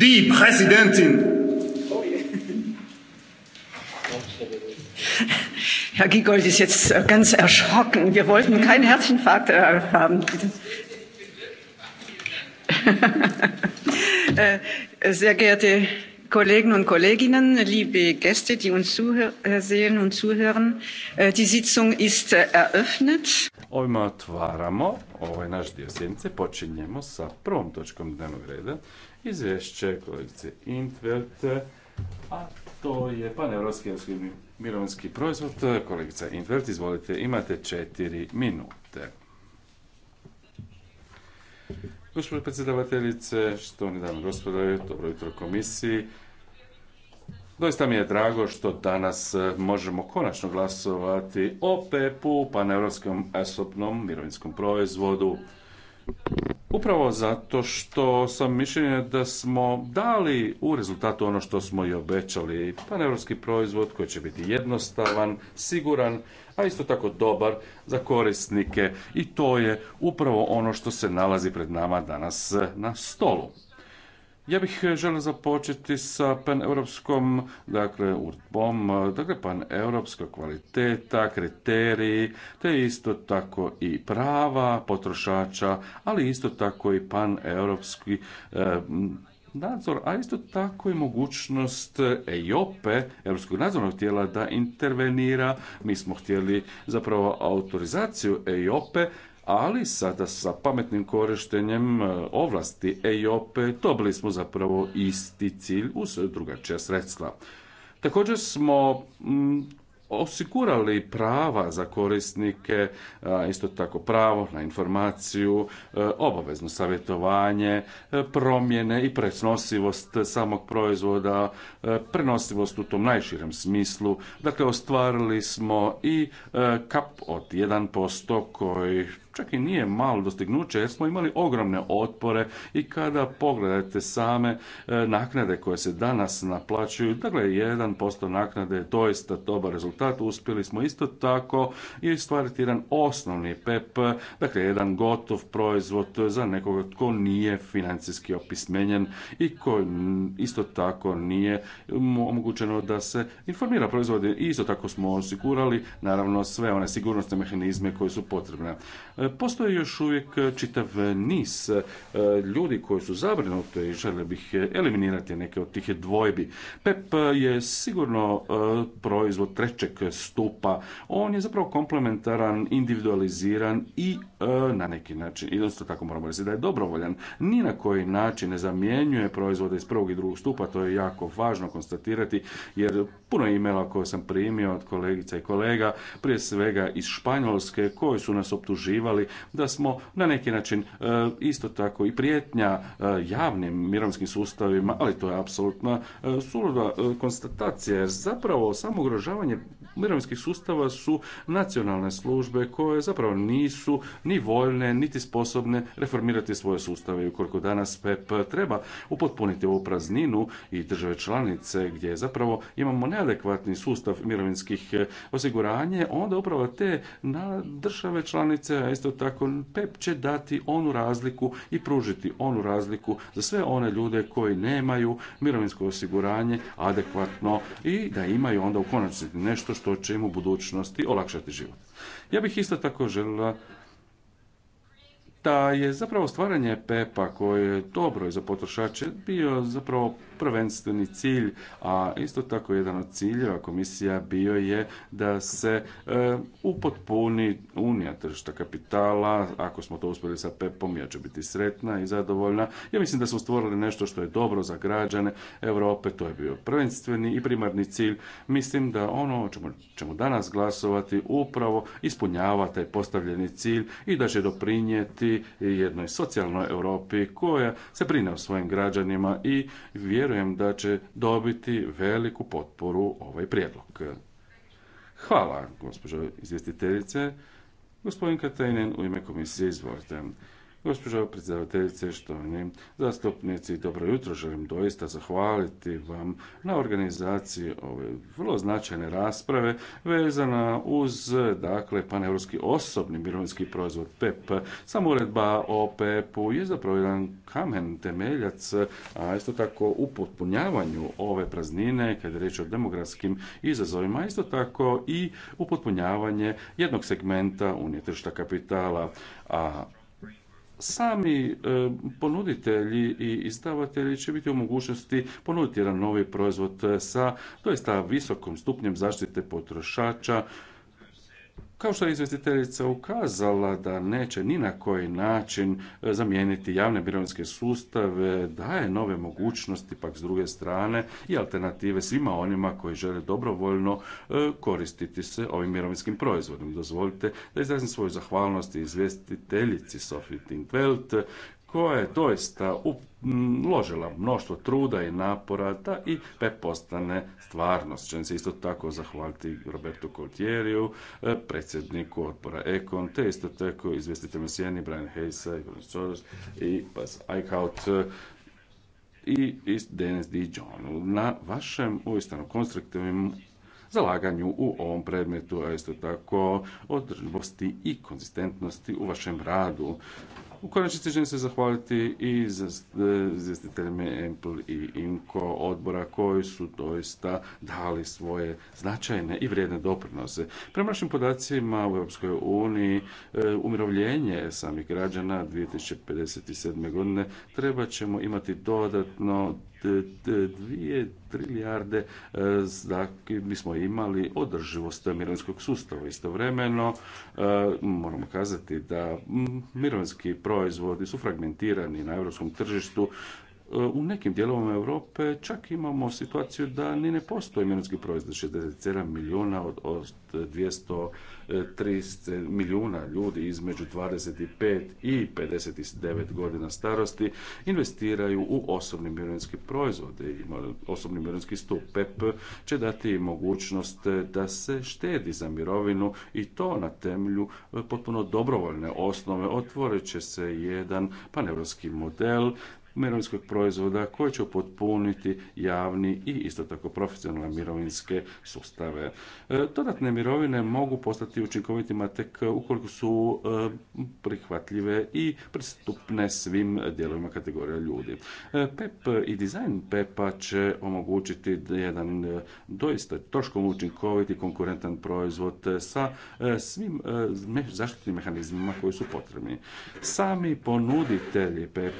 Die Präsidentin! Herr Giegold ist jetzt ganz erschrocken. Wir wollten keinen Herzinfarkt äh, haben. Äh, sehr geehrte Kollegen und Kolleginnen, liebe Gäste, die uns äh, sehen und zuhören, die Sitzung ist eröffnet Ovime otvaramo ovaj naš dio sjednice. Počinjemo sa prvom točkom dnevnog reda. Izvješće kolegice Intvert, a to je mirovinski proizvod. Kolegica Intvert, izvolite, imate četiri minute. Gospođo predsjedavateljice, što oni dame gospodo, dobro jutro komisiji. Doista mi je drago što danas e, možemo konačno glasovati o PEP-u, paneuropskom esopnom mirovinskom proizvodu. Upravo zato što sam mišljenja da smo dali u rezultatu ono što smo i obećali, paneuropski proizvod koji će biti jednostavan, siguran, a isto tako dobar za korisnike i to je upravo ono što se nalazi pred nama danas e, na stolu. Ja bih e, želio započeti sa paneuropskom, dakle, urbom, e, dakle, paneuropska kvaliteta, kriteriji, te isto tako i prava potrošača, ali isto tako i paneuropski e, nadzor, a isto tako i mogućnost EIOPE, Europskog nadzornog tijela, da intervenira. Mi smo htjeli zapravo autorizaciju EIOPE ali sada sa pametnim korištenjem e, ovlasti to e dobili smo zapravo isti cilj uz drugačija sredstva. Također smo osigurali prava za korisnike, e, isto tako pravo na informaciju, obavezno savjetovanje, promjene i presnosivost samog proizvoda, prenosivost u tom najširem smislu. Dakle, ostvarili smo i kap od 1% koji čak i nije malo dostignuće jer smo imali ogromne otpore i kada pogledate same e, naknade koje se danas naplaćuju, dakle 1% naknade je doista dobar rezultat. Uspjeli smo isto tako i stvariti jedan osnovni PEP, dakle jedan gotov proizvod za nekoga tko nije financijski opismenjen i koji isto tako nije omogućeno da se informira proizvode. Isto tako smo osigurali naravno sve one sigurnosne mehanizme koji su potrebne. E, postoji još uvijek e, čitav e, niz ljudi koji su zabrinuti i žele bih eliminirati neke od tih dvojbi. PEP je sigurno proizvod trećeg stupa. On je zapravo komplementaran, individualiziran i na neki način, jednostavno tako moramo reći da je dobrovoljan. Ni na koji način ne zamjenjuje proizvode iz prvog i drugog stupa, to je jako važno konstatirati jer puno imela koje sam primio od kolegica i kolega, prije svega iz Španjolske, koji su nas optuživali ali da smo na neki način e, isto tako i prijetnja e, javnim mirovinskim sustavima, ali to je apsolutna e, suluda konstatacija jer zapravo samo ugrožavanje mirovinskih sustava su nacionalne službe koje zapravo nisu ni voljne niti sposobne reformirati svoje sustave i ukoliko danas PEP treba upotpuniti ovu prazninu i države članice gdje zapravo imamo neadekvatni sustav mirovinskih e, osiguranje, onda upravo te na države članice, a isto tako PEP će dati onu razliku i pružiti onu razliku za sve one ljude koji nemaju mirovinsko osiguranje adekvatno i da imaju onda u konačnici nešto što što će im u budućnosti olakšati život. Ja bih isto tako želila da je zapravo stvaranje PEPA koje je dobro za potrošače bio zapravo prvenstveni cilj, a isto tako jedan od ciljeva komisija bio je da se e, upotpuni unija tržišta kapitala. Ako smo to uspjeli sa PEP-om, ja ću biti sretna i zadovoljna. Ja mislim da smo stvorili nešto što je dobro za građane Europe, to je bio prvenstveni i primarni cilj. Mislim da ono o čemu ćemo danas glasovati upravo ispunjava taj postavljeni cilj i da će doprinijeti jednoj socijalnoj Europi koja se brine o svojim građanima i vjerujem vjerujem da će dobiti veliku potporu ovaj prijedlog. Hvala, gospođo izvjestiteljice. Gospodin Katajnen u ime komisije, izvolite. Gospođo predsjedavateljice, štovani zastupnici, dobro jutro, želim doista zahvaliti vam na organizaciji ove vrlo značajne rasprave vezana uz, dakle, paneuropski osobni mirovinski proizvod PEP. Sam uredba o PEP-u je zapravo jedan kamen temeljac, a isto tako u potpunjavanju ove praznine, kada je riječ o demografskim izazovima, isto tako i upotpunjavanje jednog segmenta unije tržišta kapitala, a sami e, ponuditelji i izdavatelji će biti u mogućnosti ponuditi jedan novi proizvod e, sa doista visokom stupnjem zaštite potrošača kao što je izvjestiteljica ukazala da neće ni na koji način e, zamijeniti javne mirovinske sustave, daje nove mogućnosti pak s druge strane i alternative svima onima koji žele dobrovoljno e, koristiti se ovim mirovinskim proizvodom. Dozvolite da izrazim svoju zahvalnost izvjestiteljici Sophie Tintveld koja je doista u ložila mnoštvo truda i napora da i postane stvarnost. Želim se isto tako zahvaliti Roberto Coltieriju, e, predsjedniku odbora Econ, te isto tako izvjestitelju Sjeni, Brian Hayesa, Soros i Buzz Eichhout e, i, i Dennis D. John na vašem uistinu konstruktivnim zalaganju u ovom predmetu, a isto tako održivosti i konzistentnosti u vašem radu. U konačnici želim se zahvaliti i e, izvjestiteljima EMPL i INKO odbora koji su doista dali svoje značajne i vrijedne doprinose. Prema našim podacima u Europskoj uniji e, umirovljenje samih građana 2057. godine treba ćemo imati dodatno dvije trilijarde dakle, e, mi smo imali održivost mirovinskog sustava. Istovremeno e, moramo kazati da mirovinski proizvodi su fragmentirani na europskom tržištu u nekim dijelovima Europe čak imamo situaciju da ni ne postoji mirovinski proizvod. 67 milijuna od, od 230 milijuna ljudi između 25 i 59 godina starosti investiraju u osobni mirovinski proizvod. Osobni mirovinski stup PEP će dati mogućnost da se štedi za mirovinu i to na temelju potpuno dobrovoljne osnove. Otvorit će se jedan paneuropski model mirovinskog proizvoda koji će potpuniti javni i isto tako profesionalne mirovinske sustave. E, dodatne mirovine mogu postati učinkovitima tek ukoliko su e, prihvatljive i pristupne svim dijelovima kategorija ljudi. E, PEP i dizajn pep će omogućiti jedan doista troškom učinkoviti konkurentan proizvod sa svim zaštitnim mehanizmima koji su potrebni. Sami ponuditelji pep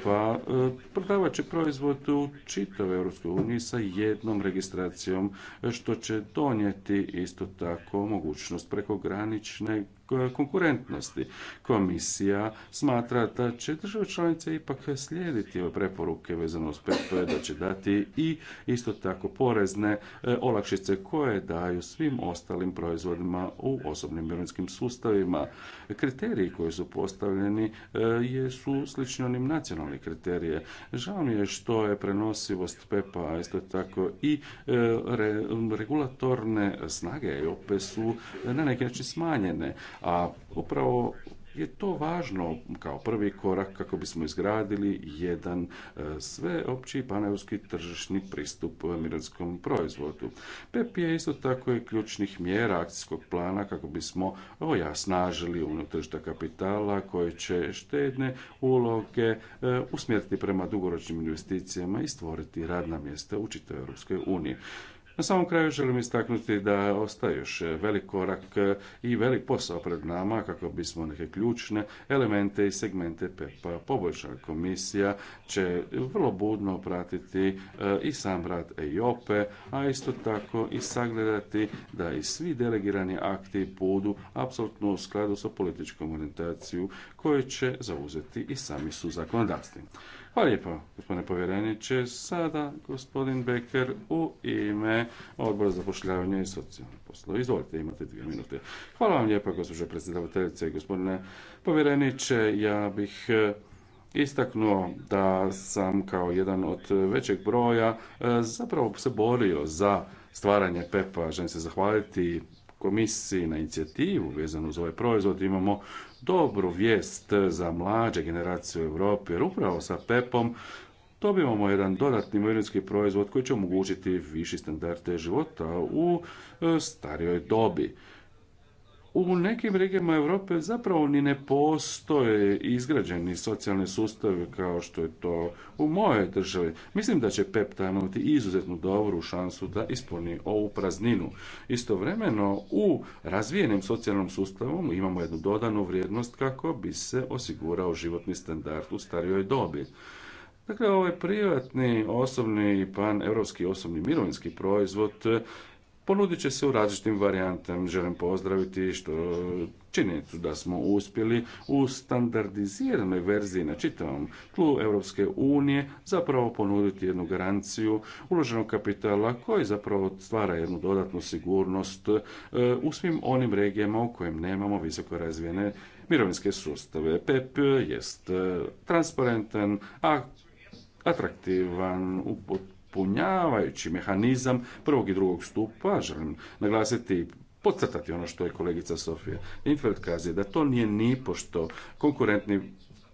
prodavat će proizvod u čitavoj EU sa jednom registracijom, što će donijeti isto tako mogućnost prekogranične konkurentnosti. Komisija smatra da će države članice ipak slijediti ove preporuke vezano uz PDV, e, da će dati i isto tako porezne e, olakšice koje daju svim ostalim proizvodima u osobnim mirovinskim sustavima. Kriteriji koji su postavljeni e, su slični onim nacionalni kriterije. Žao mi je što je prenosivost PEPA, isto tako i regulatorne snage EUP-e su na neki način smanjene, a upravo je to važno kao prvi korak kako bismo izgradili jedan e, sveopći paneuropski tržišni pristup mirovinskom proizvodu. PEP je isto tako i ključnih mjera akcijskog plana kako bismo ojasnažili uniju kapitala koje će štedne uloge e, usmjeriti prema dugoročnim investicijama i stvoriti radna mjesta u čitavoj Europskoj uniji. Na samom kraju želim istaknuti da ostaje još velik korak i velik posao pred nama kako bismo neke ključne elemente i segmente PEPA poboljšali. Komisija će vrlo budno pratiti e, i sam rad EIOPE, a isto tako i sagledati da i svi delegirani akti budu apsolutno u skladu sa političkom orijentacijom koju će zauzeti i sami su zakonodavstvi. Hvala lijepo, gospodine povjereniče. Sada gospodin Becker u ime odbora za pošljavanje i socijalno poslove. Izvolite, imate dvije minute. Hvala vam lijepo, gospođo predsjedavateljice i gospodine povjereniče. Ja bih e, istaknuo da sam kao jedan od većeg broja e, zapravo se borio za stvaranje PEPA. Želim se zahvaliti komisiji na inicijativu vezanu za ovaj proizvod. Imamo dobru vijest za mlađe generacije u Europi, jer upravo sa PEP-om dobivamo jedan dodatni mirovinski proizvod koji će omogućiti viši standarde života u e, starijoj dobi u nekim regijama Europe zapravo ni ne postoje izgrađeni socijalni sustavi kao što je to u mojoj državi. Mislim da će PEP imati izuzetno dobru šansu da ispuni ovu prazninu. Istovremeno u razvijenim socijalnom sustavu imamo jednu dodanu vrijednost kako bi se osigurao životni standard u starijoj dobi. Dakle, ovaj privatni, osobni pan europski osobni mirovinski proizvod ponudit će se u različitim varijantama. Želim pozdraviti što činjenicu da smo uspjeli u standardiziranoj verziji na čitavom tlu Europske unije zapravo ponuditi jednu garanciju uloženog kapitala koji zapravo stvara jednu dodatnu sigurnost e, u svim onim regijama u kojim nemamo visoko razvijene mirovinske sustave. PEP jest e, transparentan, a atraktivan u punjavajući mehanizam prvog i drugog stupa, želim naglasiti podcrtati ono što je kolegica Sofija Infeld kazi, da to nije ni pošto konkurentni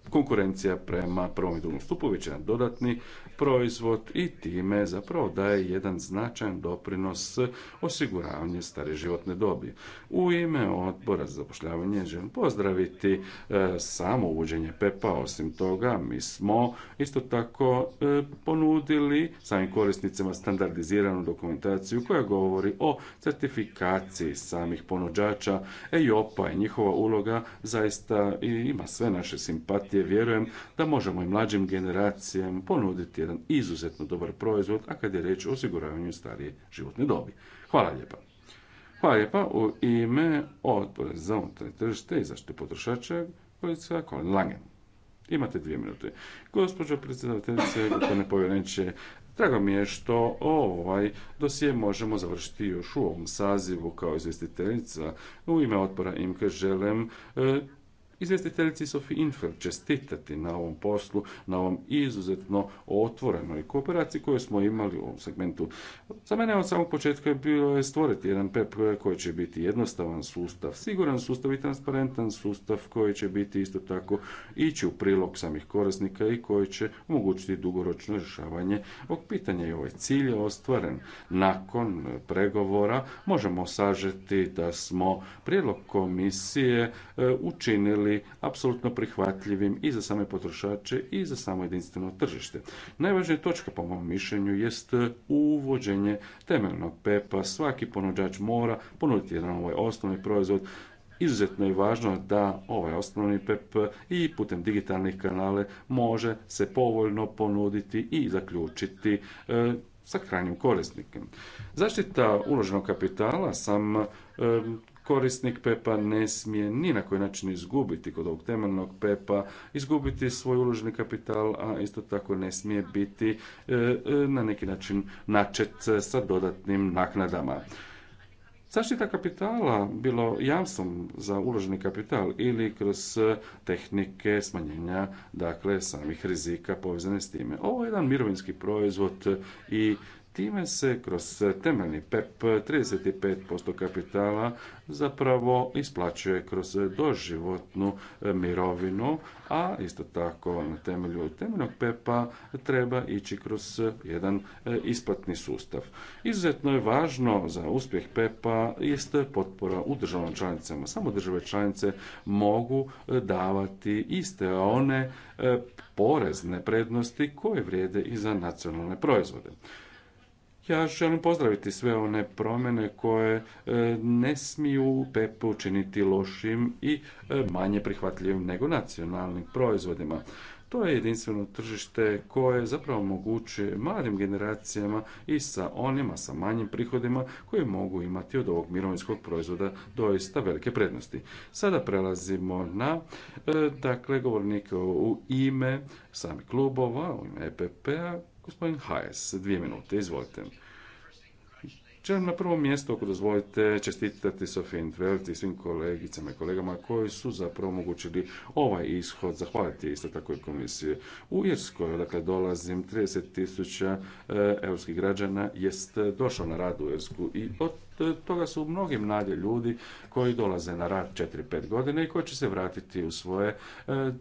konkurencija prema prvom i drugom stupu, već jedan dodatni proizvod i time zapravo daje jedan značajan doprinos osiguravanje stare životne dobi. U ime odbora za zapošljavanje želim pozdraviti e, samo uvođenje PEPA, osim toga mi smo isto tako e, ponudili samim korisnicima standardiziranu dokumentaciju koja govori o certifikaciji samih ponuđača EJOP-a i njihova uloga zaista ima sve naše simpatije. Vjerujem da možemo i mlađim generacijama ponuditi jedan izuzetno dobar proizvod, a kad je reč o osiguravanju starije životne dobi. Hvala lijepa. Hvala lijepa u ime odbora za unutarnje tržište i zaštitu potrošača, se Colin Langen. Imate dvije minute. Gospođo predsjedavateljice, gospodine povjereniče, Drago mi je što ovaj dosije možemo završiti još u ovom sazivu kao izvjestiteljica. U ime otpora IMKE želim e, Izvjestiteljici Sophie Infeld čestitati na ovom poslu, na ovom izuzetno otvorenoj kooperaciji koju smo imali u ovom segmentu. Za mene od samog početka je bilo je stvoriti jedan PEP koji će biti jednostavan sustav, siguran sustav i transparentan sustav koji će biti isto tako ići u prilog samih korisnika i koji će omogućiti dugoročno rješavanje ovog pitanja i ovaj cilj je ostvaren. Nakon pregovora možemo sažeti da smo prijedlog komisije e, učinili učinili apsolutno prihvatljivim i za same potrošače i za samo jedinstveno tržište. Najvažnija točka po mom mišljenju jest uvođenje temeljnog pepa. Svaki ponuđač mora ponuditi jedan ovaj osnovni proizvod Izuzetno je važno da ovaj osnovni PEP i putem digitalnih kanale može se povoljno ponuditi i zaključiti e, sa krajnjim korisnikom. Zaštita uloženog kapitala sam e, korisnik PEPA ne smije ni na koji način izgubiti kod ovog temeljnog PEPA, izgubiti svoj uloženi kapital, a isto tako ne smije biti e, e, na neki način načet sa dodatnim naknadama. Zaštita kapitala, bilo jamstvom za uloženi kapital ili kroz tehnike smanjenja dakle samih rizika povezane s time. Ovo je jedan mirovinski proizvod i Time se kroz temeljni PEP 35% kapitala zapravo isplaćuje kroz doživotnu e, mirovinu, a isto tako na temelju temeljnog PEP-a treba ići kroz jedan e, isplatni sustav. Izuzetno je važno za uspjeh PEP-a jest potpora u državnom članicama. Samo države članice mogu e, davati iste one porezne prednosti koje vrijede i za nacionalne proizvode. Ja želim pozdraviti sve one promjene koje e, ne smiju PEP učiniti lošim i e, manje prihvatljivim nego nacionalnim proizvodima. To je jedinstveno tržište koje zapravo omogućuje malim generacijama i sa onima sa manjim prihodima koji mogu imati od ovog mirovinskog proizvoda doista velike prednosti. Sada prelazimo na e, dakle govornike u ime samih klubova, u ime EPP-a, Gospodin Hajes, dvije minute, izvolite. Želim na prvom mjestu, ako dozvolite, čestitati Sofie Intveld i svim kolegicama i kolegama koji su zapravo omogućili ovaj ishod, zahvaliti isto tako i komisije. U Irskoj, dakle dolazim, 30.000 tisuća europskih građana jest došao na rad u Irsku i od toga su mnogi mladi ljudi koji dolaze na rad 4-5 godine i koji će se vratiti u svoje e,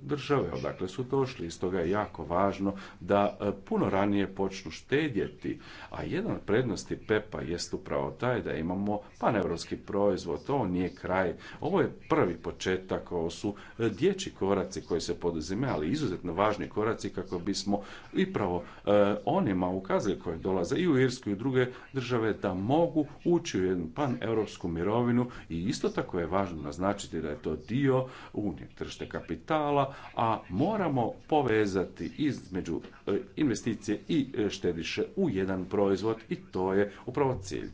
države, odakle su došli. I stoga je jako važno da e, puno ranije počnu štedjeti. A jedan od prednosti PEPA jest upravo taj da imamo paneuropski proizvod. Ovo nije kraj. Ovo je prvi početak. Ovo su e, dječji koraci koji se poduzime, ali izuzetno važni koraci kako bismo upravo onima ukazali koji dolaze i u Irsku i u druge države da mogu ući u jednu pan-europsku mirovinu i isto tako je važno naznačiti da je to dio unije tržište kapitala, a moramo povezati između e, investicije i e, štediše u jedan proizvod i to je upravo cilj.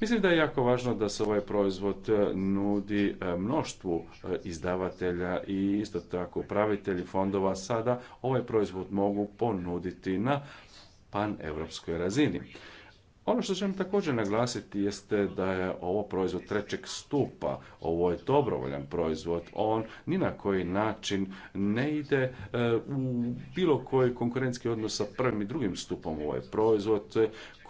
Mislim da je jako važno da se ovaj proizvod e, nudi mnoštvu izdavatelja i isto tako upravitelji fondova sada ovaj proizvod mogu ponuditi na pan-europskoj razini. Ono što želim također naglasiti jeste da je ovo proizvod trećeg stupa, ovo je dobrovoljan proizvod, on ni na koji način ne ide e, u bilo koji konkurentski odnos sa prvim i drugim stupom, ovo je proizvod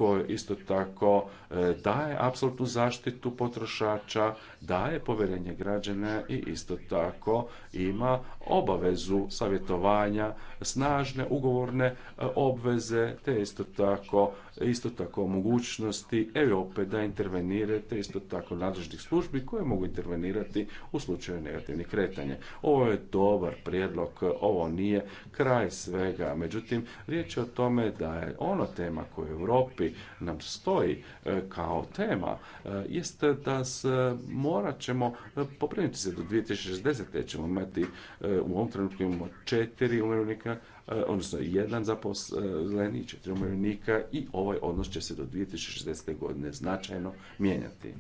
koje isto tako e, daje apsolutnu zaštitu potrošača, daje povjerenje građana i isto tako ima obavezu savjetovanja, snažne ugovorne e, obveze, te isto tako isto tako mogućnosti Europe da intervenire, te isto tako nadležnih službi koje mogu intervenirati u slučaju negativnih kretanja. Ovo je dobar prijedlog, ovo nije kraj svega, međutim riječ je o tome da je ono tema koja u Europi nam stoji e, kao tema e, jeste da se morat ćemo e, poprinuti se do 2060. ćemo imati u ovom trenutku imamo četiri umirovljenika odnosno jedan zaposleni i četiri umirovljenika i ovaj odnos će se do 2060. godine značajno mijenjati.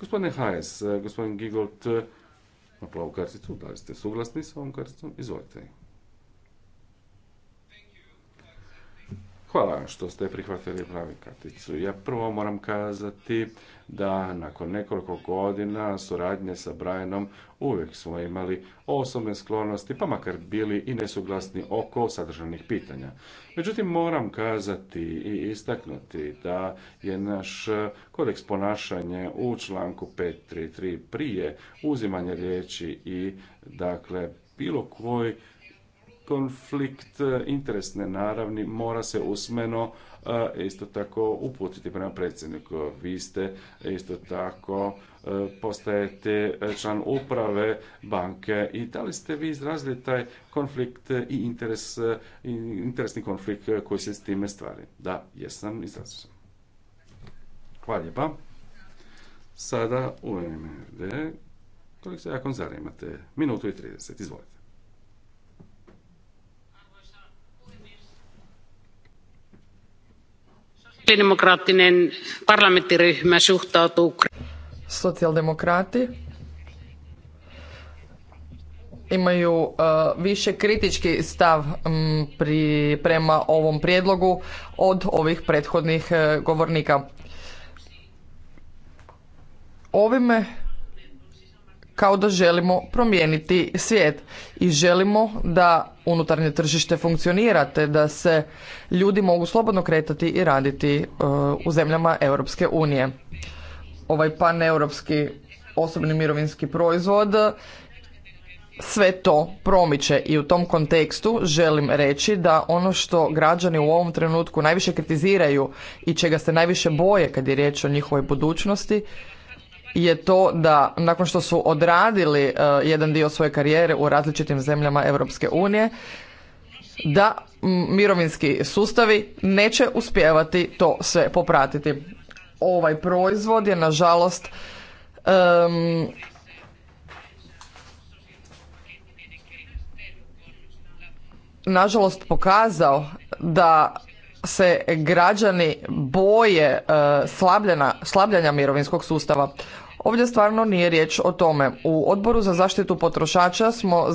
Gospodine Hajes, gospodin Gigolt, na plavu karticu, da li ste suglasni s ovom karticom? Izvolite. Hvala vam što ste prihvatili pravi karticu. Ja prvo moram kazati da nakon nekoliko godina suradnje sa Brianom uvijek smo imali osobne sklonosti, pa makar bili i nesuglasni oko sadržanih pitanja. Međutim, moram kazati i istaknuti da je naš kodeks ponašanje u članku 533 prije uzimanja riječi i dakle bilo koji konflikt e, interesne naravni mora se usmeno e, isto tako uputiti prema predsjedniku. Vi ste e, isto tako postajete član uprave banke i da li ste vi izrazili taj konflikt i interes, interesni konflikt koji se s time stvari? Da, jesam, izrazio sam. Hvala lijepa. Sada u MRD, koliko se jako imate? Minutu i 30, izvolite. parlamenttiryhmä suhtautuu... Socijaldemokrati imaju e, više kritički stav pri, prema ovom prijedlogu od ovih prethodnih e, govornika. Ovime kao da želimo promijeniti svijet i želimo da unutarnje tržište funkcionira te da se ljudi mogu slobodno kretati i raditi e, u zemljama Europske unije. Ovaj paneuropski osobni mirovinski proizvod sve to promiče i u tom kontekstu želim reći da ono što građani u ovom trenutku najviše kritiziraju i čega se najviše boje kad je riječ o njihovoj budućnosti je to da nakon što su odradili e, jedan dio svoje karijere u različitim zemljama Europske unije, da mirovinski sustavi neće uspjevati to sve popratiti. Ovaj proizvod je nažalost nažalost pokazao da se građani boje e, slabljena, slabljanja mirovinskog sustava. Ovdje stvarno nije riječ o tome. U Odboru za zaštitu potrošača smo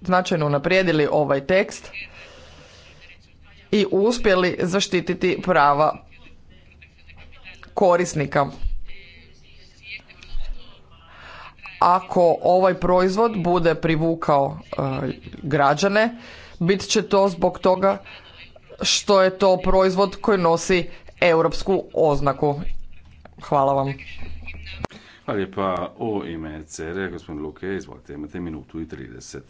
značajno naprijedili ovaj tekst i uspjeli zaštititi prava korisnika. Ako ovaj proizvod bude privukao e, građane, bit će to zbog toga što je to proizvod koji nosi europsku oznaku. Hvala vam. Hvala lijepa. o ime CR, e, gospodin Luke, izvolite, imate minutu i 30.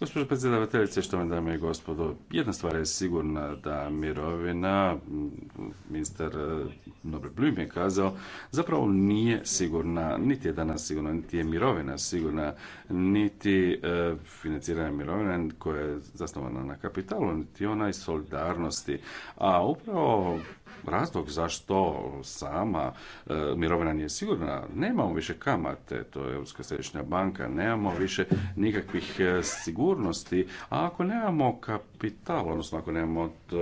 Gospođo predsjedavateljice, što vam dame i gospodo, jedna stvar je sigurna da mirovina, mm, ministar e, Nobre Blum je kazao, zapravo nije sigurna, niti je danas sigurna, niti je mirovina sigurna, niti e, financiranje mirovine koja je zasnovana na kapitalu, niti ona iz solidarnosti. A upravo razlog zašto sama e, mirovina nije sigurna. Nemamo više kamate, to je Europska središnja banka, nemamo više nikakvih e, sigurnosti, a ako nemamo kapital, odnosno ako nemamo e,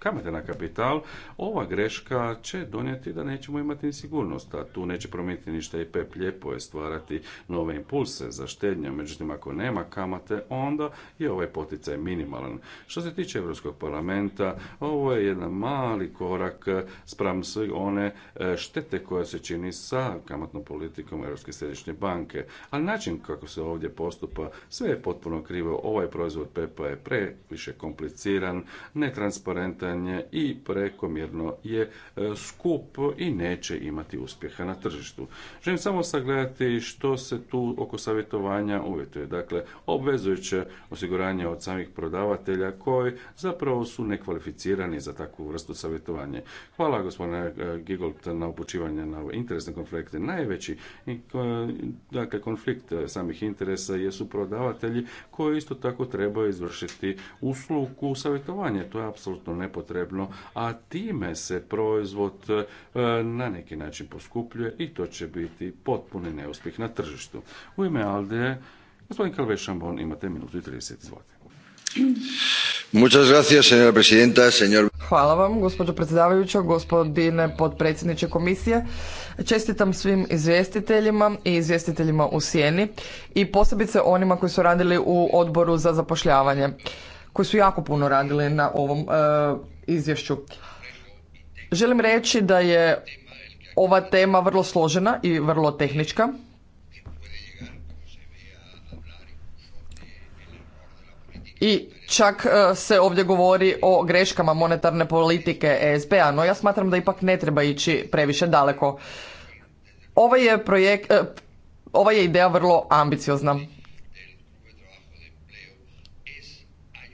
kamate na kapital, ova greška će donijeti da nećemo imati sigurnost, a tu neće promijeniti ništa i PEP lijepo je stvarati nove impulse za štednju, međutim ako nema kamate, onda je ovaj poticaj minimalan. Što se tiče Europskog parlamenta, ovo je jedan mali korak spram sve one e, štete koja se čini sa kamatnom politikom Europske središnje banke, ali način kako se ovdje postupa, sve je potpuno krivo, ovaj proizvod PEPA je previše kompliciran, netransparentan, i prekomjerno je e, skup i neće imati uspjeha na tržištu. Želim samo sagledati što se tu oko savjetovanja uvjetuje. Dakle, obvezujuće osiguranje od samih prodavatelja koji zapravo su nekvalificirani za takvu vrstu savjetovanja. Hvala gospodine e, Gigolt na upućivanje na ove interesne konflikte. Najveći e, dakle, konflikt samih interesa jesu prodavatelji koji isto tako trebaju izvršiti usluku savjetovanja. To je apsolutno nepotrebno potrebno, a time se proizvod e, na neki način poskupljuje i to će biti potpuni neuspjeh na tržištu. U ime Alde, gospodin Kalve Šambon, imate minutu i 30 señor... Hvala vam, gospođo predsjedavajuća, gospodine potpredsjedniče komisije. Čestitam svim izvjestiteljima i izvjestiteljima u sjeni i posebice onima koji su radili u odboru za zapošljavanje, koji su jako puno radili na ovom e, izvješću. Želim reći da je ova tema vrlo složena i vrlo tehnička. I čak e, se ovdje govori o greškama monetarne politike ESB-a, p-a, no ja smatram da ipak ne treba ići previše daleko. Ova je, projekt, e, ova je ideja vrlo ambiciozna.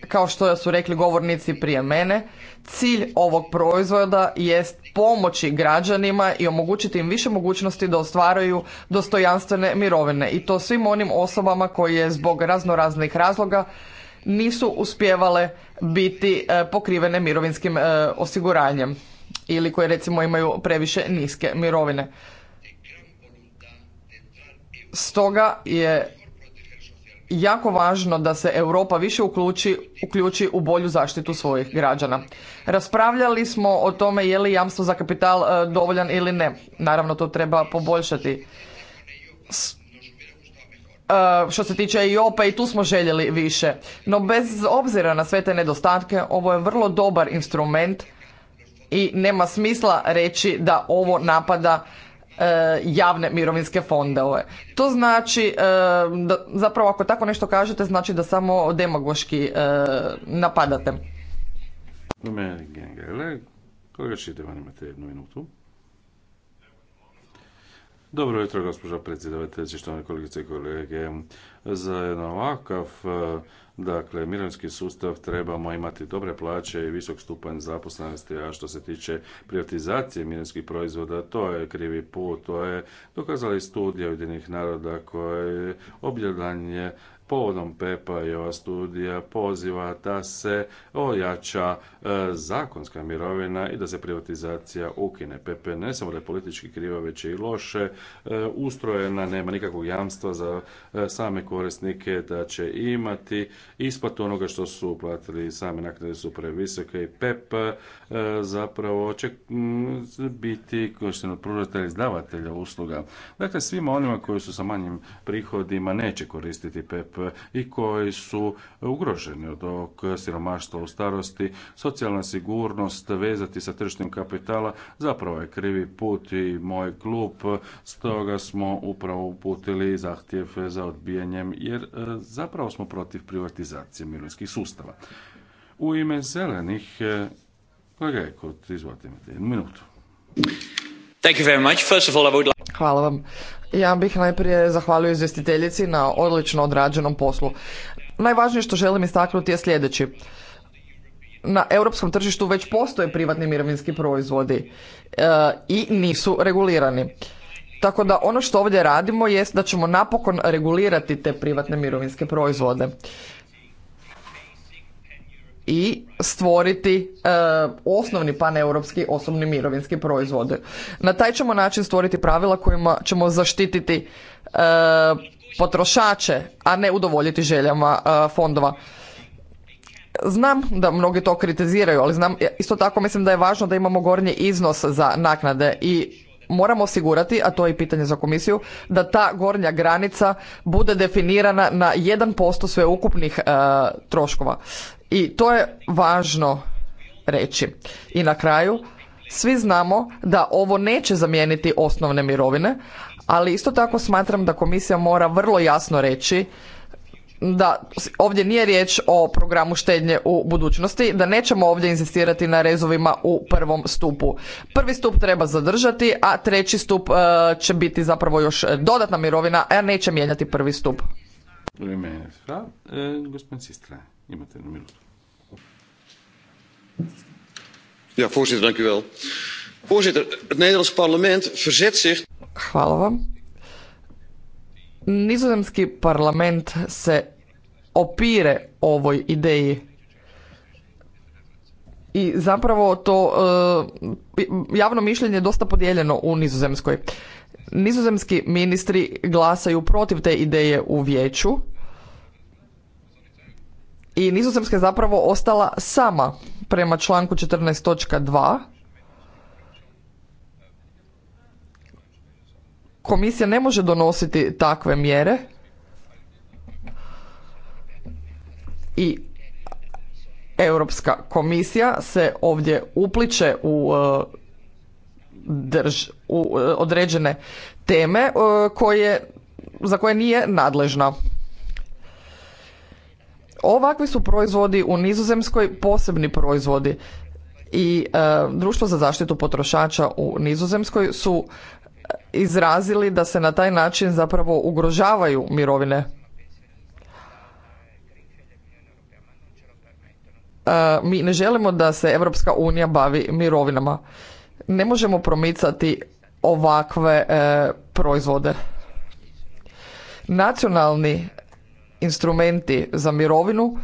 kao što su rekli govornici prije mene, cilj ovog proizvoda jest pomoći građanima i omogućiti im više mogućnosti da ostvaraju dostojanstvene mirovine i to svim onim osobama koje zbog raznoraznih razloga nisu uspjevale biti e, pokrivene mirovinskim e, osiguranjem ili koje recimo imaju previše niske mirovine. Stoga je jako važno da se Europa više uključi, u bolju zaštitu svojih građana. Raspravljali smo o tome je li jamstvo za kapital e, dovoljan ili ne. Naravno, to treba poboljšati. E, što se tiče i opa i tu smo željeli više. No bez obzira na sve te nedostatke, ovo je vrlo dobar instrument i nema smisla reći da ovo napada E, javne mirovinske fondove. To znači, e, da, zapravo ako tako nešto kažete, znači da samo demagoški e, napadate. Kolega Šidevan, imate jednu minutu. Dobro jutro, gospođa predsjedavateljice, štovane kolegice i kolege. Za jedan ovakav Dakle, mirovinski sustav trebamo imati dobre plaće i visok stupanj zaposlenosti, a što se tiče privatizacije mirovinskih proizvoda, to je krivi put, to je dokazali studije studija Ujedinih naroda koje je povodom ova studija poziva da se ojača e, zakonska mirovina i da se privatizacija ukine. PP ne samo da je politički kriva, već je i loše e, ustrojena, nema nikakvog jamstva za e, same korisnike da će imati isplatu onoga što su uplatili same naknade su previsoke i PEP zapravo će mm, biti košteno od pružatelja izdavatelja usluga. Dakle, svima onima koji su sa manjim prihodima neće koristiti PEP i koji su ugroženi od ovog siromaštva u starosti, socijalna sigurnost vezati sa tržištem kapitala zapravo je krivi put i moj klub stoga smo upravo uputili zahtjev za odbijanjem jer e, zapravo smo protiv privatizacije mirovinskih sustava. U ime zelenih e, kolega izvolite jednu minutu. Thank Hvala vam. Ja bih najprije zahvalio izvjestiteljici na odlično odrađenom poslu. Najvažnije što želim istaknuti je sljedeći. Na europskom tržištu već postoje privatni mirovinski proizvodi e, i nisu regulirani. Tako da ono što ovdje radimo jest da ćemo napokon regulirati te privatne mirovinske proizvode i stvoriti e, osnovni paneuropski osobni mirovinski proizvod. Na taj ćemo način stvoriti pravila kojima ćemo zaštititi e, potrošače, a ne udovoljiti željama e, fondova. Znam da mnogi to kritiziraju, ali znam isto tako mislim da je važno da imamo gornji iznos za naknade i moramo osigurati, a to je i pitanje za komisiju, da ta gornja granica bude definirana na 1% sveukupnih e, troškova. I to je važno reći. I na kraju, svi znamo da ovo neće zamijeniti osnovne mirovine, ali isto tako smatram da komisija mora vrlo jasno reći da ovdje nije riječ o programu štednje u budućnosti, da nećemo ovdje insistirati na rezovima u prvom stupu. Prvi stup treba zadržati, a treći stup e, će biti zapravo još dodatna mirovina, a neće mijenjati prvi stup. Hvala vam. Nizozemski parlament se opire ovoj ideji i zapravo to e, javno mišljenje je dosta podijeljeno u Nizozemskoj. Nizozemski ministri glasaju protiv te ideje u vijeću i Nizozemska je zapravo ostala sama prema članku 14.2 komisija ne može donositi takve mjere i Europska komisija se ovdje upliče u, uh, drž, uh, određene teme uh, koje, za koje nije nadležna. Ovakvi su proizvodi u Nizozemskoj posebni proizvodi i društvo za zaštitu potrošača u Nizozemskoj su izrazili da se na taj način zapravo ugrožavaju mirovine. E, mi ne želimo da se Europska unija bavi mirovinama. Ne možemo promicati ovakve e, proizvode. Nacionalni instrumenti za mirovinu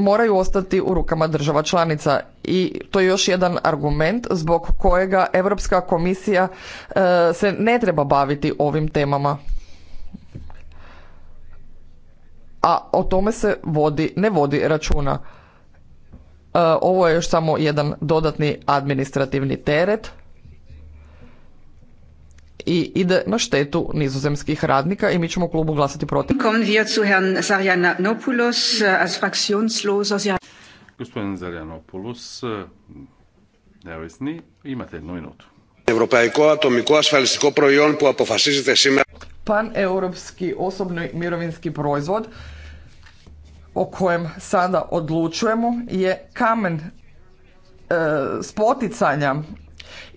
moraju ostati u rukama država članica i to je još jedan argument zbog kojega Europska komisija e, se ne treba baviti ovim temama. A o tome se vodi, ne vodi računa. E, ovo je još samo jedan dodatni administrativni teret i ide na štetu nizozemskih radnika i mi ćemo klubu glasati protiv. Äh, Gospodin Zarianopoulos, äh, neovisni, imate jednu minutu. Pan-europski osobni mirovinski proizvod o kojem sada odlučujemo je kamen äh, spoticanja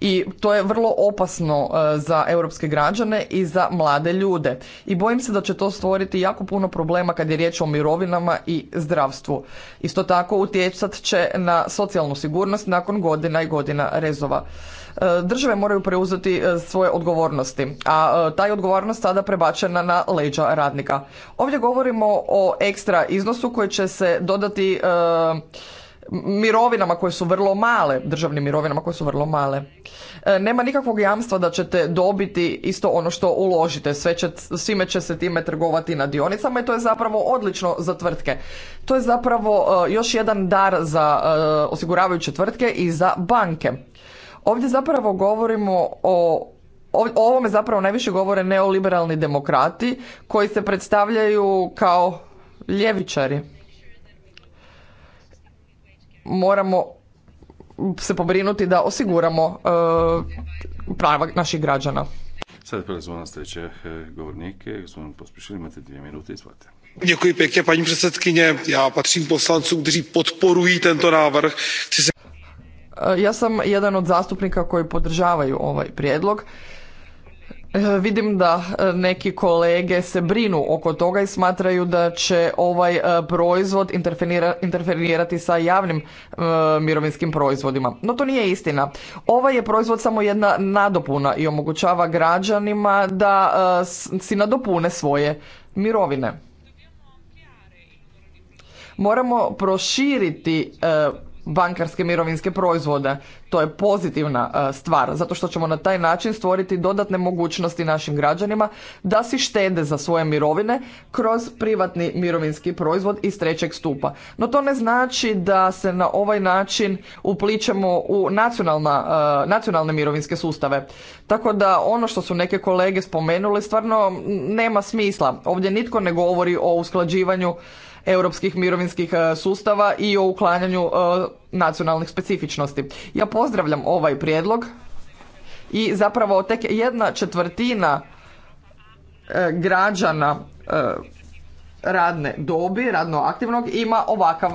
i to je vrlo opasno e, za europske građane i za mlade ljude. I bojim se da će to stvoriti jako puno problema kad je riječ o mirovinama i zdravstvu. Isto tako utjecat će na socijalnu sigurnost nakon godina i godina rezova. E, države moraju preuzeti e, svoje odgovornosti, a taj odgovornost sada prebačena na leđa radnika. Ovdje govorimo o ekstra iznosu koji će se dodati mirovinama koje su vrlo male, državnim mirovinama koje su vrlo male. E, nema nikakvog jamstva da ćete dobiti isto ono što uložite, sve će, svime će se time trgovati na dionicama i to je zapravo odlično za tvrtke. To je zapravo e, još jedan dar za e, osiguravajuće tvrtke i za banke. Ovdje zapravo govorimo o o ovome zapravo najviše govore neoliberalni demokrati koji se predstavljaju kao ljevičari moramo se pobrinuti da osiguramo e, prava naših građana. Sada prelazimo na sljedeće e, govornike. Gospodin Pospišili, imate dvije minute, izvolite. Děkuji pěkně, paní předsedkyně. Já patřím poslancům, kteří podporují tento návrh. E, ja sam jedan od zastupnika koji podržavaju ovaj prijedlog Vidim da e, neki kolege se brinu oko toga i smatraju da će ovaj e, proizvod interferirati sa javnim e, mirovinskim proizvodima. No to nije istina. Ovaj je proizvod samo jedna nadopuna i omogućava građanima da si nadopune svoje mirovine. Moramo proširiti bankarske mirovinske proizvode. To je pozitivna e, stvar, zato što ćemo na taj način stvoriti dodatne mogućnosti našim građanima da si štede za svoje mirovine kroz privatni mirovinski proizvod iz trećeg stupa. No to ne znači da se na ovaj način upličemo u e, nacionalne mirovinske sustave. Tako da ono što su neke kolege spomenule stvarno nema smisla. Ovdje nitko ne govori o usklađivanju europskih mirovinskih e, sustava i o uklanjanju e, nacionalnih specifičnosti. Ja pozdravljam ovaj prijedlog i zapravo tek jedna četvrtina e, građana radne dobi, radno aktivnog, ima ovakav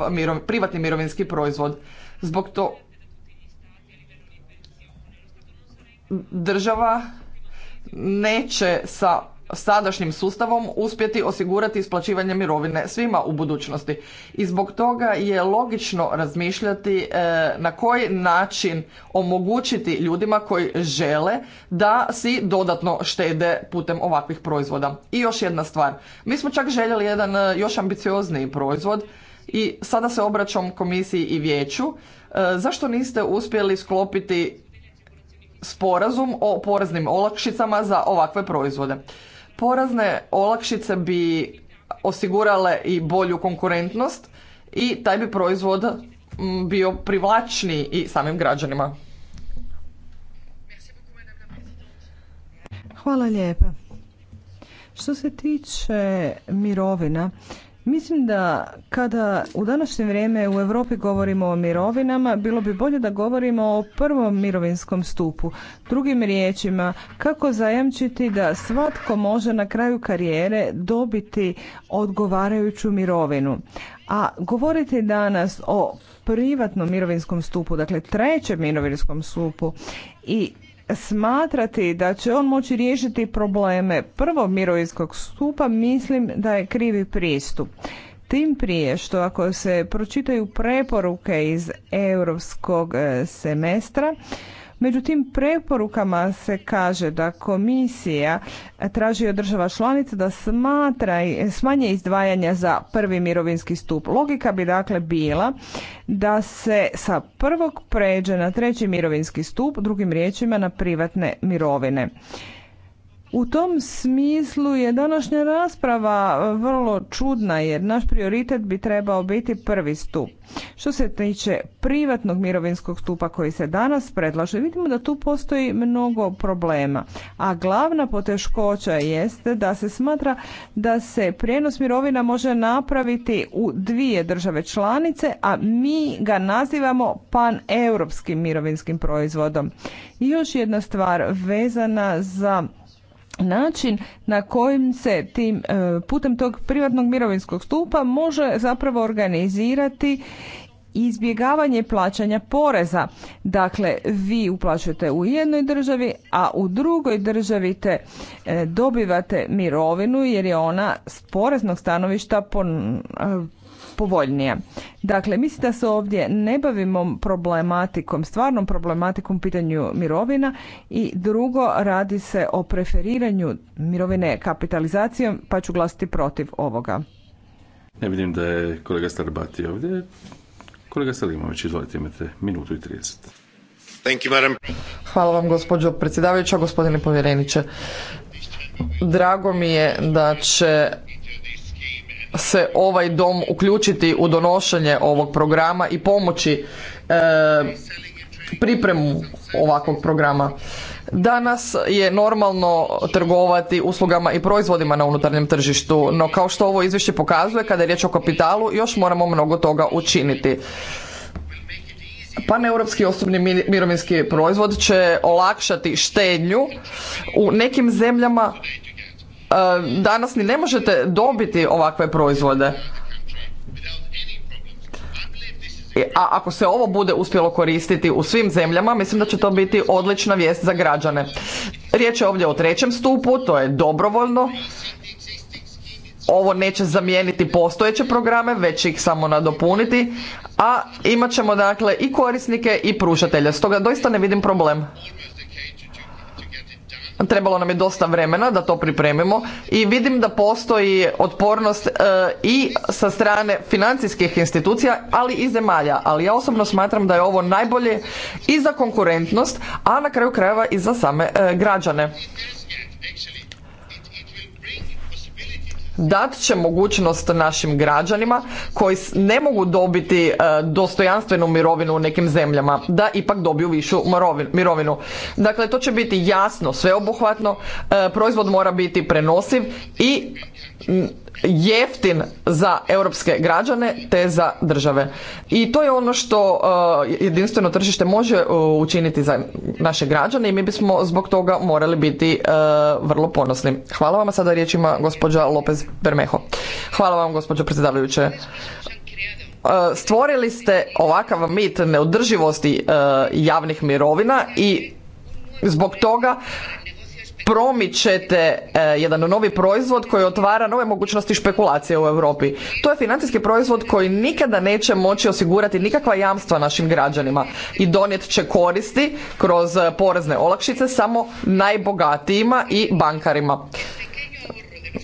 privatni mirovinski proizvod. Zbog to država neće sa sadašnjim sustavom uspjeti osigurati isplaćivanje mirovine svima u budućnosti. I zbog toga je logično razmišljati e, na koji način omogućiti ljudima koji žele da si dodatno štede putem ovakvih proizvoda. I još jedna stvar. Mi smo čak željeli jedan e, još ambiciozniji proizvod i sada se obraćam komisiji i vijeću. E, zašto niste uspjeli sklopiti sporazum o poreznim olakšicama za ovakve proizvode? Porazne olakšice bi osigurale i bolju konkurentnost i taj bi proizvod mm, bio privlačniji i samim građanima. Hvala lijepa. Što se tiče mirovina, Mislim da kada u današnje vrijeme u Europi govorimo o mirovinama, bilo bi bolje da govorimo o prvom mirovinskom stupu. Drugim riječima, kako zajamčiti da svatko može na kraju karijere dobiti odgovarajuću mirovinu. A govoriti danas o privatnom mirovinskom stupu, dakle trećem mirovinskom stupu i smatrati da će on moći riješiti probleme prvog mirovinskog stupa mislim da je krivi pristup. Tim prije što ako se pročitaju preporuke iz europskog eh, semestra, Međutim, preporukama se kaže da komisija traži od država članica da smatra, smanje izdvajanja za prvi mirovinski stup. Logika bi dakle bila da se sa prvog pređe na treći mirovinski stup, drugim riječima na privatne mirovine. U tom smislu je današnja rasprava vrlo čudna jer naš prioritet bi trebao biti prvi stup. Što se tiče privatnog mirovinskog stupa koji se danas predlaže, vidimo da tu postoji mnogo problema. A glavna poteškoća jeste da se smatra da se prijenos mirovina može napraviti u dvije države članice, a mi ga nazivamo paneuropskim mirovinskim proizvodom. I još jedna stvar vezana za način na kojim se tim e, putem tog privatnog mirovinskog stupa može zapravo organizirati izbjegavanje plaćanja poreza. Dakle, vi uplaćujete u jednoj državi, a u drugoj državi te e, dobivate mirovinu jer je ona s poreznog stanovišta e, povoljnije. Dakle, mislim da se ovdje ne bavimo problematikom, stvarnom problematikom pitanju mirovina i drugo radi se o preferiranju mirovine kapitalizacijom pa ću glasiti protiv ovoga. Ne vidim da je kolega Starbati ovdje. Kolega Salimović, izvolite, imate minutu i 30. Thank Hvala vam, gospođo predsjedavajuća, gospodine povjereniče. Drago mi je da će se ovaj dom uključiti u donošenje ovog programa i pomoći e, pripremu ovakvog programa. Danas je normalno trgovati uslugama i proizvodima na unutarnjem tržištu, no kao što ovo izvješće pokazuje, kada je riječ o kapitalu, još moramo mnogo toga učiniti. Paneuropski osobni mirovinski proizvod će olakšati štednju u nekim zemljama E, danas ni ne možete dobiti ovakve proizvode. A ako se ovo bude uspjelo koristiti u svim zemljama, mislim da će to biti odlična vijest za građane. Riječ je ovdje o trećem stupu, to je dobrovoljno. Ovo neće zamijeniti postojeće programe, već ih samo nadopuniti, a imat ćemo dakle i korisnike i pružatelje. Stoga doista ne vidim problem trebalo nam je dosta vremena da to pripremimo i vidim da postoji otpornost e, i sa strane financijskih institucija, ali i zemalja. Ali ja osobno smatram da je ovo najbolje i za konkurentnost, a na kraju krajeva i za same e, građane dat će mogućnost našim građanima koji ne mogu dobiti e, dostojanstvenu mirovinu u nekim zemljama da ipak dobiju višu mirovinu. Dakle, to će biti jasno, sveobuhvatno, e, proizvod mora biti prenosiv i jeftin za europske građane te za države. I to je ono što uh, jedinstveno tržište može uh, učiniti za naše građane i mi bismo zbog toga morali biti uh, vrlo ponosni. Hvala vam, sada riječima, ima gospođa Lopez Bermeho. Hvala vam, gospođo predsjedavajuće stvorili ste ovakav mit neodrživosti javnih mirovina i zbog toga promičete e, jedan novi proizvod koji otvara nove mogućnosti špekulacije u Europi. To je financijski proizvod koji nikada neće moći osigurati nikakva jamstva našim građanima i donijet će koristi kroz porezne olakšice samo najbogatijima i bankarima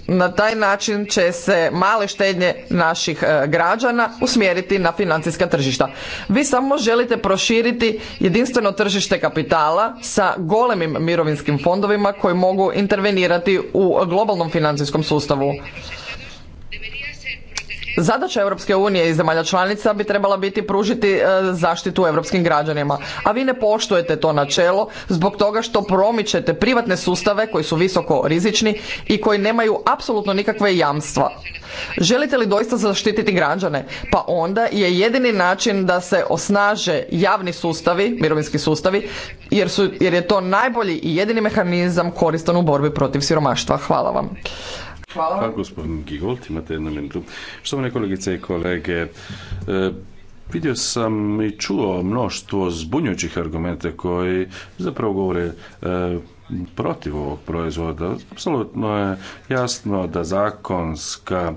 na taj način će se male štednje naših e, građana usmjeriti na financijska tržišta. Vi samo želite proširiti jedinstveno tržište kapitala sa golemim mirovinskim fondovima koji mogu intervenirati u globalnom financijskom sustavu. Zadaća Europske unije i zemalja članica bi trebala biti pružiti e, zaštitu europskim građanima, a vi ne poštujete to načelo zbog toga što promičete privatne sustave koji su visoko rizični i koji nemaju apsolutno nikakve jamstva. Želite li doista zaštititi građane? Pa onda je jedini način da se osnaže javni sustavi, mirovinski sustavi, jer, su, jer je to najbolji i jedini mehanizam koristan u borbi protiv siromaštva. Hvala vam. Hvala. Pa, gospodin Gigolt, imate jednu minutu. Štovane kolegice i kolege, e, Vidio sam i čuo mnoštvo zbunjujućih argumente koji zapravo govore e, protiv ovog proizvoda. Apsolutno je jasno da zakonska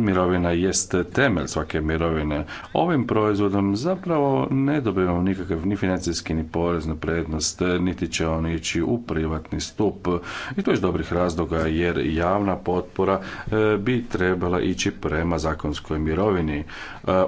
mirovina jest temelj svake mirovine. Ovim proizvodom zapravo ne dobivamo nikakav ni financijski ni poreznu prednost, niti će on ići u privatni stup. I to iz dobrih razloga jer javna potpora e, bi trebala ići prema zakonskoj mirovini. E,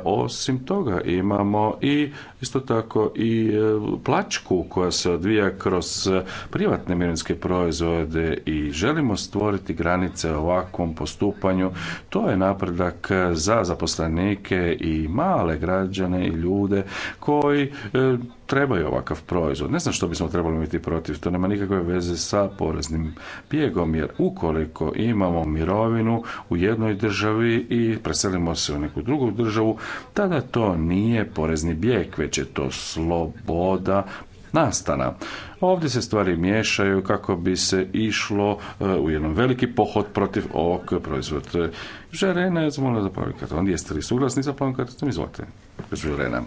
osim toga imamo i isto tako i e, plačku koja se odvija kroz privatne mirovinske proizvode i želimo stvoriti granice ovakvom postupanju. To je na napredak eh, za zaposlenike i male građane i ljude koji eh, trebaju ovakav proizvod. Ne znam što bismo trebali biti protiv, to nema nikakve veze sa poreznim bijegom, jer ukoliko imamo mirovinu u jednoj državi i preselimo se u neku drugu državu, tada to nije porezni bijeg, već je to sloboda nastana. Ovdje se stvari miješaju kako bi se išlo e, u jedan veliki pohod protiv ovog proizvoda. Žerena je zamolila za plavim karton. Jeste li suglasni za plavim Izvolite. Žerena.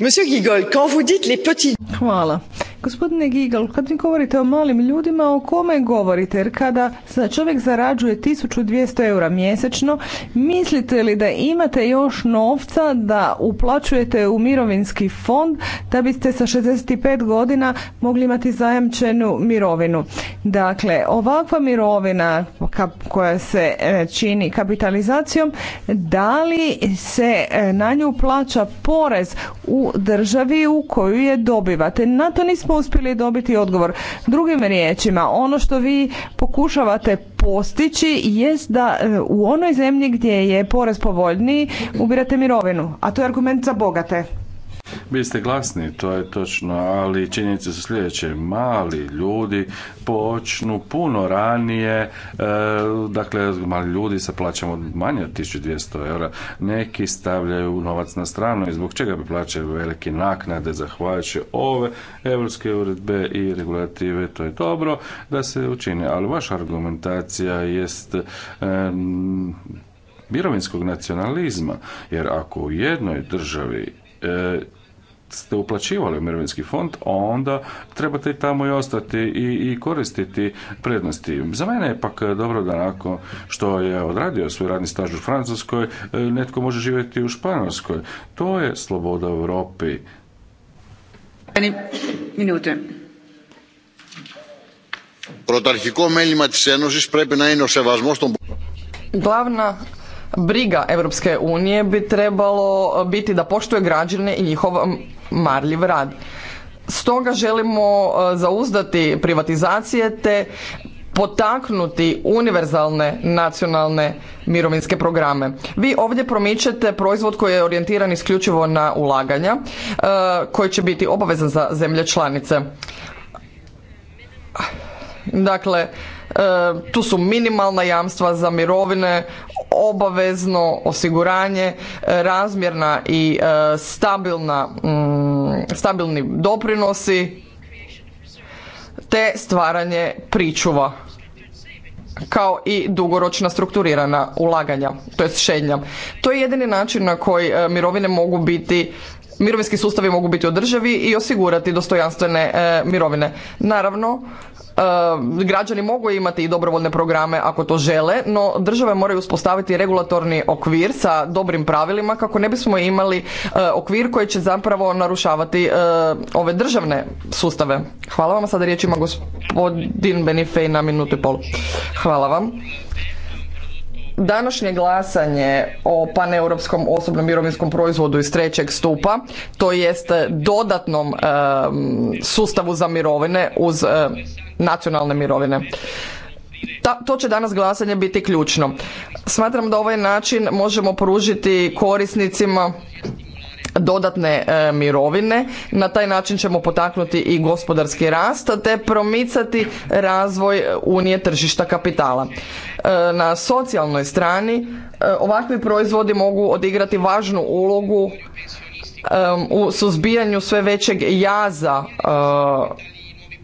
Monsieur Gigol, quand vous dites les petits... Hvala. Gospodine Gigol, kad vi govorite o malim ljudima, o kome govorite? Jer kada čovjek zarađuje 1200 eura mjesečno, mislite li da imate još novca da uplaćujete u mirovinski fond da biste sa 65 godina mogli imati imati zajamčenu mirovinu. Dakle, ovakva mirovina koja se e, čini kapitalizacijom, da li se e, na nju plaća porez u državi u koju je dobivate? Na to nismo uspjeli dobiti odgovor. Drugim riječima, ono što vi pokušavate postići jest da e, u onoj zemlji gdje je porez povoljniji ubirate mirovinu, a to je argument za bogate. Bili ste glasni, to je točno, ali činjenice su sljedeće. Mali ljudi počnu puno ranije, e, dakle, mali ljudi sa plaćama od manje od 1200 eura, neki stavljaju novac na stranu i zbog čega bi plaćali velike naknade zahvaljujući ove evropske uredbe i regulative, to je dobro da se učini, ali vaša argumentacija jest e, mirovinskog nacionalizma, jer ako u jednoj državi e, ste uplaćivali u mirovinski fond, onda trebate tamo i ostati i, i koristiti prednosti. Za mene je pak eh, dobro da nakon što je odradio svoj radni staž u Francuskoj, eh, netko može živjeti u Španjolskoj. To je sloboda u Europi. Minute. Protarhiko melima na Glavna briga Europske unije bi trebalo biti da poštuje građane i njihov marljiv rad. Stoga želimo e, zauzdati privatizacije te potaknuti univerzalne nacionalne mirovinske programe. Vi ovdje promičete proizvod koji je orijentiran isključivo na ulaganja, e, koji će biti obavezan za zemlje članice. Dakle, e, tu su minimalna jamstva za mirovine, obavezno osiguranje, e, razmjerna i e, stabilna, mm, stabilni doprinosi te stvaranje pričuva kao i dugoročna strukturirana ulaganja, to je šednja. To je jedini način na koji e, mirovine mogu biti Mirovinski sustavi mogu biti održavi i osigurati dostojanstvene mirovine. Naravno, Ehm, građani mogu imati i dobrovoljne programe ako to žele, no države moraju uspostaviti regulatorni okvir sa dobrim pravilima kako ne bismo imali eh, okvir koji će zapravo narušavati eh, ove državne sustave. Hvala vam, sada riječima gospodin Benifej na minutu i pol. Hvala vam. Današnje glasanje o paneuropskom osobnom mirovinskom proizvodu iz trećeg stupa, to jest dodatnom sustavu za mirovine uz nacionalne mirovine. to će danas glasanje biti ključno. Smatram da ovaj način možemo pružiti korisnicima dodatne e, mirovine. Na taj način ćemo potaknuti i gospodarski rast te promicati razvoj unije tržišta kapitala. E, na socijalnoj strani e, ovakvi proizvodi mogu odigrati važnu ulogu u suzbijanju sve većeg jaza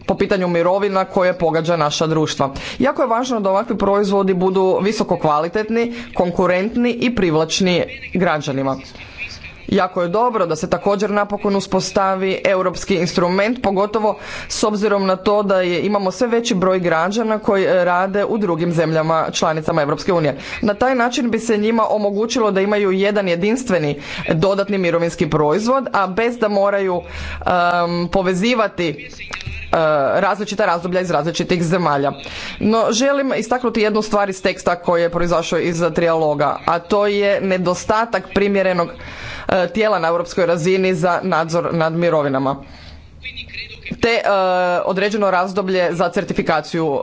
po pitanju mirovina koje pogađa naša društva. Jako je važno da ovakvi proizvodi budu visoko kvalitetni, konkurentni i privlačni građanima. Jako je dobro da se također napokon uspostavi europski instrument, pogotovo s obzirom na to da je, imamo sve veći broj građana koji e, rade u drugim zemljama članicama Europske unije. Na taj način bi se njima omogućilo da imaju jedan jedinstveni dodatni mirovinski proizvod, a bez da moraju povezivati E, različita razdoblja iz različitih zemalja. No, želim istaknuti jednu stvar iz teksta koji je proizašao iz trijaloga, a to je nedostatak primjerenog e, tijela na europskoj razini za nadzor nad mirovinama te e, određeno razdoblje za certifikaciju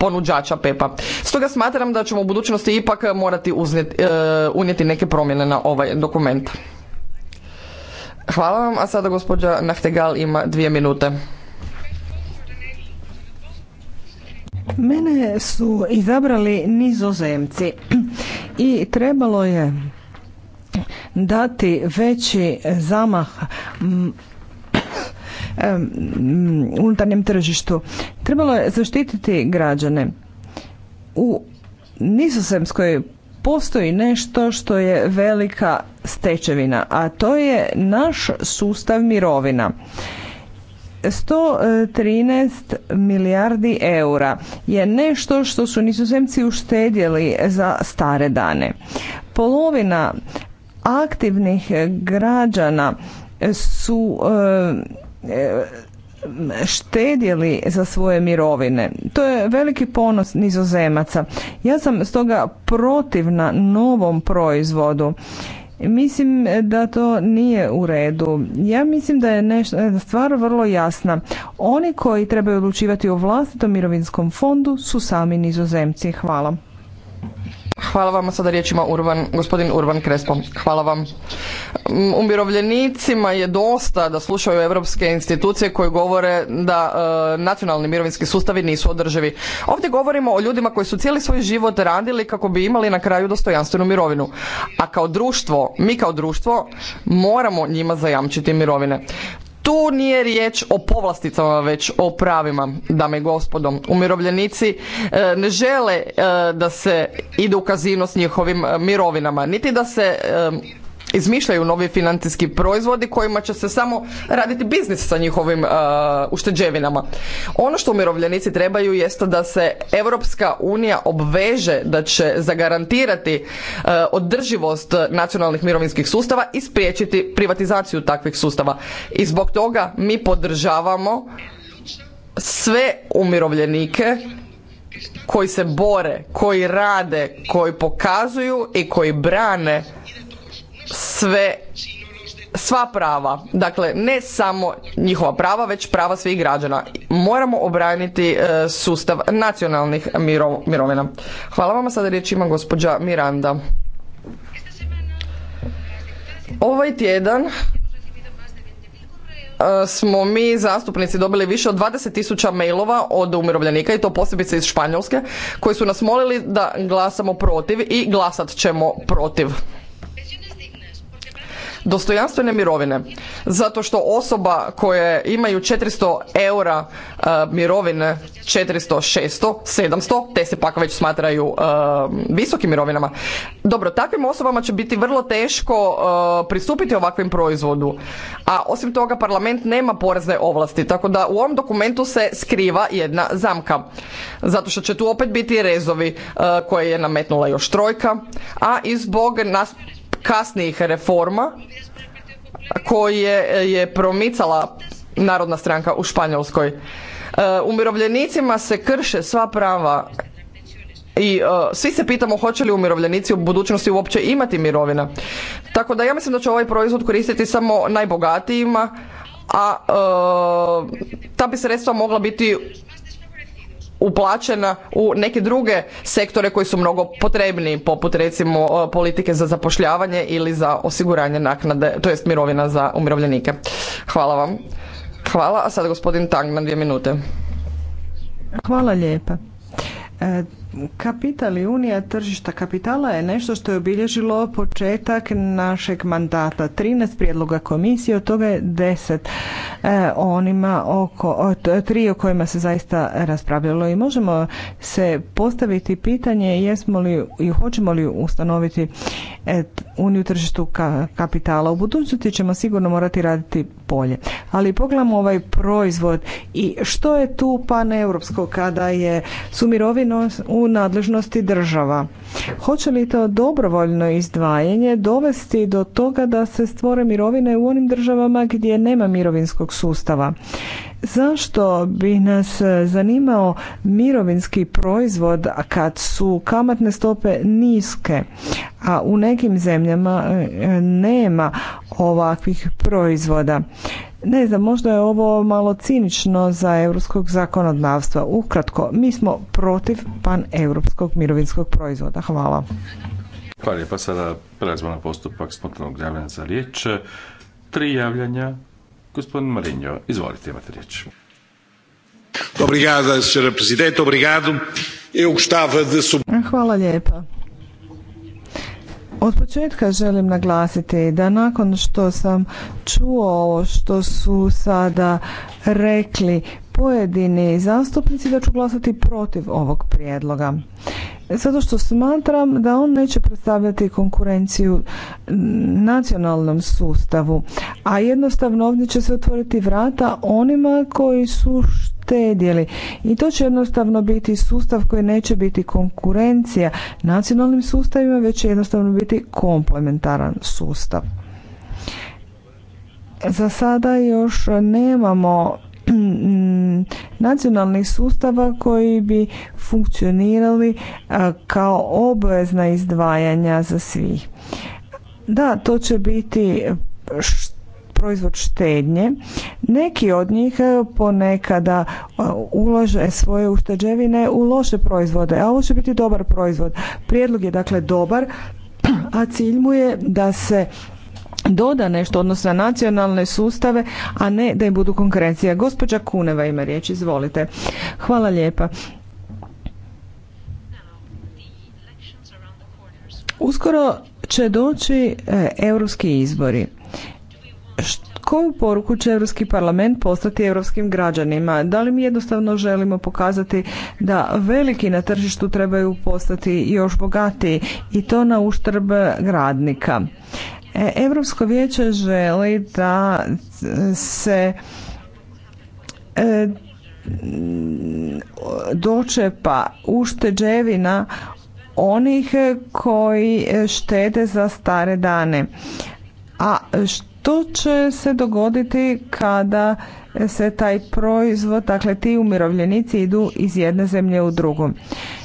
ponuđača pepa stoga smatram da ćemo u budućnosti ipak morati unijeti neke promjene na ovaj dokument hvala vam a sada gospođa Nahtegal ima dvije minute Mene su izabrali nizozemci i trebalo je dati veći zamah mm, mm, unutarnjem tržištu. Trebalo je zaštititi građane. U Nizozemskoj postoji nešto što je velika stečevina, a to je naš sustav mirovina. 113 milijardi eura je nešto što su nizozemci uštedjeli za stare dane. Polovina aktivnih građana su e, štedjeli za svoje mirovine. To je veliki ponos nizozemaca. Ja sam stoga protivna novom proizvodu Mislim da to nije u redu. Ja mislim da je nešto stvar vrlo jasna. Oni koji trebaju odlučivati o vlastitom mirovinskom fondu su sami nizozemci. Hvala. Hvala vam, sada riječima Urban, gospodin Urban Krespo. Hvala vam. Mm, umirovljenicima je dosta da slušaju europske institucije koje govore da e, nacionalni mirovinski sustavi nisu održivi. Ovdje govorimo o ljudima koji su cijeli svoj život radili kako bi imali na kraju dostojanstvenu mirovinu. A kao društvo, mi kao društvo moramo njima zajamčiti mirovine tu nije riječ o povlasticama već o pravima dame i gospodo umirovljenici e, ne žele e, da se ide u kazino s njihovim e, mirovinama niti da se e, izmišljaju novi financijski proizvodi kojima će se samo raditi biznis sa njihovim uh, ušteđevinama. Ono što umirovljenici trebaju jeste da se Europska unija obveže da će zagarantirati uh, održivost nacionalnih mirovinskih sustava i spriječiti privatizaciju takvih sustava. I zbog toga mi podržavamo sve umirovljenike koji se bore, koji rade, koji pokazuju i koji brane sve sva prava, dakle ne samo njihova prava, već prava svih građana. Moramo obraniti e, sustav nacionalnih mirovina. Hvala vam, sada riječ ima gospođa Miranda. Ovaj tjedan e, smo mi zastupnici dobili više od 20.000 mailova od umirovljenika i to posebice iz Španjolske koji su nas molili da glasamo protiv i glasat ćemo protiv dostojanstvene mirovine zato što osoba koje imaju 400 eura e, mirovine 400, 600, 700 te se pak već smatraju e, visokim mirovinama dobro takvim osobama će biti vrlo teško e, pristupiti ovakvim proizvodu a osim toga parlament nema porezne ovlasti tako da u ovom dokumentu se skriva jedna zamka zato što će tu opet biti rezovi koje je nametnula još trojka a i zbog nas kasnijih reforma koje je promicala Narodna stranka u Španjolskoj. E, umirovljenicima se krše sva prava i e, svi se pitamo hoće li umirovljenici u budućnosti uopće imati mirovina. Tako da ja mislim da će ovaj proizvod koristiti samo najbogatijima, a e, ta bi sredstva mogla biti uplaćena u neke druge sektore koji su mnogo potrebniji poput recimo politike za zapošljavanje ili za osiguranje naknade to jest mirovina za umirovljenike. Hvala vam. Hvala, a sad gospodin Tang na dvije minute. Hvala lijepa. E, Kapital i unija tržišta kapitala je nešto što je obilježilo početak našeg mandata. 13 prijedloga komisije, od toga je 10 e, onima oko, tri o kojima se zaista raspravljalo i možemo se postaviti pitanje jesmo li i hoćemo li ustanoviti e, uniju tržištu kapitala. U budućnosti ćemo sigurno morati raditi bolje. Ali pogledamo ovaj proizvod i što je tu paneuropsko kada je su u nadležnosti država. Hoće li to dobrovoljno izdvajanje dovesti do toga da se stvore mirovine u onim državama gdje nema mirovinskog sustava? Zašto bi nas zanimao mirovinski proizvod kad su kamatne stope niske, a u nekim zemljama e, e, nema ovakvih proizvoda? Ne znam, možda je ovo malo cinično za europskog zakonodavstva. Ukratko, mi smo protiv europskog mirovinskog proizvoda. Hvala. Hvala lijepa. Sada prelazimo na postupak spontanog javljanja za riječ. Tri javljanja. Gospodin Marinjo, izvolite, imate riječ. Obrigado, senhora Presidente. Obrigado. Eu gostava Hvala lijepa. Od početka želim naglasiti da nakon što sam čuo ovo što su sada rekli pojedini zastupnici da ću glasati protiv ovog prijedloga. Zato što smatram da on neće predstavljati konkurenciju nacionalnom sustavu, a jednostavno ovdje će se otvoriti vrata onima koji su štedjeli. I to će jednostavno biti sustav koji neće biti konkurencija nacionalnim sustavima, već će jednostavno biti komplementaran sustav. Za sada još nemamo mm, nacionalnih sustava koji bi funkcionirali kao obvezna izdvajanja za svih. Da, to će biti što proizvod štednje. Neki od njih e, ponekada e, ulaže svoje ušteđevine u loše proizvode, a ovo će biti dobar proizvod. Prijedlog je dakle dobar, a cilj mu je da se doda nešto odnosno na nacionalne sustave, a ne da im budu konkurencija. Gospođa Kuneva ima riječ, izvolite. Hvala lijepa. Uskoro će doći e, europski izbori koju poruku će Europski parlament postati europskim građanima? Da li mi jednostavno želimo pokazati da veliki na tržištu trebaju postati još bogatiji i to na uštrb gradnika? E, Europsko vijeće želi da se e, dočepa ušteđevina onih koji štede za stare dane. A što što će se dogoditi kada se taj proizvod, dakle ti umirovljenici idu iz jedne zemlje u drugu.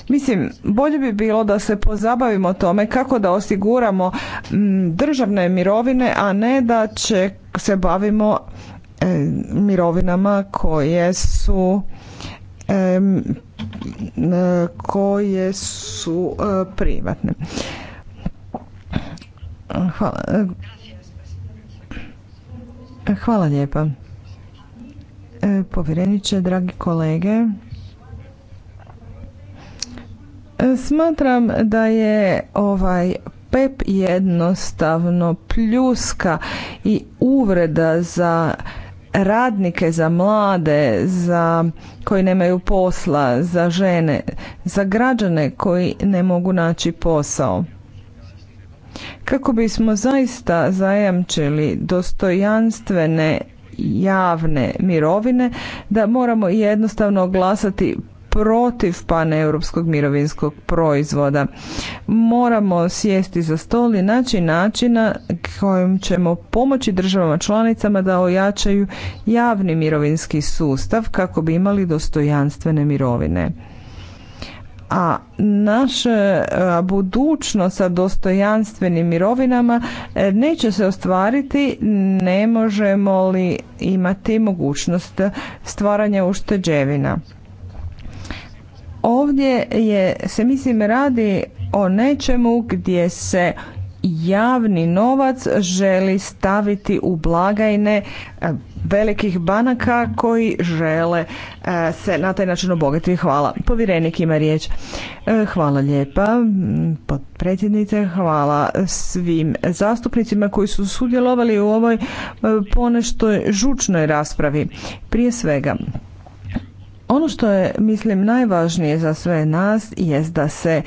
Mislim, bolje bi bilo da se pozabavimo tome kako da osiguramo državne mirovine, a ne da će se bavimo e, mirovinama koje su koje su e, privatne. Hvala. Hvala lijepa. E, povjereniče, dragi kolege, e, smatram da je ovaj PEP jednostavno pljuska i uvreda za radnike, za mlade, za koji nemaju posla, za žene, za građane koji ne mogu naći posao. Kako bismo zaista zajamčili dostojanstvene javne mirovine, da moramo jednostavno glasati protiv paneuropskog mirovinskog proizvoda. Moramo sjesti za stol i naći načina kojim ćemo pomoći državama članicama da ojačaju javni mirovinski sustav kako bi imali dostojanstvene mirovine a naša budućnost sa dostojanstvenim mirovinama e, neće se ostvariti ne možemo li imati mogućnost stvaranja ušteđevina. Ovdje je, se mislim radi o nečemu gdje se javni novac želi staviti u blagajne eh, velikih banaka koji žele eh, se na taj način obogatiti. Hvala. Povjerenik ima riječ. Eh, hvala lijepa potpredsjednice, hvala svim zastupnicima koji su sudjelovali u ovoj ponešto žučnoj raspravi. Prije svega, ono što je, mislim, najvažnije za sve nas jest da se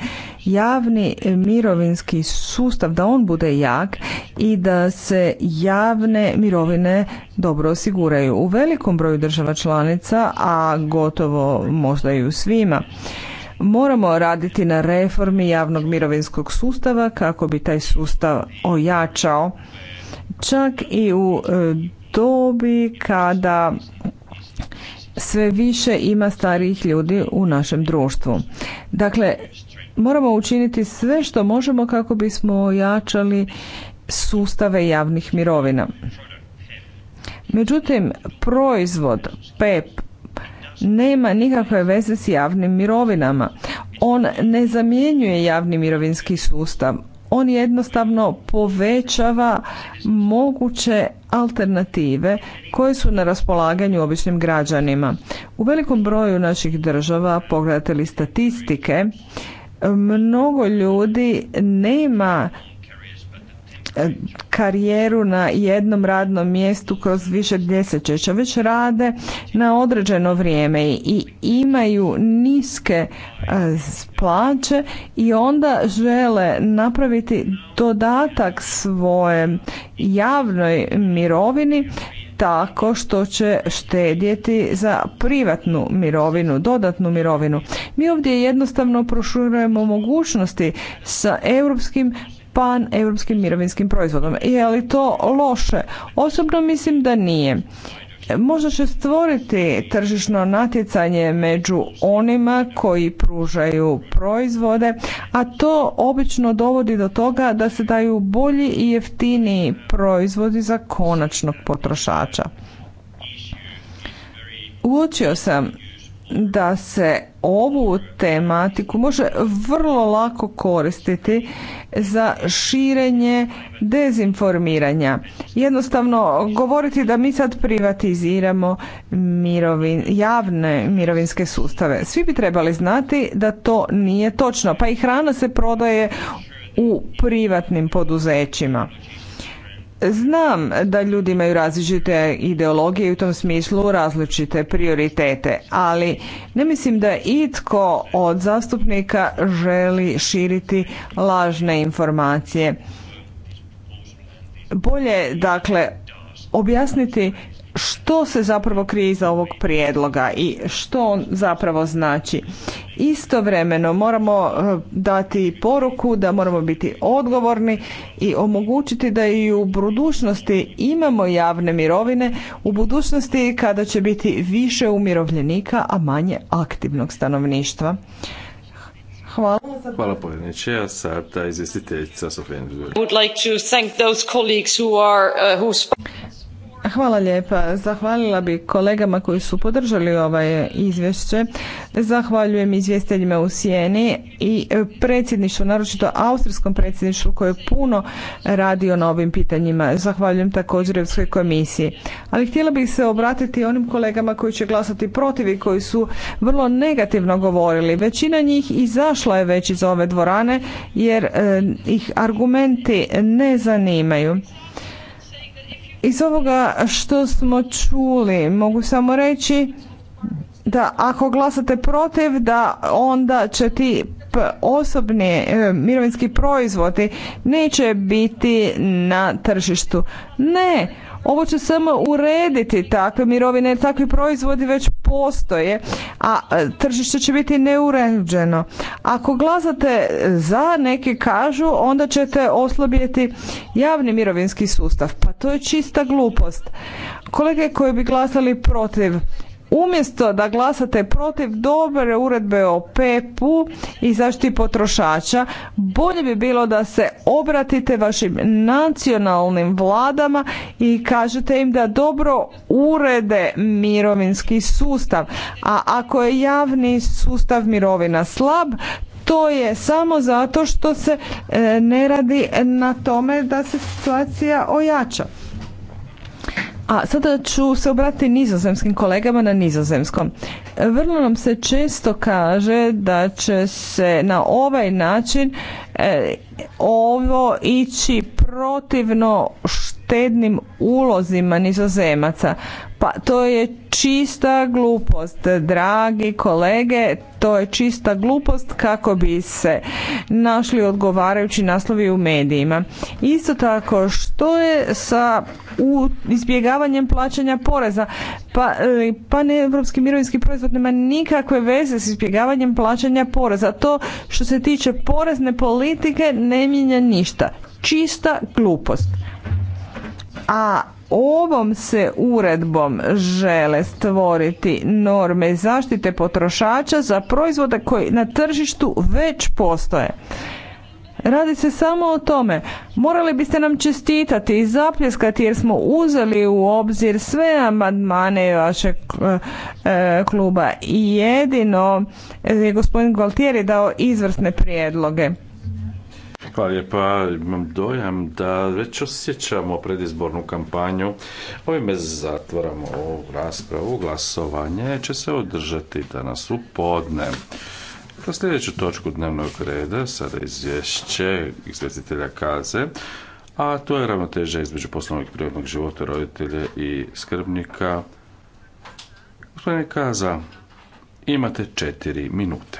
javni mirovinski sustav, da on bude jak i da se javne mirovine dobro osiguraju u velikom broju država članica, a gotovo možda i u svima. Moramo raditi na reformi javnog mirovinskog sustava kako bi taj sustav ojačao čak i u e, dobi kada sve više ima starijih ljudi u našem društvu. Dakle, moramo učiniti sve što možemo kako bismo ojačali sustave javnih mirovina. Međutim, proizvod PEP e nema nikakve veze s javnim mirovinama. On ne zamjenjuje javni mirovinski sustav, on jednostavno povećava moguće alternative koje su na raspolaganju običnim građanima. U velikom broju naših država, pogledate li statistike, mnogo ljudi nema karijeru na jednom radnom mjestu kroz više desetljeća, već rade na određeno vrijeme i imaju niske e, plaće i onda žele napraviti dodatak svoje javnoj mirovini tako što će štedjeti za privatnu mirovinu, dodatnu mirovinu. Mi ovdje jednostavno proširujemo mogućnosti sa europskim pan europskim mirovinskim proizvodom. Je li to loše? Osobno mislim da nije. Možda će stvoriti tržišno natjecanje među onima koji pružaju proizvode, a to obično dovodi do toga da se daju bolji i jeftiniji proizvodi za konačnog potrošača. Uočio sam da se ovu tematiku može vrlo lako koristiti za širenje dezinformiranja. Jednostavno govoriti da mi sad privatiziramo mirovin, javne mirovinske sustave. Svi bi trebali znati da to nije točno, pa i hrana se prodaje u privatnim poduzećima. Znam da ljudi imaju različite ideologije i u tom smislu različite prioritete, ali ne mislim da itko od zastupnika želi širiti lažne informacije. Bolje dakle objasniti što se zapravo krije iza ovog prijedloga i što on zapravo znači. Istovremeno moramo e, dati poruku da moramo biti odgovorni i omogućiti da i u budućnosti imamo javne mirovine, u budućnosti kada će biti više umirovljenika, a manje aktivnog stanovništva. Hvala. Hvala Hvala lijepa. Zahvalila bi kolegama koji su podržali ovaj izvješće. Zahvaljujem izvjestiteljima u Sjeni i predsjedništvu, naročito austrijskom predsjedništvu koje je puno radio na ovim pitanjima. Zahvaljujem također Europskoj komisiji. Ali htjela bih se obratiti onim kolegama koji će glasati protiv i koji su vrlo negativno govorili. Većina njih izašla je već iz ove dvorane jer eh, ih argumenti ne zanimaju. Iz ovoga što smo čuli mogu samo reći da ako glasate protiv da onda će ti osobni e, mirovinski proizvodi neće biti na tržištu. Ne, ovo će samo urediti takve mirovine, takvi proizvodi već postoje, a e, tržište će biti neuređeno. Ako glasate za, neki kažu, onda ćete oslabjeti javni mirovinski sustav. Pa to je čista glupost. Kolege koji bi glasali protiv Umjesto da glasate protiv dobre uredbe o PEP-u i zaštiti potrošača, bolje bi bilo da se obratite vašim nacionalnim vladama i kažete im da dobro urede mirovinski sustav. A ako je javni sustav mirovina slab, to je samo zato što se e, ne radi na tome da se situacija ojača. A sada ću se obratiti nizozemskim kolegama na nizozemskom. Vrlo nam se često kaže da će se na ovaj način e, ovo ići protivno štednim ulozima nizozemaca. Pa to je čista glupost, dragi kolege, to je čista glupost kako bi se našli odgovarajući naslovi u medijima. Isto tako, što je sa izbjegavanjem plaćanja poreza? Pa, e, pa ne, evropski mirovinski proizvod nema nikakve veze s izbjegavanjem plaćanja poreza. To što se tiče porezne politike ne mijenja ništa. Čista glupost. A ovom se uredbom žele stvoriti norme zaštite potrošača za proizvode koji na tržištu već postoje. Radi se samo o tome. Morali biste nam čestitati i zapljeskati jer smo uzeli u obzir sve amandmane vašeg e, kluba i jedino je gospodin Gualtieri dao izvrsne prijedloge je, lijepa. Imam dojam da već osjećamo predizbornu kampanju. Ovime zatvaramo ovu raspravu. Glasovanje će se održati danas u podne. Na sljedeću točku dnevnog reda sada izvješće izvjestitelja Kaze, a to je ravnoteža između poslovnog i privatnog života roditelja i skrbnika. Gospodine Kaza, imate četiri minute.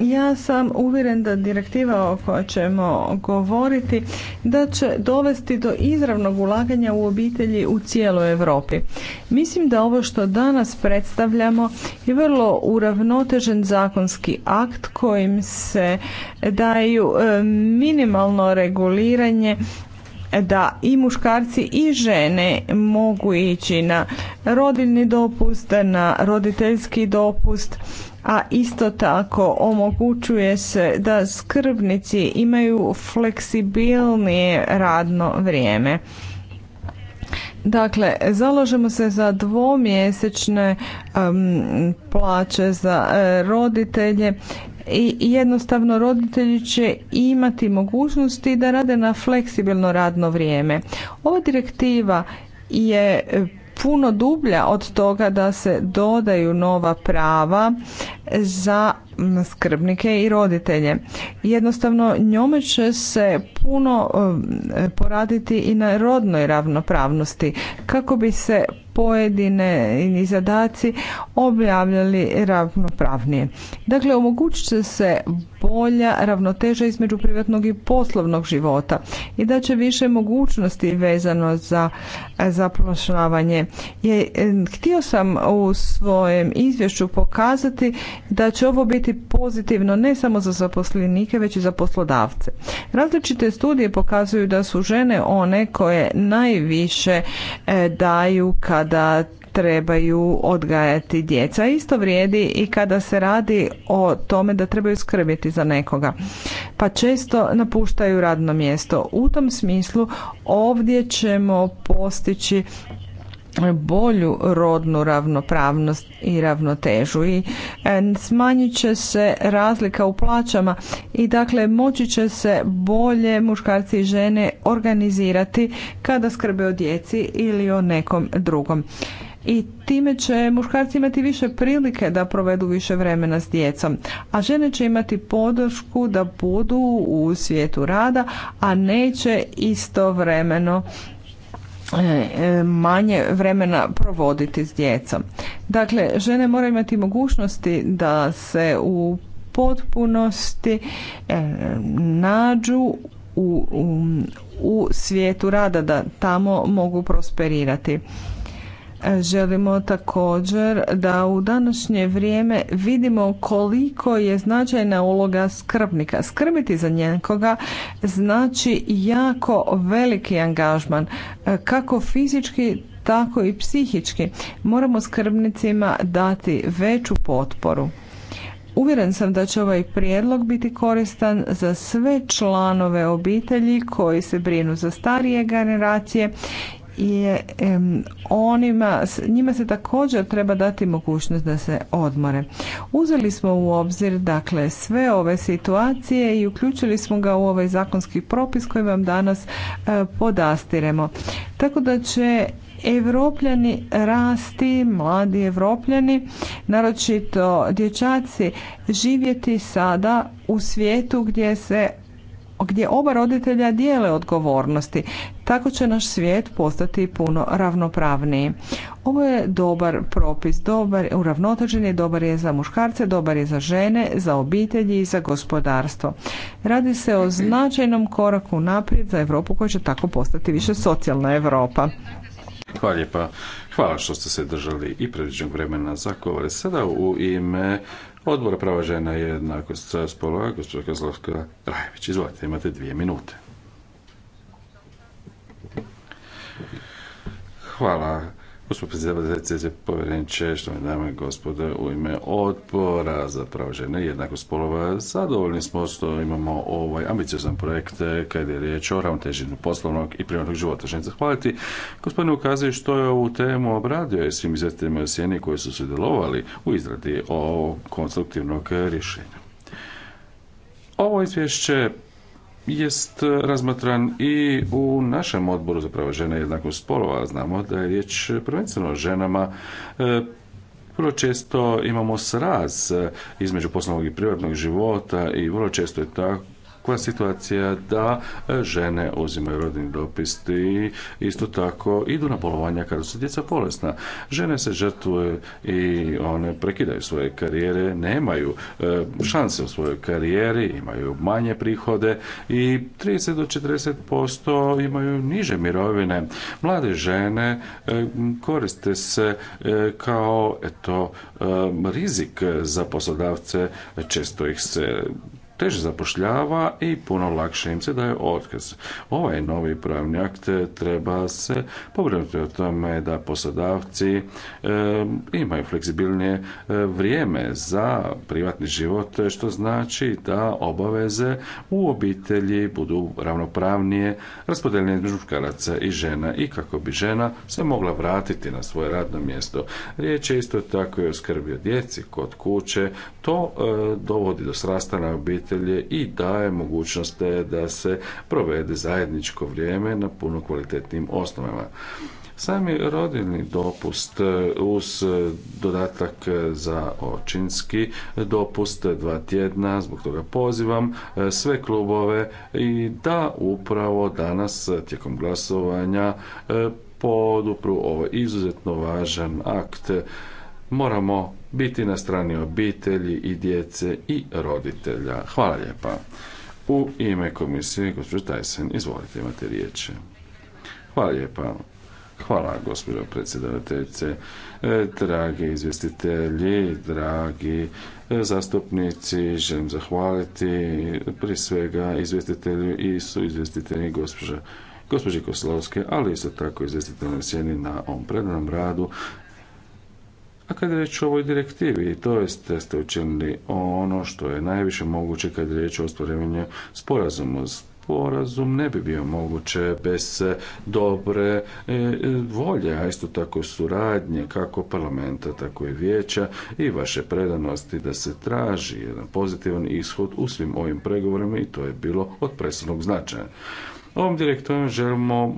Ja sam uvjeren da direktiva o kojoj ćemo govoriti da će dovesti do izravnog ulaganja u obitelji u cijeloj Europi. Mislim da ovo što danas predstavljamo je vrlo uravnotežen zakonski akt kojim se daju e, minimalno reguliranje da i muškarci i žene mogu ići na rodiljni dopust, na roditeljski dopust a isto tako omogućuje se da skrbnici imaju fleksibilnije radno vrijeme. Dakle, založemo se za dvomjesečne plaće za e, roditelje i jednostavno roditelji će imati mogućnosti da rade na fleksibilno radno vrijeme. Ova direktiva je puno dublja od toga da se dodaju nova prava za skrbnike i roditelje. Jednostavno njome će se puno e, poraditi i na rodnoj ravnopravnosti kako bi se pojedine i zadaci objavljali ravnopravnije. Dakle, omogućit će se bolja ravnoteža između privatnog i poslovnog života i da će više mogućnosti vezano za e, zapošljavanje. E, htio sam u svojem izvješću pokazati da će ovo biti pozitivno ne samo za zaposlenike već i za poslodavce. Različite studije pokazuju da su žene one koje najviše e, daju kada trebaju odgajati djeca. Isto vrijedi i kada se radi o tome da trebaju skrbiti za nekoga. Pa često napuštaju radno mjesto. U tom smislu ovdje ćemo postići bolju rodnu ravnopravnost i ravnotežu i e, smanjit će se razlika u plaćama i dakle moći će se bolje muškarci i žene organizirati kada skrbe o djeci ili o nekom drugom i time će muškarci imati više prilike da provedu više vremena s djecom, a žene će imati podršku da budu u svijetu rada, a neće istovremeno e, e, manje vremena provoditi s djecom. Dakle, žene moraju imati mogućnosti da se u potpunosti e, nađu u, u, u svijetu rada, da tamo mogu prosperirati. Želimo također da u današnje vrijeme vidimo koliko je značajna uloga skrbnika. Skrbiti za njenkoga znači jako veliki angažman, e, kako fizički, tako i psihički. Moramo skrbnicima dati veću potporu. Uvjeren sam da će ovaj prijedlog biti koristan za sve članove obitelji koji se brinu za starije generacije je onima, njima se također treba dati mogućnost da se odmore. Uzeli smo u obzir dakle sve ove situacije i uključili smo ga u ovaj zakonski propis koji vam danas e, podastiremo. Tako da će Evropljani rasti, mladi Evropljani, naročito dječaci, živjeti sada u svijetu gdje se gdje oba roditelja dijele odgovornosti. Tako će naš svijet postati puno ravnopravniji. Ovo je dobar propis, dobar, uravnotežen je, dobar je za muškarce, dobar je za žene, za obitelji i za gospodarstvo. Radi se o značajnom koraku naprijed za Europu koja će tako postati više socijalna Europa. Hvala Hvala što ste se držali i predviđenog vremena za govore. Sada u ime Odbora prava žena i jednakost spolova, gospođa Kazlovska Rajević. Izvolite, imate dvije minute. Hvala Gospod predsjedavajući povjerenče, što mi dame i gospode, u ime odpora za pravo žene i jednakost spolova, zadovoljni smo što imamo ovaj ambiciozan projekt kada je riječ o ravnotežinu poslovnog i privatnog života. Želim zahvaliti gospodinu ukazuje što je ovu temu obradio i svim izvjetiteljima sjeni koji su sudjelovali u izradi ovog konstruktivnog rješenja. Ovo izvješće jest e, razmatran i u našem odboru za prava žena i jednakost spolova. Znamo da je riječ prvenstveno o ženama e, vrlo često imamo sraz e, između poslovnog i privatnog života i vrlo često je tako koja situacija da e, žene uzimaju rodni dopis i isto tako idu na bolovanja kada su djeca bolesna. Žene se žrtvuju i one prekidaju svoje karijere, nemaju e, šanse u svojoj karijeri, imaju manje prihode i 30 do 40% imaju niže mirovine. Mlade žene e, koriste se kao eto rizik za poslodavce, često ih se teže zapošljava i puno lakše im se daje otkaz. Ovaj novi pravni akt treba se pobrinuti o tome da poslodavci eh, imaju fleksibilnije eh, vrijeme za privatni život, što znači da obaveze u obitelji budu ravnopravnije raspodeljene između muškaraca i žena i kako bi žena se mogla vratiti na svoje radno mjesto. Riječ je isto tako i o skrbi o djeci kod kuće. To eh, dovodi do srastana obitelji roditelje i daje mogućnost da se provede zajedničko vrijeme na puno kvalitetnim osnovama. Sami rodilni dopust uz dodatak za očinski dopust dva tjedna, zbog toga pozivam e, sve klubove i da upravo danas tijekom glasovanja e, podupru ovo ovaj izuzetno važan akt. Moramo biti na strani obitelji i djece i roditelja. Hvala lijepa. U ime komisije, gospođo Tajsen, izvolite, imate riječ. Hvala lijepa. Hvala, gospođo predsjedavateljice, e, dragi izvjestitelji, dragi e, zastupnici, želim zahvaliti prije svega izvjestitelju i su izvjestitelji gospođa gospođi Koslovske, ali isto tako izvjestitelji na sjeni na ovom predanom radu a kad je riječ o ovoj direktivi, to jeste ste učinili ono što je najviše moguće kad je riječ o ostvarivanju sporazuma sporazum ne bi bio moguće bez dobre e, volje, a isto tako suradnje kako parlamenta, tako i vijeća i vaše predanosti da se traži jedan pozitivan ishod u svim ovim pregovorima i to je bilo od presudnog značaja. Ovom direktivom želimo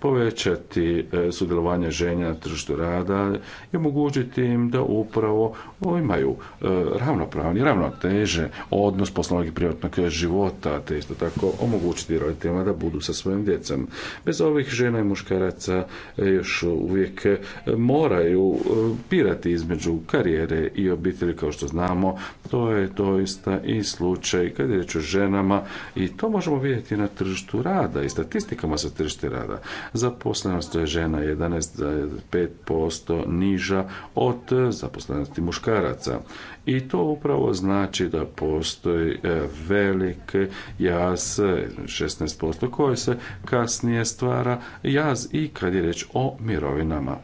povećati e, sudjelovanje ženja na tržištu rada i omogućiti im da upravo imaju e, ravnopravni, ravnoteže odnos poslovnog i privatnog života, te isto tako omogućiti roditeljima da budu sa svojim djecom. Bez ovih žena i muškaraca e, još uvijek e, moraju pirati između karijere i obitelji, kao što znamo. To je doista i slučaj kad je riječ o ženama i to možemo vidjeti na tržištu rada i statistikama sa tržište rada. Zaposlenost žena je 11,5% niža od zaposlenosti muškaraca muškaraca. I to upravo znači da postoji e, velik jaz, 16% koji se kasnije stvara jaz i kad je reč o mirovinama.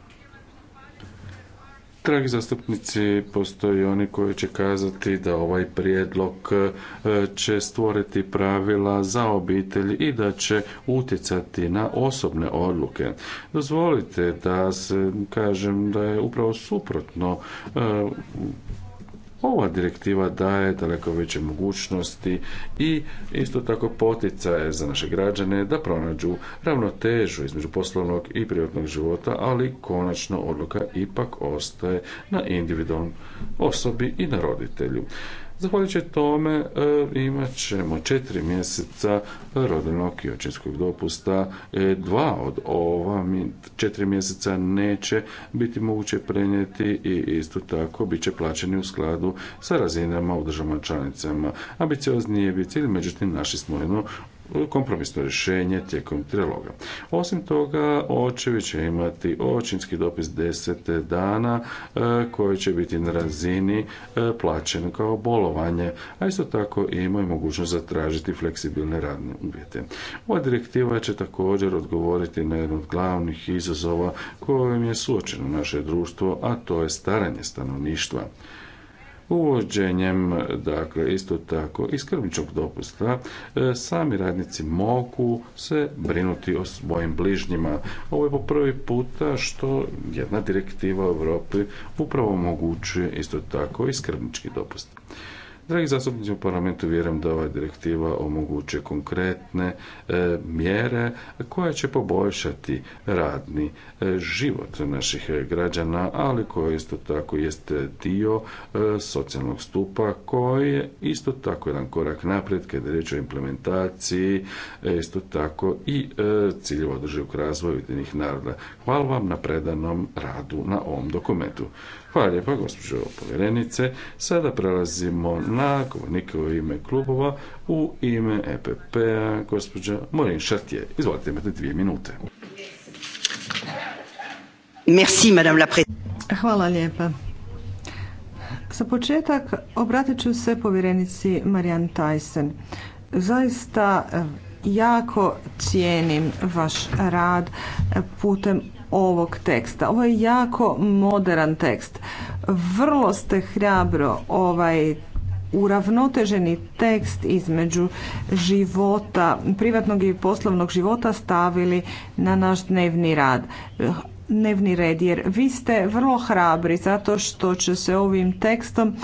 Dragi zastupnici, postoji oni koji će kazati da ovaj prijedlog e, će stvoriti pravila za obitelj i da će utjecati na osobne odluke. Dozvolite da se kažem da je upravo suprotno e, ova direktiva daje daleko veće mogućnosti i isto tako poticaje za naše građane da pronađu ravnotežu između poslovnog i privatnog života, ali konačno odluka ipak ostaje na individualnoj osobi i na roditelju. Zahvaljujući tome e, imat ćemo četiri mjeseca rodinog i očinskog dopusta. E, dva od ova četiri mjeseca neće biti moguće prenijeti i isto tako bit će plaćeni u skladu sa razinama u državama članicama. Ambiciozni je cilj, međutim naši smo jednu kompromisno rješenje tijekom triloga. Osim toga, očevi će imati očinski dopis 10 dana e, koji će biti na razini e, plaćen kao bolovanje, a isto tako imaju mogućnost zatražiti fleksibilne radne uvjete. Ova direktiva će također odgovoriti na jedan od glavnih izazova kojim je suočeno naše društvo, a to je staranje stanovništva uvođenjem dakle isto tako i skrbničkog dopusta e, sami radnici mogu se brinuti o svojim bližnjima. Ovo je po prvi puta što jedna direktiva u Europi upravo omogućuje isto tako i skrbnički dopust. Dragi zastupnici u parlamentu, vjerujem da ova direktiva omogućuje konkretne e, mjere koje će poboljšati radni e, život naših građana, ali koje isto tako jest dio e, socijalnog stupa koji je isto tako jedan korak naprijed kada je riječ o implementaciji, isto tako i ciljeva održivog razvoja jedinih naroda. Hvala vam na predanom radu na ovom dokumentu. Hvala lijepa, gospođo povjerenice. Sada prelazimo na govornike u ime klubova. U ime EPP-a, gospođa Morin Šartije. Izvolite, imate dvije minute. Merci, madame la Hvala lijepa. Za početak obratit ću se povjerenici Marijan Tyson. Zaista e, jako cijenim vaš rad putem ovog teksta. Ovo je jako moderan tekst. Vrlo ste hrabro ovaj uravnoteženi tekst između života, privatnog i poslovnog života stavili na naš dnevni rad dnevni red jer vi ste vrlo hrabri zato što će se ovim tekstom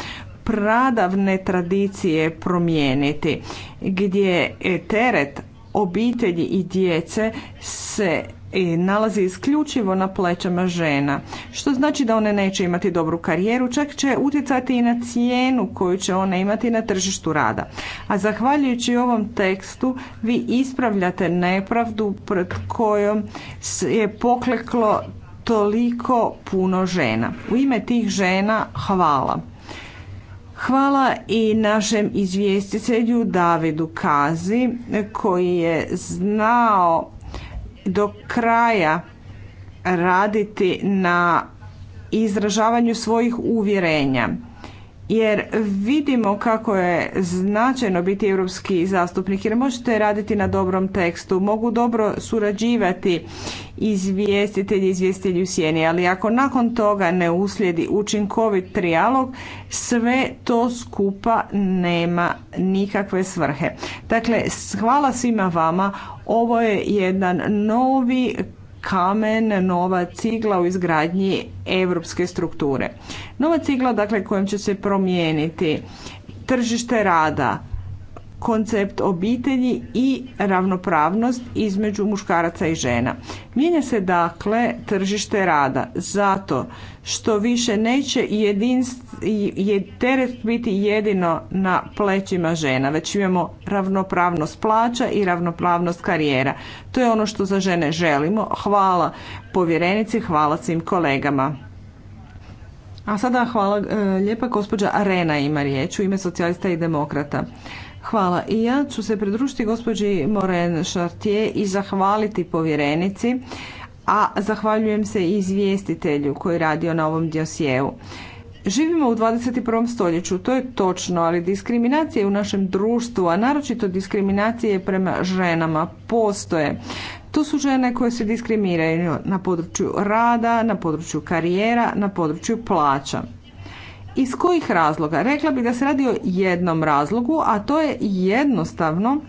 pradavne tradicije promijeniti gdje teret obitelji i djece se i nalazi isključivo na plećama žena, što znači da one neće imati dobru karijeru, čak će utjecati i na cijenu koju će one imati na tržištu rada. A zahvaljujući ovom tekstu vi ispravljate nepravdu pred kojom je pokleklo toliko puno žena. U ime tih žena hvala. Hvala i našem izvjestitelju Davidu Kazi koji je znao do kraja raditi na izražavanju svojih uvjerenja jer vidimo kako je značajno biti europski zastupnik jer možete raditi na dobrom tekstu, mogu dobro surađivati izvjestitelji, izvjestitelji u sjeni, ali ako nakon toga ne uslijedi učinkovit trijalog, sve to skupa nema nikakve svrhe. Dakle, hvala svima vama, ovo je jedan novi kamen, nova cigla u izgradnji europske strukture. Nova cigla dakle kojom će se promijeniti tržište rada, koncept obitelji i ravnopravnost između muškaraca i žena. Mijenja se dakle tržište rada zato što više neće jedinst, teret biti jedino na plećima žena, već imamo ravnopravnost plaća i ravnopravnost karijera. To je ono što za žene želimo. Hvala povjerenici, hvala svim kolegama. A sada hvala e, lijepa gospođa Arena ima riječ u ime socijalista i demokrata. Hvala. I ja ću se pridružiti gospođi Moren Chartier i zahvaliti povjerenici, a zahvaljujem se i izvjestitelju koji radio na ovom dosjeu. Živimo u 21. stoljeću, to je točno, ali diskriminacije u našem društvu, a naročito diskriminacije prema ženama, postoje. To su žene koje se diskriminiraju na području rada, na području karijera, na području plaća. Iz kojih razloga? Rekla bih da se radi o jednom razlogu, a to je jednostavno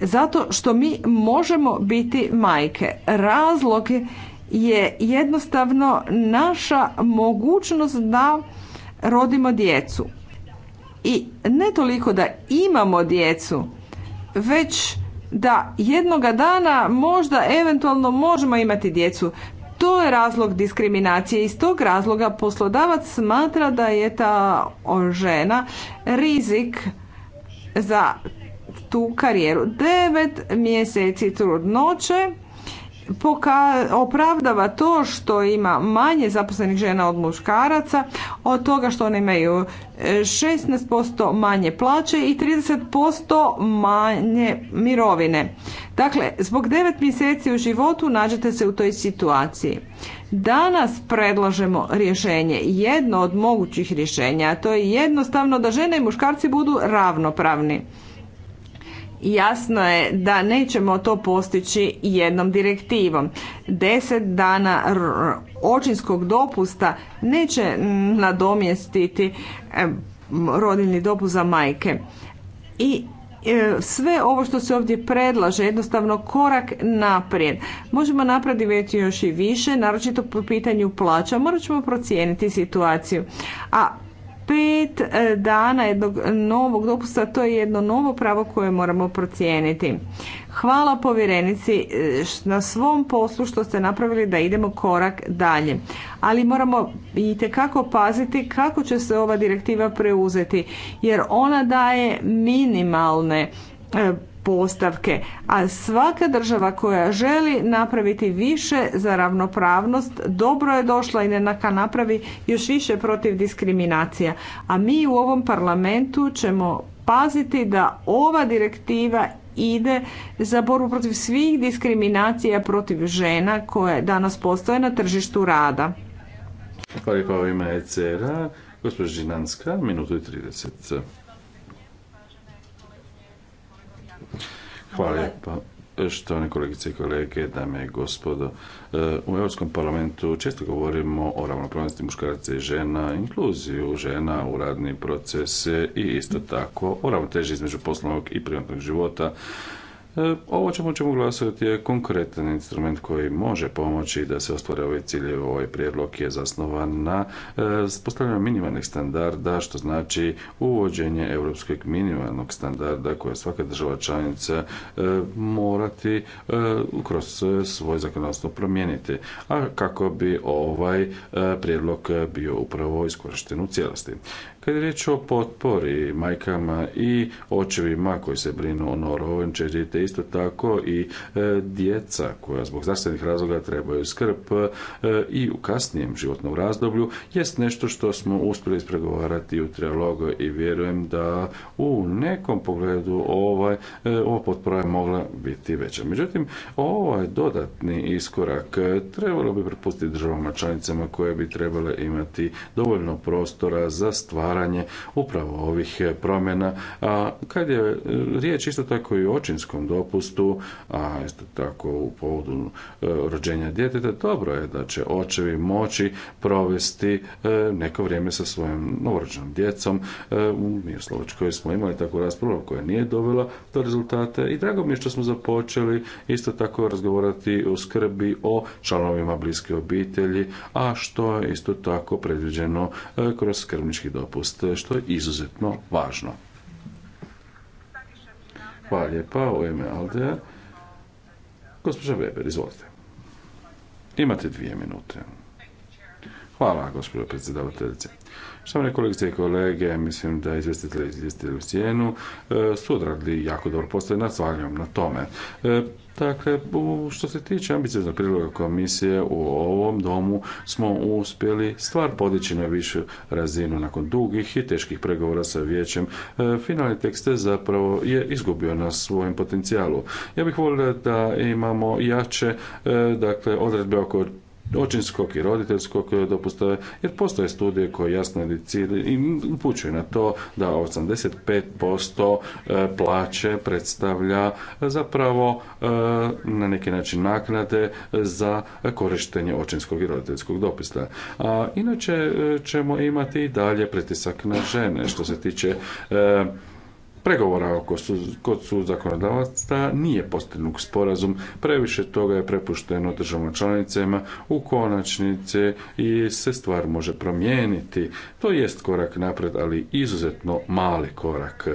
zato što mi možemo biti majke. Razlog je jednostavno naša mogućnost da rodimo djecu. I ne toliko da imamo djecu, već da jednoga dana možda eventualno možemo imati djecu. To je razlog diskriminacije. Iz tog razloga poslodavac smatra da je ta žena rizik za tu karijeru. Devet mjeseci trudnoće poka opravdava to što ima manje zaposlenih žena od muškaraca, od toga što one imaju 16% e, manje plaće i 30% manje mirovine. Dakle, zbog 9 mjeseci u životu nađete se u toj situaciji. Danas predlažemo rješenje, jedno od mogućih rješenja, a to je jednostavno da žene i muškarci budu ravnopravni. Jasno je da nećemo to postići jednom direktivom. Deset dana očinskog dopusta neće nadomjestiti rodilni dopust za majke. I e, sve ovo što se ovdje predlaže jednostavno korak naprijed. Možemo napraviti još i više, naročito po pitanju plaća, morat ćemo procijeniti situaciju. A pet e, dana jednog novog dopusta, to je jedno novo pravo koje moramo procijeniti. Hvala povjerenici e, na svom poslu što ste napravili da idemo korak dalje. Ali moramo i tekako paziti kako će se ova direktiva preuzeti jer ona daje minimalne e, postavke, a svaka država koja želi napraviti više za ravnopravnost dobro je došla i neka napravi još više protiv diskriminacija. A mi u ovom parlamentu ćemo paziti da ova direktiva ide za borbu protiv svih diskriminacija protiv žena koje danas postoje na tržištu rada. Hvala lijepa u ime ECR-a, gospođa Žinanska, i 30. Hvala lijepa. E, Štovani kolegice i kolege, dame i gospodo, e, u Europskom parlamentu često govorimo o ravnopravnosti muškaraca i žena, inkluziju žena u radni proces i isto tako o ravnoteži između poslovnog i privatnog života E, ovo čemu ćemo glasovati je konkretan instrument koji može pomoći da se ostvare ove cilje. Ovaj prijedlog je zasnovan na e, postavljanju minimalnih standarda, što znači uvođenje europskog minimalnog standarda koje svaka država članica e, morati kroz svoje zakonodavstvo promijeniti, a kako bi ovaj prijedlog bio upravo iskorišten u cijelosti. Kad je riječ o potpori majkama i očevima koji se brinu o čeđite isto tako i e, djeca koja zbog zdravstvenih razloga trebaju skrb e, i u kasnijem životnom razdoblju jest nešto što smo uspjeli ispregovarati u trilogu i vjerujem da u nekom pogledu ovaj, e, ova potpora je mogla biti veća. Međutim, ovaj dodatni iskorak trebalo bi prepustiti državama članicama koje bi trebale imati dovoljno prostora za stvaranje upravo ovih promjena. A kad je riječ isto tako i o očinskom dopustu, a isto tako u povodu e, rođenja djeteta, dobro je da će očevi moći provesti e, neko vrijeme sa svojim novorođenom djecom. Mi e, u Slovačkoj smo imali takvu raspravu koja nije dovela do rezultata i drago mi je što smo započeli isto tako razgovarati o skrbi o članovima bliske obitelji, a što je isto tako predviđeno kroz skrbnički dopust, što je izuzetno važno. Hvala lijepa, u ime Aldea. Gospođa Weber, izvolite. Imate dvije minute. Hvala, gospođo predsjedavateljice. Štovane kolegice i kolege, mislim da izvjestitelji izvjestitelji u cijenu e, su odradili jako dobro postoje nad na tome. E, Dakle, što se tiče ambicioznog priloga komisije, u ovom domu smo uspjeli stvar podići na višu razinu nakon dugih i teških pregovora sa vijećem. E, finalni tekst zapravo je izgubio na svojem potencijalu. Ja bih volio da imamo jače e, dakle, odredbe oko očinskog i roditeljskog e, dopusta, jer postoje studije koje jasno i upućuju na to da 85% e, plaće predstavlja e, zapravo na neki način naknade za korištenje očinskog i roditeljskog dopusta. A inače ćemo imati i dalje pritisak na žene što se tiče pregovora su, kod su zakonodavaca nije postignut sporazum, previše toga je prepušteno državama članicama, u konačnice i se stvar može promijeniti. To jest korak napred, ali izuzetno mali korak.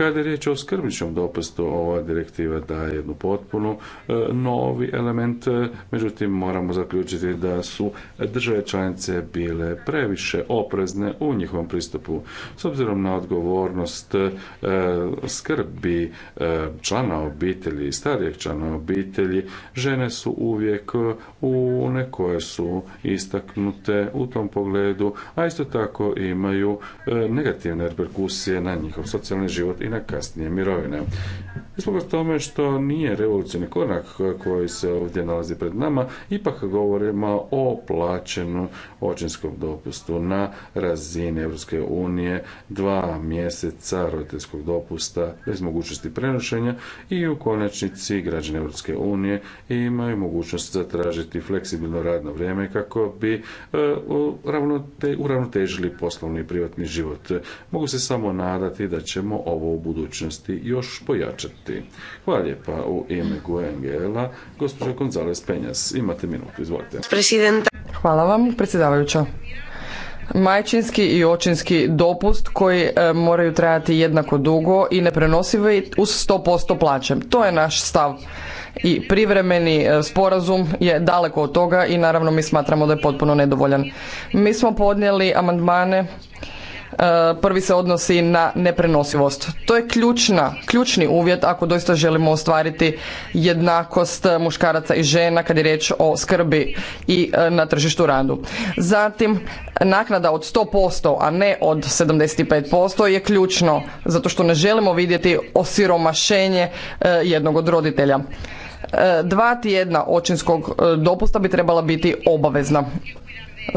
Kada je riječ o skrbničnom dopustu, ova direktiva daje jednu potpuno e, novi element, e, međutim moramo zaključiti da su države članice bile previše oprezne u njihovom pristupu. S obzirom na odgovornost e, skrbi člana obitelji i starijeg člana obitelji, žene su uvijek one koje su istaknute u tom pogledu, a isto tako imaju negativne reperkusije na njihov socijalni život i na kasnije mirovine. zbog tome što nije revolucionarni korak koji se ovdje nalazi pred nama, ipak govorimo o plaćenom očinskom dopustu na razini Europske unije, dva mjeseca roditeljskog dopusta bez mogućnosti prenošenja i u konačnici građani Europske unije imaju mogućnost zatražiti fleksibilno radno vrijeme kako bi e, uravnotežili poslovni i privatni život. Mogu se samo nadati da ćemo ovo u budućnosti još pojačati. Hvala lijepa u ime Guengela, gospođa Gonzales Penjas. Imate minutu, izvolite. Hvala vam, predsjedavajuća majčinski i očinski dopust koji e, moraju trajati jednako dugo i neprenosivi uz 100% plaće. To je naš stav. I privremeni e, sporazum je daleko od toga i naravno mi smatramo da je potpuno nedovoljan. Mi smo podnijeli amandmane E, prvi se odnosi na neprenosivost. To je ključna, ključni uvjet ako doista želimo ostvariti jednakost muškaraca i žena kad je riječ o skrbi i e, na tržištu radu. Zatim, naknada od 100%, a ne od 75% je ključno, zato što ne želimo vidjeti osiromašenje e, jednog od roditelja dva tjedna očinskog dopusta bi trebala biti obavezna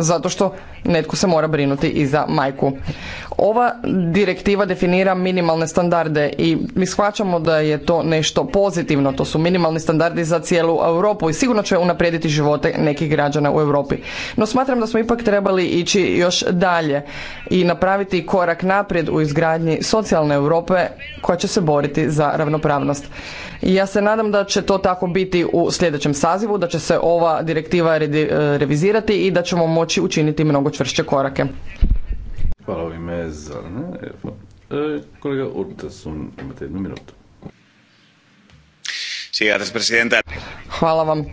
zato što netko se mora brinuti i za majku. Ova direktiva definira minimalne standarde i mi shvaćamo da je to nešto pozitivno. To su minimalni standardi za cijelu Europu i sigurno će unaprijediti živote nekih građana u Europi. No smatram da smo ipak trebali ići još dalje i napraviti korak naprijed u izgradnji socijalne Europe koja će se boriti za ravnopravnost. I ja se nadam da će to tako biti u sljedećem sazivu, da će se ova direktiva revizirati i da ćemo moći učiniti mnogo čvršće korake. Hvala ovime za... E, kolega Urtasun, imate jednu minutu. Hvala vam.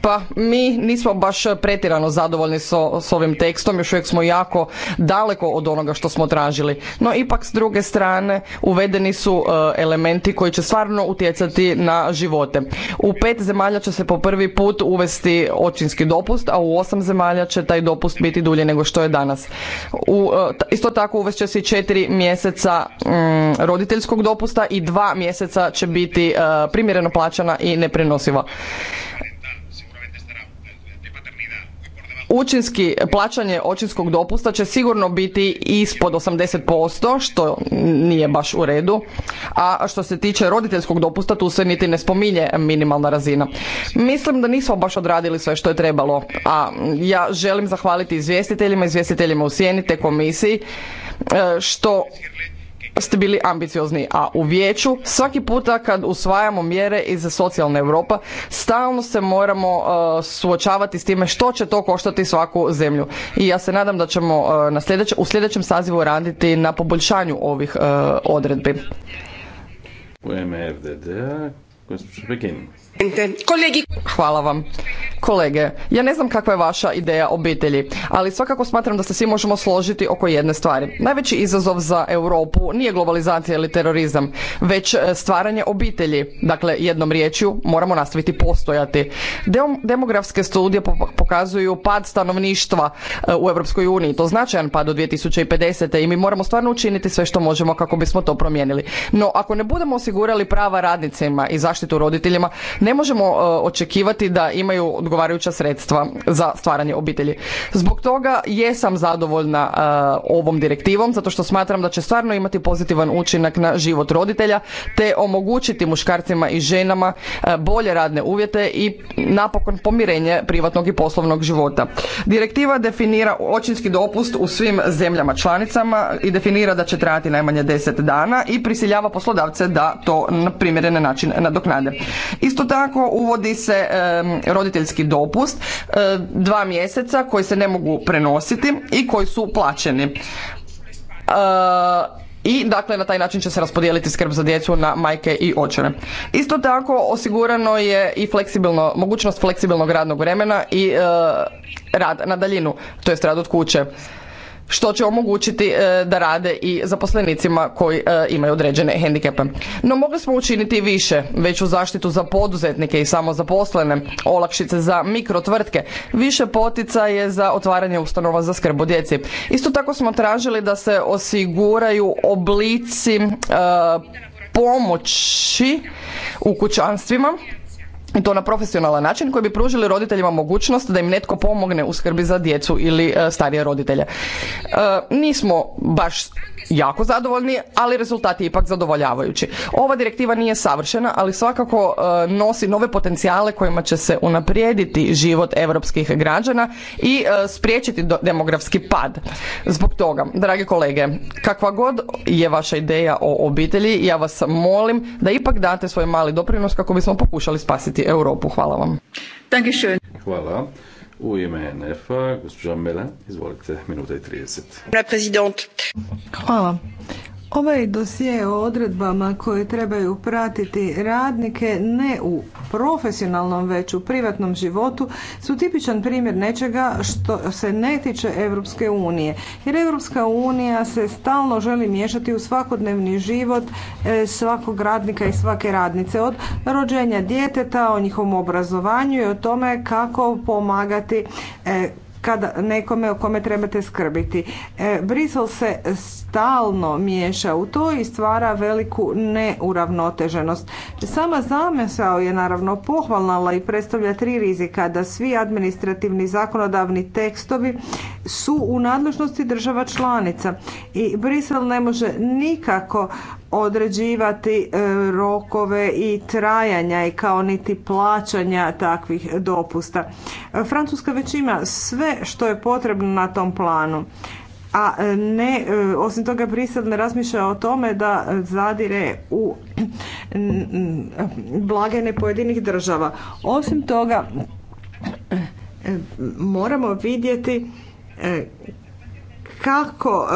Pa mi nismo baš pretirano zadovoljni s ovim tekstom, još uvijek smo jako daleko od onoga što smo tražili. No ipak s druge strane uvedeni su e, elementi koji će stvarno utjecati na živote. U pet zemalja će se po prvi put uvesti očinski dopust, a u osam zemalja će taj dopust biti dulje nego što je danas. E, isto tako uvest će se četiri mjeseca mm, roditeljskog dopusta i dva mjeseca će biti e, primjereno plaćana i neprenosiva učinski plaćanje očinskog dopusta će sigurno biti ispod 80%, što nije baš u redu. A što se tiče roditeljskog dopusta, tu se niti ne spominje minimalna razina. Mislim da nismo baš odradili sve što je trebalo, a ja želim zahvaliti izvjestiteljima, izvjestiteljima u sjeni te komisiji, e, što ste bili ambiciozni, a u vijeću svaki puta kad usvajamo mjere iz socijalne Europa, stalno se moramo uh, suočavati s time što će to koštati svaku zemlju. I ja se nadam da ćemo uh, u sljedećem sazivu raditi na poboljšanju ovih uh, odredbi. Hvala vam. Kolege, ja ne znam kakva je vaša ideja obitelji, ali svakako smatram da se svi možemo složiti oko jedne stvari. Najveći izazov za Europu nije globalizacija ili terorizam, već e, stvaranje obitelji. Dakle, jednom riječju moramo nastaviti postojati. Demografske studije pokazuju pad stanovništva e, u Europskoj uniji. To značajan pad do 2050. i mi moramo stvarno učiniti sve što možemo kako bismo to promijenili. No, ako ne budemo osigurali prava radnicima i zaštitu roditeljima, ne možemo e, očekivati da imaju odgovarajuća sredstva za stvaranje obitelji. Zbog toga jesam zadovoljna e, ovom direktivom zato što smatram da će stvarno imati pozitivan učinak na život roditelja te omogućiti muškarcima i ženama e, bolje radne uvjete i napokon pomirenje privatnog i poslovnog života. Direktiva definira očinski dopust u svim zemljama članicama i definira da će trajati najmanje 10 dana i prisiljava poslodavce da to na primjerene način nadoknade. Isto tako uvodi se roditeljski dopust e, dva mjeseca koji se ne mogu prenositi i koji su plaćeni. E, I dakle na taj način će se raspodijeliti skrb za djecu na majke i očeve. Isto tako osigurano je i fleksibilno, mogućnost fleksibilnog radnog vremena i e, rad na daljinu, to jest rad od kuće što će omogućiti e, da rade i zaposlenicima koji e, imaju određene hendikepe. No mogli smo učiniti više, veću zaštitu za poduzetnike i samozaposlene, olakšice za mikrotvrtke, više poticaje za otvaranje ustanova za skrb djeci. Isto tako smo tražili da se osiguraju oblici e, pomoći u kućanstvima i to na profesionalan način koji bi pružili roditeljima mogućnost da im netko pomogne u skrbi za djecu ili e, starije roditelje. E, nismo baš jako zadovoljni, ali rezultat je ipak zadovoljavajući. Ova direktiva nije savršena, ali svakako e, nosi nove potencijale kojima će se unaprijediti život europskih građana i spriječiti demografski pad. Zbog toga, dragi kolege, kakva god je vaša ideja o obitelji, ja vas molim da ipak date svoj mali doprinos kako bismo pokušali spasiti zaštititi Europu. Hvala vam. Hvala. U ime NF-a, gospođa Mela, izvolite, minuta i 30. Hvala. Ovaj dosije o odredbama koje trebaju pratiti radnike ne u profesionalnom već u privatnom životu su tipičan primjer nečega što se ne tiče Europske unije. Jer Europska unija se stalno želi miješati u svakodnevni život e, svakog radnika i svake radnice od rođenja djeteta, o njihovom obrazovanju i o tome kako pomagati e, kada nekome o kome trebate skrbiti. E, Brisel se stalno miješa u to i stvara veliku neuravnoteženost. Sama zamisao je naravno pohvalnala i predstavlja tri rizika da svi administrativni zakonodavni tekstovi su u nadležnosti država članica i Brisel ne može nikako određivati e, rokove i trajanja i kao niti plaćanja takvih dopusta. Francuska već ima sve što je potrebno na tom planu. A e, ne, e, osim toga Brisel ne razmišlja o tome da zadire u blagene pojedinih država. Osim toga moramo vidjeti kako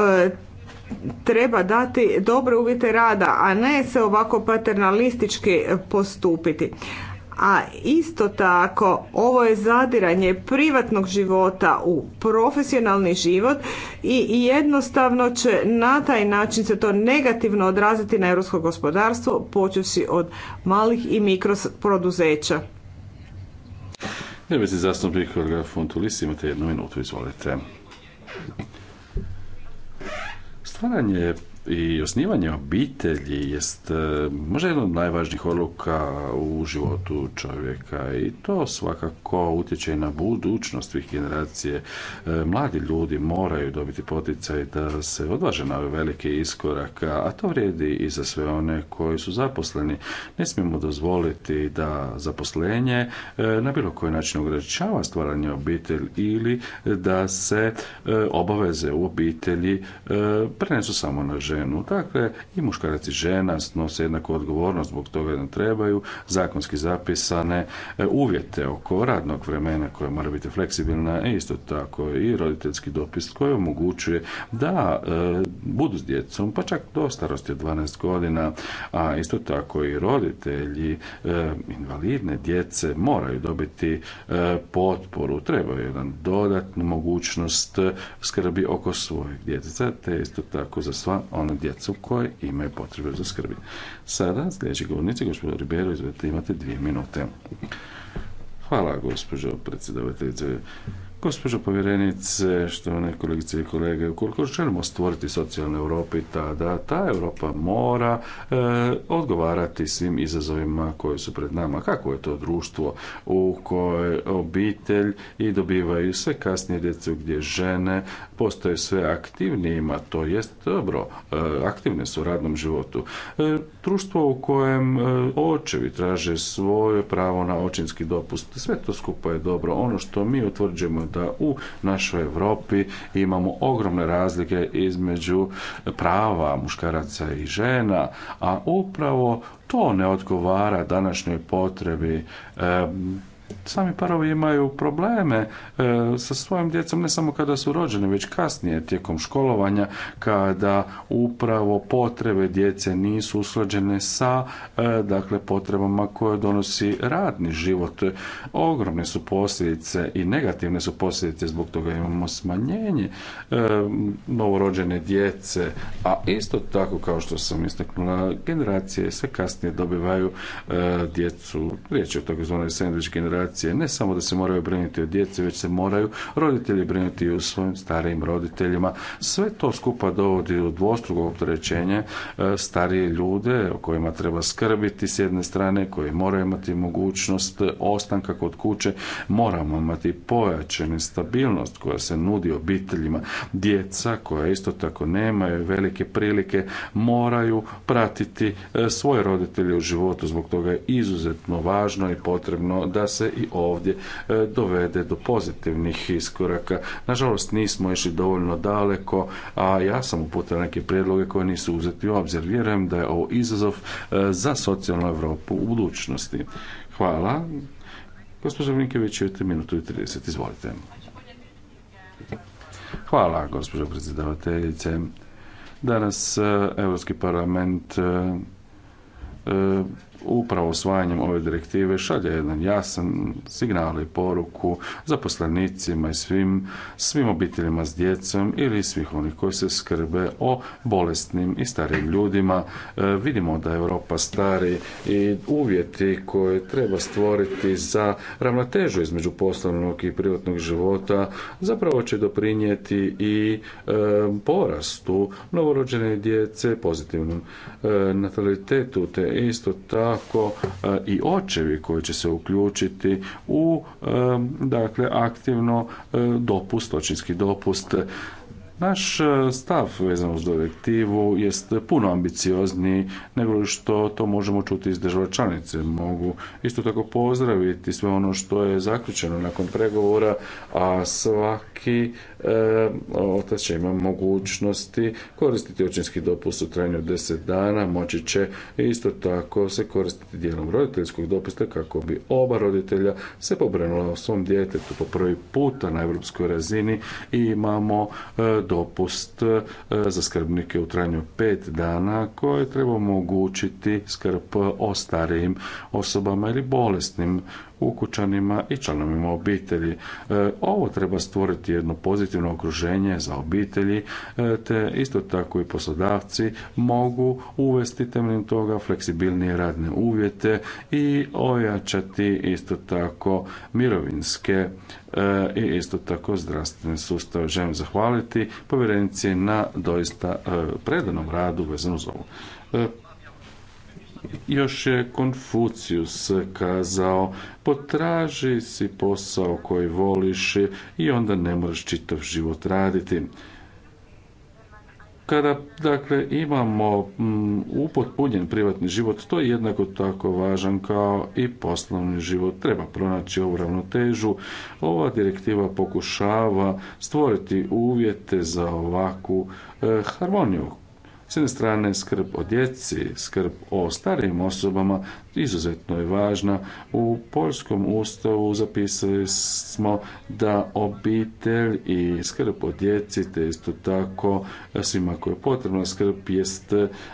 treba dati dobre uvjete rada, a ne se ovako paternalistički postupiti. A isto tako, ovo je zadiranje privatnog života u profesionalni život i jednostavno će na taj način se to negativno odraziti na europsko gospodarstvo, počevši od malih i produzeća. Nebezni zastupnik imate jednu minutu, izvolite. Stvaranje i osnivanje obitelji jest e, možda jedna od najvažnijih odluka u životu čovjeka i to svakako utječe na budućnost svih generacije. E, mladi ljudi moraju dobiti poticaj da se odvaže na ove velike iskorake, a to vrijedi i za sve one koji su zaposleni. Ne smijemo dozvoliti da zaposlenje e, na bilo koji način ograničava stvaranje obitelj ili da se obaveze u obitelji prenesu samo na žene ženu. Dakle, i muškarac i žena snose jednako odgovornost zbog toga da trebaju zakonski zapisane e, uvjete oko radnog vremena koja mora biti fleksibilna e, isto tako i roditeljski dopis koji omogućuje da e, budu s djecom, pa čak do starosti od 12 godina, a isto tako i roditelji invalidne djece moraju dobiti potporu, trebaju jedan dodatnu mogućnost skrbi oko svojeg djeteta, te isto tako za sva ona na djecu koje imaju potrebe za skrbi. Sada, sljedeći govornici, gospođo Ribeiro, izvedite imate dvije minute. Hvala, gospođo predsjedavateljice. Gospođo povjerenice, štovane kolegice i kolege, ukoliko želimo stvoriti socijalnu Europu, tada ta Europa mora e, odgovarati svim izazovima koji su pred nama. Kako je to društvo u kojoj obitelj i dobivaju sve kasnije djecu gdje žene postaju sve aktivnijima, to jest dobro, e, aktivne su u radnom životu. E, društvo u kojem očevi traže svoje pravo na očinski dopust, sve to skupa je dobro. Ono što mi utvrđujemo u našoj Europi imamo ogromne razlike između prava muškaraca i žena, a upravo to ne odgovara današnjoj potrebi sami parovi imaju probleme e, sa svojim djecom ne samo kada su rođeni, već kasnije tijekom školovanja kada upravo potrebe djece nisu usklađene sa e, dakle potrebama koje donosi radni život. Ogromne su posljedice i negativne su posljedice zbog toga imamo smanjenje e, novorođene djece, a isto tako kao što sam istaknula generacije sve kasnije dobivaju e, djecu, riječ je o takozvanoj sandwich generacije, generacije ne samo da se moraju brinuti o djeci, već se moraju roditelji brinuti i o svojim starijim roditeljima. Sve to skupa dovodi u dvostrugo opterećenje starije ljude o kojima treba skrbiti s jedne strane, koji moraju imati mogućnost ostanka kod kuće, moramo imati pojačanu stabilnost koja se nudi obiteljima. Djeca koja isto tako nemaju velike prilike moraju pratiti e, svoje roditelje u životu. Zbog toga je izuzetno važno i potrebno da se i ovdje e, dovede do pozitivnih iskoraka. Nažalost, nismo išli dovoljno daleko, a ja sam uputio neke prijedloge koje nisu uzeti u obzir. Vjerujem da je ovo izazov e, za socijalnu Europu u budućnosti. Hvala. Gospođa Vinkević, je minutu i 30, izvolite. Hvala, gospođo predsjedavateljice. Danas e, Europski parlament upravo usvajanjem ove direktive šalje jedan jasan signal i poruku zaposlenicima i svim, svim obiteljima s djecom ili svih onih koji se skrbe o bolesnim i starim ljudima. E, vidimo da je Europa stari i uvjeti koje treba stvoriti za ravnotežu između poslovnog i privatnog života zapravo će doprinijeti i e, porastu novorođene djece, pozitivnom e, natalitetu, te isto tako tako eh, i očevi koji će se uključiti u eh, dakle aktivno eh, dopust, očinski dopust naš e, stav vezan uz direktivu jest puno ambiciozniji nego što to možemo čuti iz država članice. Mogu isto tako pozdraviti sve ono što je zaključeno nakon pregovora, a svaki e, otac će ima mogućnosti koristiti očinski dopust u trajanju 10 dana, moći će isto tako se koristiti dijelom roditeljskog dopusta kako bi oba roditelja se pobrinula o svom djetetu po prvi puta na europskoj razini i imamo e, dopust e, za skrbnike u trajanju pet dana koje treba omogućiti skrb o starijim osobama ili bolesnim ukućanima i članovima obitelji. E, ovo treba stvoriti jedno pozitivno okruženje za obitelji, e, te isto tako i poslodavci mogu uvesti temeljem toga fleksibilnije radne uvjete i ojačati isto tako mirovinske e, i isto tako zdravstveni sustav. Želim zahvaliti povjerenici na doista predanom radu vezano za još je Konfucius kazao, potraži si posao koji voliš i onda ne moraš čitav život raditi. Kada dakle imamo mm, upotpunjen privatni život, to je jednako tako važan kao i poslovni život. Treba pronaći ovu ravnotežu. Ova direktiva pokušava stvoriti uvjete za ovakvu eh, harmoniju s jedne strane skrb o djeci, skrb o starijim osobama, izuzetno je važna. U Poljskom ustavu zapisali smo da obitelj i skrb o djeci, te isto tako svima koje je potrebna skrb, jest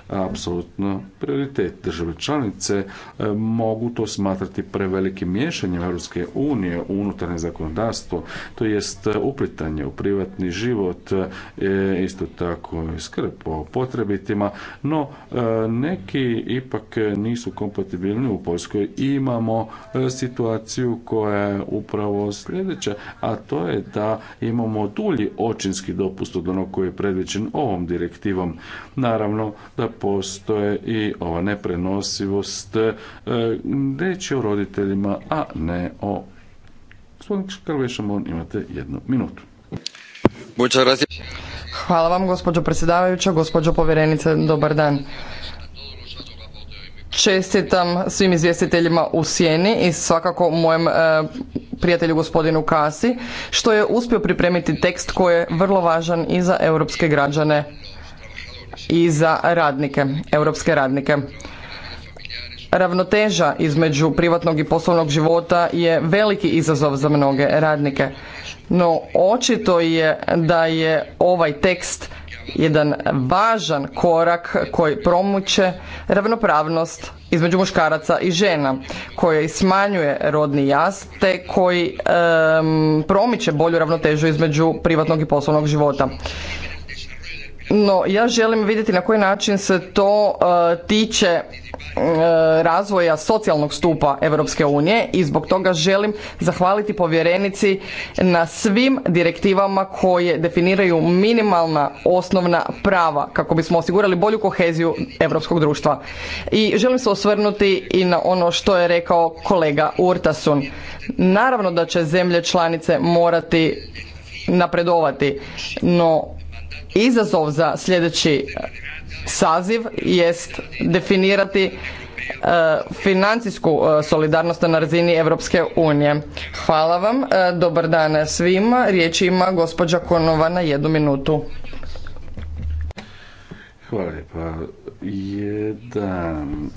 apsolutno prioritet. Države članice e, mogu to smatrati prevelikim miješanjem Europske unije u unutarnje zakonodavstvo, to jest uplitanje u privatni život, e, isto tako i skrb o potrebitima, no e, neki ipak nisu kompatibilni mi u Poljskoj imamo e, situaciju koja je upravo sljedeća, a to je da imamo dulji očinski dopust od onog koji je predviđen ovom direktivom. Naravno da postoje i ova neprenosivost e, reći o roditeljima, a ne o... Gospodin imate jednu minutu. Hvala vam, gospođo predsjedavajuća, gospođo povjerenice, dobar dan. Čestitam svim izvjestiteljima u Sjeni i svakako mojem e, prijatelju gospodinu Kasi što je uspio pripremiti tekst koji je vrlo važan i za europske građane i za radnike, europske radnike. Ravnoteža između privatnog i poslovnog života je veliki izazov za mnoge radnike. No, očito je da je ovaj tekst jedan važan korak koji promuće ravnopravnost između muškaraca i žena, koji smanjuje rodni jaz te koji promiče bolju ravnotežu između privatnog i poslovnog života. No, ja želim vidjeti na koji način se to e, tiče e, razvoja socijalnog stupa Europske unije i zbog toga želim zahvaliti povjerenici na svim direktivama koje definiraju minimalna osnovna prava kako bismo osigurali bolju koheziju europskog društva. I želim se osvrnuti i na ono što je rekao kolega Urtasun. Naravno da će zemlje članice morati napredovati, no izazov za sljedeći e, saziv jest definirati e, financijsku e, solidarnost na razini Europske unije. Hvala vam, dobar dan svima. Riječ ima gospođa Konova na jednu minutu. Hvala lijepa. Jedan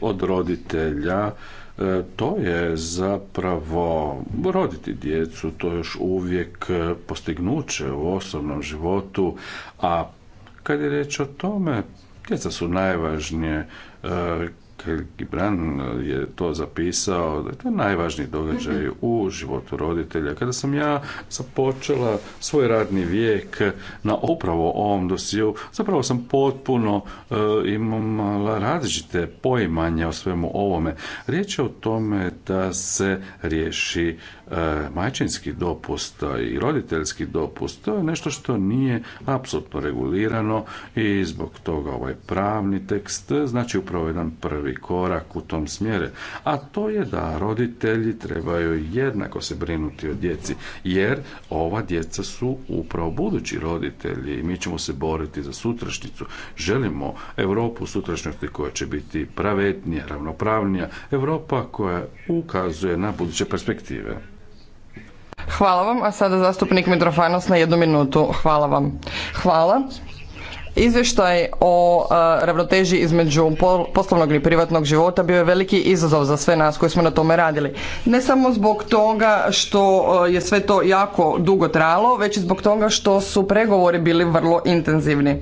od roditelja E, to je zapravo roditi djecu, to je još uvijek e, postignuće u osobnom životu, a kad je reč o tome, djeca su najvažnije e, Gibran je to zapisao, da je to najvažniji događaj mhm. u životu roditelja. Kada sam ja započela svoj radni vijek na upravo ovom dosiju, zapravo sam potpuno e, imala različite poimanja o svemu ovome. Riječ je o tome da se riješi e, majčinski dopust i roditeljski dopust. To je nešto što nije apsolutno regulirano i zbog toga ovaj pravni tekst znači upravo jedan prvi prvi korak u tom smjeru, a to je da roditelji trebaju jednako se brinuti o djeci, jer ova djeca su upravo budući roditelji i mi ćemo se boriti za sutrašnicu. Želimo Europu sutrašnjosti koja će biti pravetnija, ravnopravnija, Europa koja ukazuje na buduće perspektive. Hvala vam, a sada zastupnik Mitrofanos na jednu minutu. Hvala vam. Hvala. Izvještaj o e, ravnoteži između poslovnog i privatnog života bio je veliki izazov za sve nas koji smo na tome radili. Ne samo zbog toga što e, je sve to jako dugo trajalo, već i zbog toga što su pregovori bili vrlo intenzivni.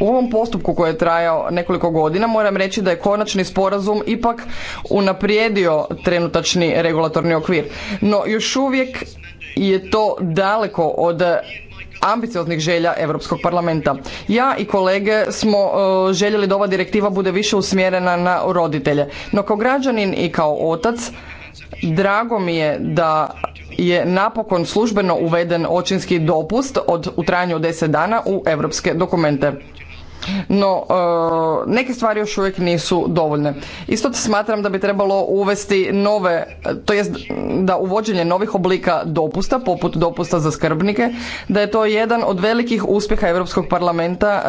U ovom postupku koji je trajao nekoliko godina moram reći da je konačni sporazum ipak unaprijedio trenutačni regulatorni okvir. No još uvijek je to daleko od ambicioznih želja Europskog parlamenta. Ja i kolege smo e, željeli da ova direktiva bude više usmjerena na roditelje. No kao građanin i kao otac drago mi je da je napokon službeno uveden očinski dopust od u trajanju od 10 dana u europske dokumente. No, e, neke stvari još uvijek nisu dovoljne. Isto smatram da bi trebalo uvesti nove, to jest da uvođenje novih oblika dopusta, poput dopusta za skrbnike, da je to jedan od velikih uspjeha Europskog parlamenta e,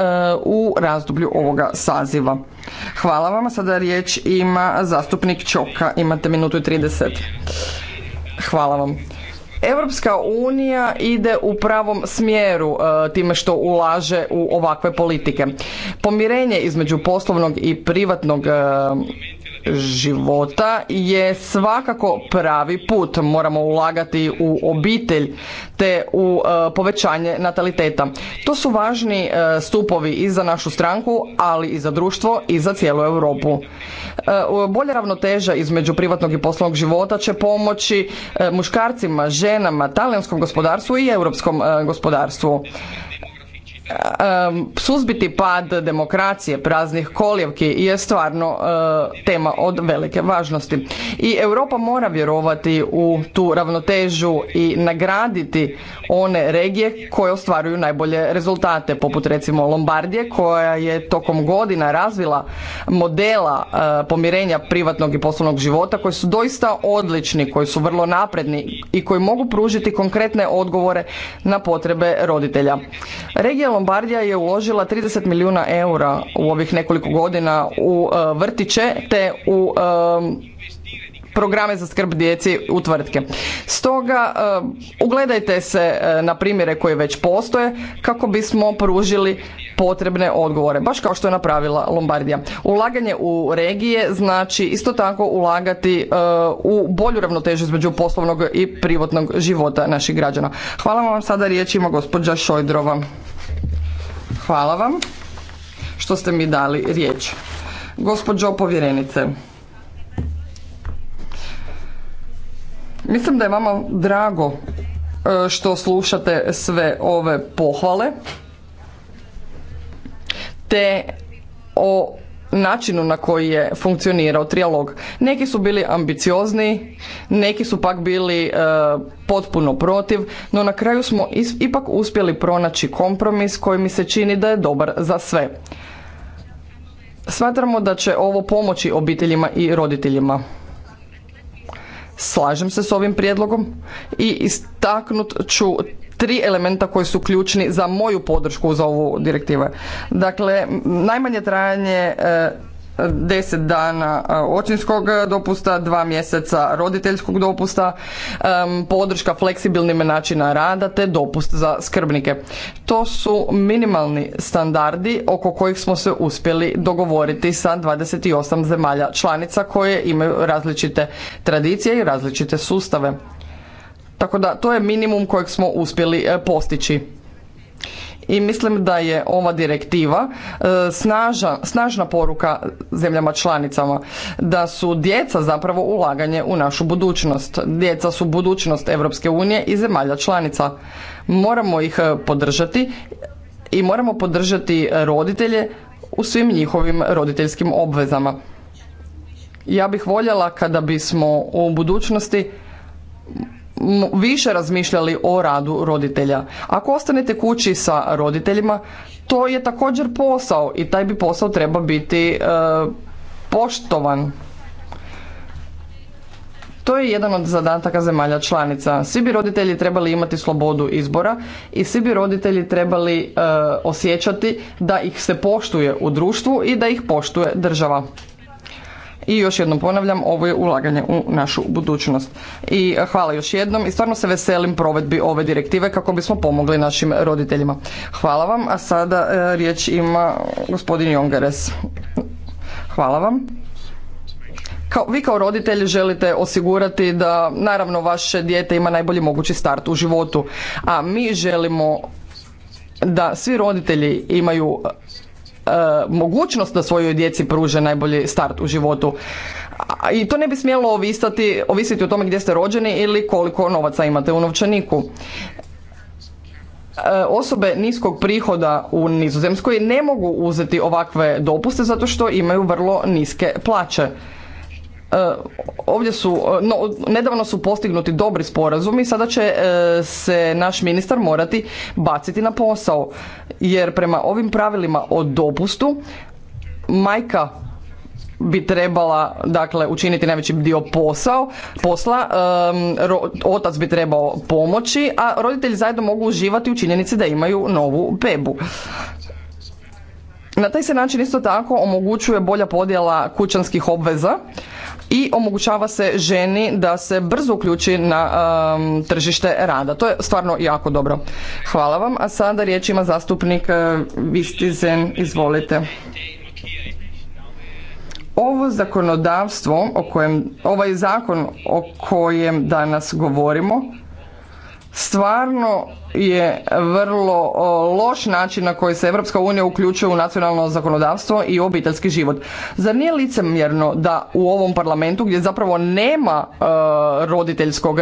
u razdoblju ovoga saziva. Hvala vam, sada riječ ima zastupnik Čoka, imate minutu i 30. Hvala vam. Europska unija ide u pravom smjeru e, time što ulaže u ovakve politike. Pomirenje između poslovnog i privatnog e, života je svakako pravi put. Moramo ulagati u obitelj te u e, povećanje nataliteta. To su važni e, stupovi i za našu stranku, ali i za društvo i za cijelu Europu. E, Bolja ravnoteža između privatnog i poslovnog života će pomoći muškarcima, ženama, talijanskom gospodarstvu i europskom gospodarstvu suzbiti pad demokracije praznih kolijevki je stvarno e, tema od velike važnosti i Europa mora vjerovati u tu ravnotežu i nagraditi one regije koje ostvaruju najbolje rezultate poput recimo Lombardije koja je tokom godina razvila modela e, pomirenja privatnog i poslovnog života koji su doista odlični, koji su vrlo napredni i koji mogu pružiti konkretne odgovore na potrebe roditelja. Regija Lombardija je uložila 30 milijuna eura u ovih nekoliko godina u e, vrtiće te u e, programe za skrb djeci u tvrtke. Stoga e, ugledajte se na primjere koje već postoje kako bismo pružili potrebne odgovore, baš kao što je napravila Lombardija. Ulaganje u regije znači isto tako ulagati u bolju ravnotežu između poslovnog i privatnog života naših građana. Hvala vam sada riječ ima gospođa Šojdrova. Hvala vam što ste mi dali riječ. Gospođo povjerenice, mislim da je vama drago e, što slušate sve ove pohvale te o načinu na koji je funkcionirao trijalog. Neki su bili ambiciozni, neki su pak bili e, potpuno protiv, no na kraju smo ipak uspjeli pronaći kompromis koji mi se čini da je dobar za sve. Smatramo da će ovo pomoći obiteljima i roditeljima. Slažem se s ovim prijedlogom i istaknut ću tri elementa koji su ključni za moju podršku za ovu direktivu. Dakle, najmanje trajanje 10 e, dana e, očinskog dopusta, dva mjeseca roditeljskog dopusta, e, podrška fleksibilnim načina rada te dopust za skrbnike. To su minimalni standardi oko kojih smo se uspjeli dogovoriti sa 28 zemalja članica koje imaju različite tradicije i različite sustave. Tako da to je minimum kojeg smo uspjeli e, postići. I mislim da je ova direktiva e, snaža, snažna poruka zemljama članicama da su djeca zapravo ulaganje u našu budućnost. Djeca su budućnost Europske unije i zemalja članica. Moramo ih e, podržati i moramo podržati roditelje u svim njihovim roditeljskim obvezama. Ja bih voljela kada bismo u budućnosti više razmišljali o radu roditelja. Ako ostanete kući sa roditeljima, to je također posao i taj bi posao treba biti e, poštovan. To je jedan od zadataka zemalja članica. Svi bi roditelji trebali imati slobodu izbora i svi bi roditelji trebali e, osjećati da ih se poštuje u društvu i da ih poštuje država. I još jednom ponavljam, ovo je ulaganje u našu budućnost. I e, hvala još jednom i stvarno se veselim provedbi ove direktive kako bismo pomogli našim roditeljima. Hvala vam, a sada e, riječ ima gospodin Jongeres. Hvala vam. Kao, vi kao roditelji želite osigurati da naravno vaše dijete ima najbolji mogući start u životu, a mi želimo da svi roditelji imaju E, mogućnost da svojoj djeci pruže najbolji start u životu. I to ne bi smjelo ovisati, ovisiti o tome gdje ste rođeni ili koliko novaca imate u novčaniku. E, osobe niskog prihoda u Nizozemskoj ne mogu uzeti ovakve dopuste zato što imaju vrlo niske plaće. E, ovdje su, e, no, nedavno su postignuti dobri sporazumi, sada će e, se naš ministar morati baciti na posao. Jer prema ovim pravilima o dopustu, majka bi trebala dakle učiniti najveći dio posao, posla, otac bi trebao pomoći, a roditelji zajedno mogu uživati u činjenici da imaju novu bebu. Na taj se način isto tako omogućuje bolja podjela kućanskih obveza, i omogućava se ženi da se brzo uključi na um, tržište rada. To je stvarno jako dobro. Hvala vam. A sada riječ ima zastupnik uh, Vistizen. Izvolite. Ovo zakonodavstvo o kojem, ovaj zakon o kojem danas govorimo stvarno je vrlo loš način na koji se Europska unija uključuje u nacionalno zakonodavstvo i obiteljski život. Zar nije licemjerno da u ovom parlamentu gdje zapravo nema e, roditeljskog,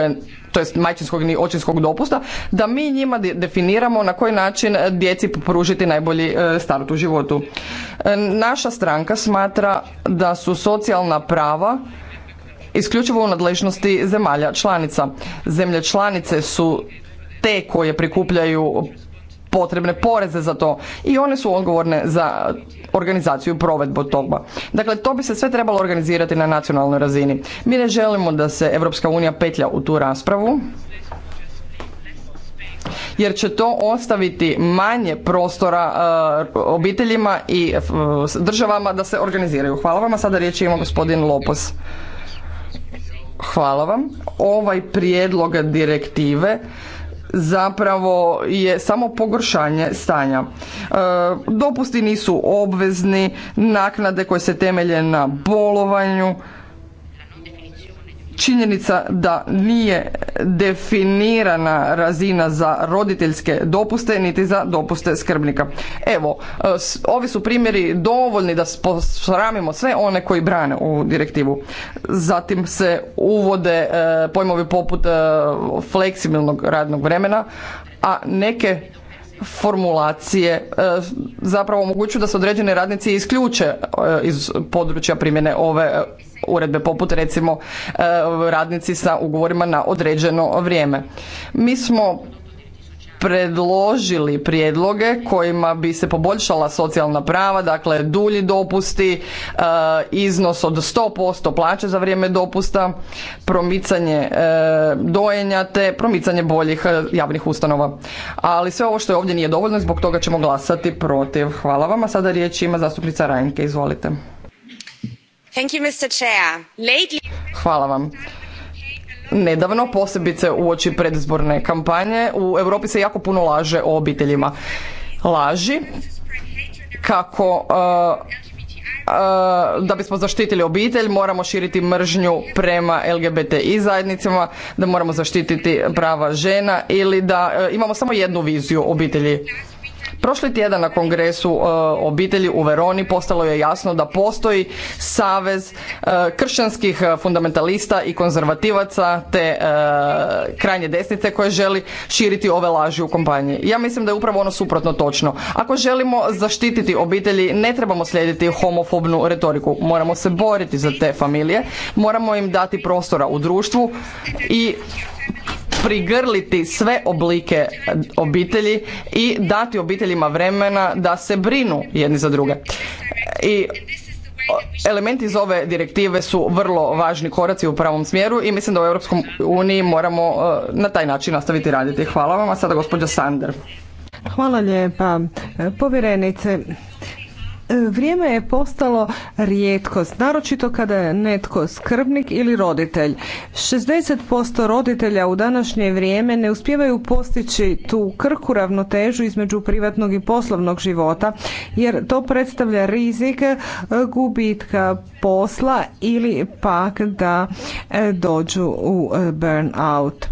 to jest majčinskog ni očinskog dopusta, da mi njima definiramo na koji način djeci pružiti najbolji e, start u životu. E, naša stranka smatra da su socijalna prava isključivo u nadležnosti zemalja članica. Zemlje članice su te koje prikupljaju potrebne poreze za to i one su odgovorne za organizaciju provedbu toga. Dakle, to bi se sve trebalo organizirati na nacionalnoj razini. Mi ne želimo da se Europska unija petlja u tu raspravu, jer će to ostaviti manje prostora e, obiteljima i e, državama da se organiziraju. Hvala vam, a sada riječ ima gospodin Lopos. Hvala vam. Ovaj prijedlog direktive zapravo je samo pogoršanje stanja. E, dopusti nisu obvezni, naknade koje se temelje na bolovanju, činjenica da nije definirana razina za roditeljske dopuste niti za dopuste skrbnika. Evo, e, ovi su primjeri dovoljni da posramimo sve one koji brane u direktivu. Zatim se uvode e, pojmovi poput e, fleksibilnog radnog vremena, a neke formulacije e, zapravo omogućuju da se određene radnici isključe e, iz područja primjene ove e, uredbe poput recimo radnici sa ugovorima na određeno vrijeme. Mi smo predložili prijedloge kojima bi se poboljšala socijalna prava, dakle dulji dopusti, e, iznos od 100% plaće za vrijeme dopusta, promicanje e, dojenja te promicanje boljih e, javnih ustanova. Ali sve ovo što je ovdje nije dovoljno i zbog toga ćemo glasati protiv. Hvala vam, a sada riječ ima zastupnica Rajnke, izvolite. Hvala vam nedavno, posebice u oči predizborne kampanje, u Europi se jako puno laže o obiteljima. Laži kako uh, uh, da bismo zaštitili obitelj moramo širiti mržnju prema LGBTI zajednicama, da moramo zaštititi prava žena ili da uh, imamo samo jednu viziju obitelji. Prošli tjedan na kongresu e, obitelji u Veroni postalo je jasno da postoji savez e, kršćanskih e, fundamentalista i konzervativaca te krajnje desnice koje želi širiti ove laži u kompaniji. Ja mislim da je upravo ono suprotno točno. Ako želimo zaštititi obitelji ne trebamo slijediti homofobnu retoriku. Moramo se boriti za te familije, moramo im dati prostora u društvu i prigrliti sve oblike obitelji i dati obiteljima vremena da se brinu jedni za druge. I elementi iz ove direktive su vrlo važni koraci u pravom smjeru i mislim da u Europskom uniji moramo e, na taj način nastaviti raditi. Hvala vam, a sada gospođa Sander. Hvala lijepa. Povjerenice, E, vrijeme je postalo rijetkost, naročito kada je netko skrbnik ili roditelj. 60% roditelja u današnje vrijeme ne uspijevaju postići tu krku ravnotežu između privatnog i poslovnog života, jer to predstavlja rizik e, gubitka posla ili pak da e, dođu u burnout.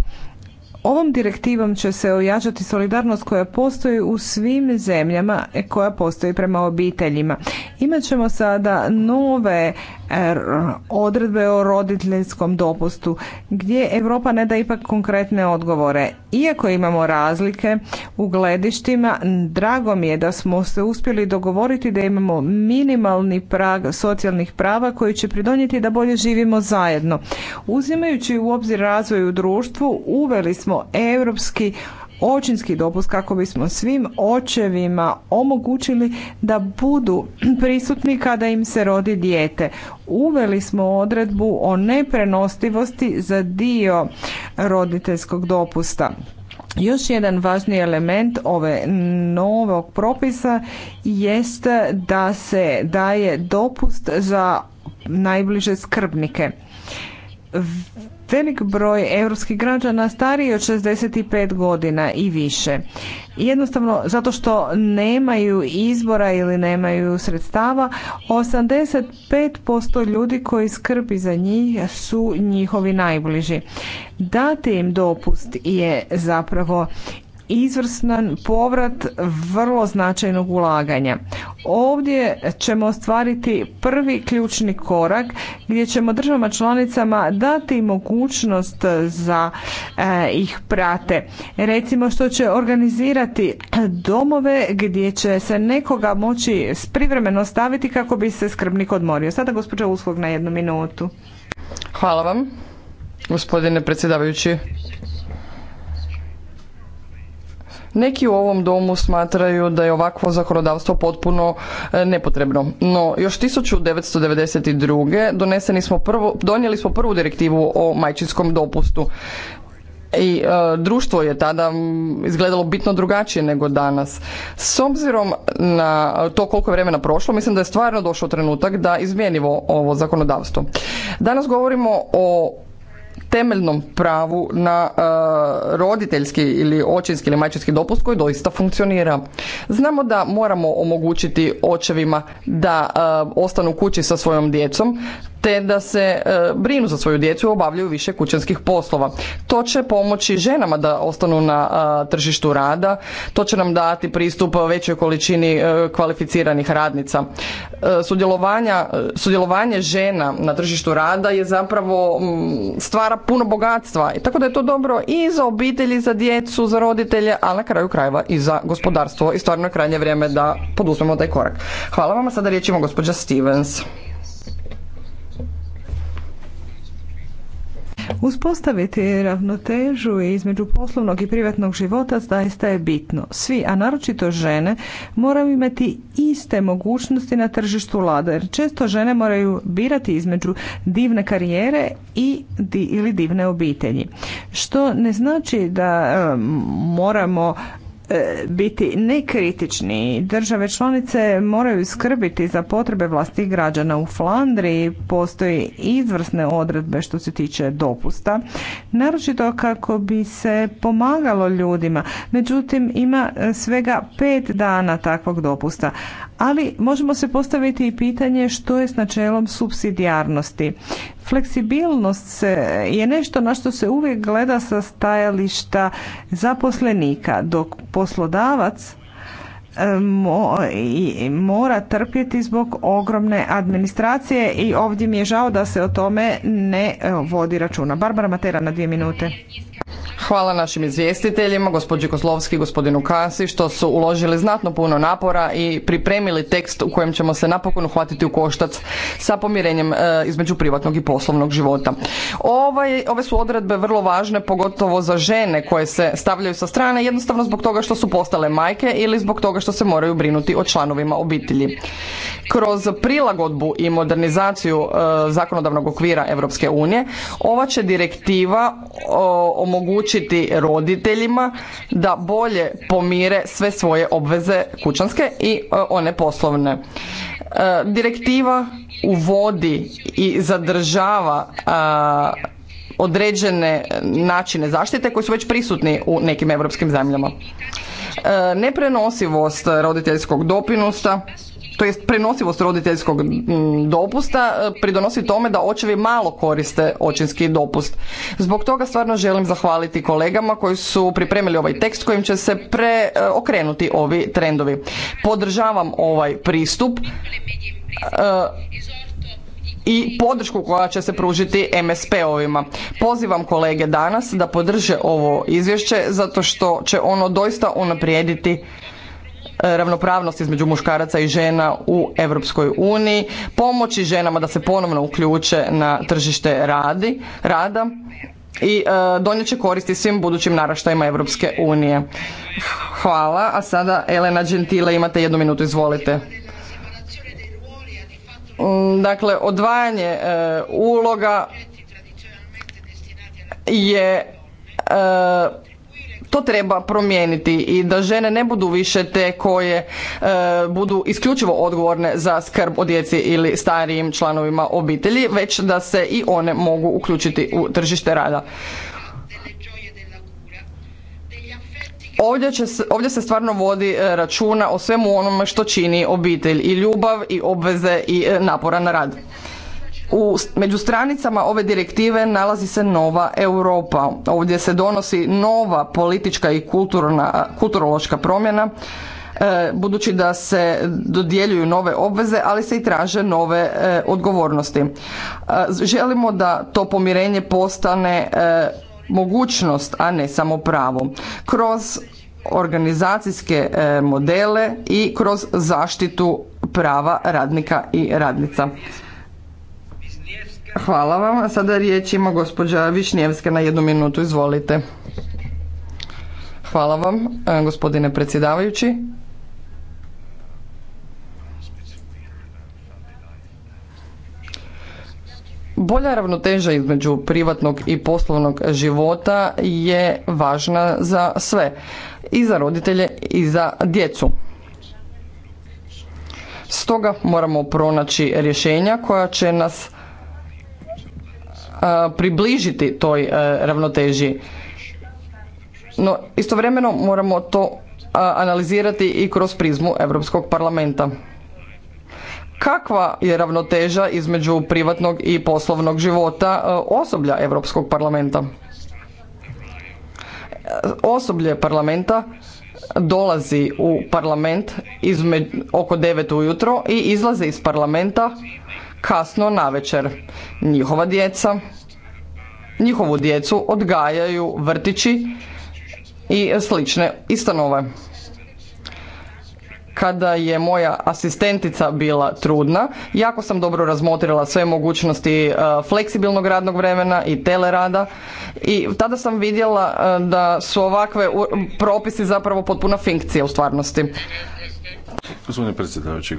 Ovom direktivom će se ojačati solidarnost koja postoji u svim zemljama e, koja postoji prema obiteljima. Imat ćemo sada nove odredbe o roditeljskom dopustu gdje Europa ne da ipak konkretne odgovore. Iako imamo razlike u gledištima, drago mi je da smo se uspjeli dogovoriti da imamo minimalni prag socijalnih prava koji će pridonijeti da bolje živimo zajedno. Uzimajući u obzir razvoj u društvu, uveli smo europski očinski dopust kako bismo svim očevima omogućili da budu prisutni kada im se rodi dijete. Uveli smo odredbu o neprenostivosti za dio roditeljskog dopusta. Još jedan važni element ove novog propisa jest da se daje dopust za najbliže skrbnike velik broj europskih građana stariji od 65 godina i više. Jednostavno, zato što nemaju izbora ili nemaju sredstava, 85% ljudi koji skrbi za njih su njihovi najbliži. Dati im dopust je zapravo izvrstan povrat vrlo značajnog ulaganja. Ovdje ćemo ostvariti prvi ključni korak gdje ćemo državama članicama dati mogućnost za e, ih prate. Recimo što će organizirati domove gdje će se nekoga moći privremeno staviti kako bi se skrbnik odmorio. Sada gospođa Uslog na jednu minutu. Hvala vam, gospodine predsjedavajući. Neki u ovom domu smatraju da je ovakvo zakonodavstvo potpuno e, nepotrebno. No, još 1992. doneseni smo prvo, donijeli smo prvu direktivu o majčinskom dopustu. I e, društvo je tada izgledalo bitno drugačije nego danas. S obzirom na to koliko je vremena prošlo, mislim da je stvarno došao trenutak da izmijenimo ovo zakonodavstvo. Danas govorimo o temeljnom pravu na e, roditeljski ili očinski ili majčinski dopust koji doista funkcionira. Znamo da moramo omogućiti očevima da e, ostanu kući sa svojom djecom, te da se e, brinu za svoju djecu i obavljaju više kućanskih poslova. To će pomoći ženama da ostanu na e, tržištu rada, to će nam dati pristup većoj količini e, kvalificiranih radnica. sudjelovanje žena na tržištu rada je zapravo stvara puno bogatstva i tako da je to dobro i za obitelji, za djecu, za roditelje, a na kraju krajeva i za gospodarstvo i stvarno je krajnje vrijeme da poduzmemo taj korak. Hvala vam, a sada riječimo gospođa Stevens. Uspostaviti ravnotežu između poslovnog i privatnog života zaista je bitno. Svi, a naročito žene, moraju imati iste mogućnosti na tržištu lada, jer često žene moraju birati između divne karijere i ili divne obitelji. Što ne znači da moramo E, biti nekritični. Države članice moraju skrbiti za potrebe vlastih građana. U Flandriji postoji izvrsne odredbe što se tiče dopusta, naročito kako bi se pomagalo ljudima. Međutim, ima svega pet dana takvog dopusta, ali možemo se postaviti i pitanje što je s načelom subsidijarnosti. Fleksibilnost je nešto na što se uvijek gleda sa stajališta zaposlenika, dok poslodavac e, mora trpjeti zbog ogromne administracije i ovdje mi je žao da se o tome ne e, vodi računa. Barbara Matera na dvije minute. Hvala našim izvjestiteljima, gospođi Kozlovski i gospodinu Kasi, što su uložili znatno puno napora i pripremili tekst u kojem ćemo se napokon uhvatiti u koštac sa pomirenjem e, između privatnog i poslovnog života. Ovaj, ove su odredbe vrlo važne, pogotovo za žene koje se stavljaju sa strane, jednostavno zbog toga što su postale majke ili zbog toga što se moraju brinuti o članovima obitelji. Kroz prilagodbu i modernizaciju e, zakonodavnog okvira Europske unije, ova će direktiva omogućiti omogućiti roditeljima da bolje pomire sve svoje obveze kućanske i e, one poslovne. E, direktiva uvodi i zadržava e, određene načine zaštite koji su već prisutni u nekim europskim zemljama. Neprenosivost roditeljskog dopinusta to jest prenosivost roditeljskog mm, dopusta e, pridonosi tome da očevi malo koriste očinski dopust. Zbog toga stvarno želim zahvaliti kolegama koji su pripremili ovaj tekst kojim će se preokrenuti e, ovi trendovi. Podržavam ovaj pristup e, i podršku koja će se pružiti MSP-ovima. Pozivam kolege danas da podrže ovo izvješće zato što će ono doista unaprijediti E, ravnopravnost između muškaraca i žena u Europskoj uniji, pomoći ženama da se ponovno uključe na tržište radi, rada i e, donijet će koristi svim budućim naraštajima Europske unije. Hvala, a sada Elena Gentile imate jednu minutu, izvolite. Mm, dakle, odvajanje e, uloga je to treba promijeniti i da žene ne budu više te koje e, budu isključivo odgovorne za skrb o djeci ili starijim članovima obitelji, već da se i one mogu uključiti u tržište rada. Ovdje, se, ovdje se stvarno vodi e, računa o svemu onome što čini obitelj i ljubav i obveze i e, napora na rad. U, među stranicama ove direktive nalazi se nova Europa. Ovdje se donosi nova politička i kulturna, kulturološka promjena e, budući da se dodjeljuju nove obveze, ali se i traže nove e, odgovornosti. E, želimo da to pomirenje postane mogućnost, a ne samo pravo. Kroz organizacijske modele i kroz zaštitu prava radnika i radnica. Hvala vam. A sada riječ ima gospođa Višnjevska na jednu minutu. Izvolite. Hvala vam, e, gospodine predsjedavajući. Bolja ravnoteža između privatnog i poslovnog života je važna za sve, i za roditelje i za djecu. Stoga moramo pronaći rješenja koja će nas E, približiti toj e, ravnoteži. No, istovremeno moramo to e, analizirati i kroz prizmu Europskog parlamenta. Kakva je ravnoteža između privatnog i poslovnog života osoblja Europskog parlamenta? Osoblje parlamenta dolazi u parlament oko 9 ujutro i izlaze iz parlamenta kasno navečer. Njihova djeca, njihovu djecu odgajaju vrtići i slične istanove. Kada je moja asistentica bila trudna, jako sam dobro razmotrila sve mogućnosti e, fleksibilnog radnog vremena i telerada i tada sam vidjela e, da su ovakve propisi zapravo potpuna finkcija u stvarnosti. Gospodine predsjedavajući,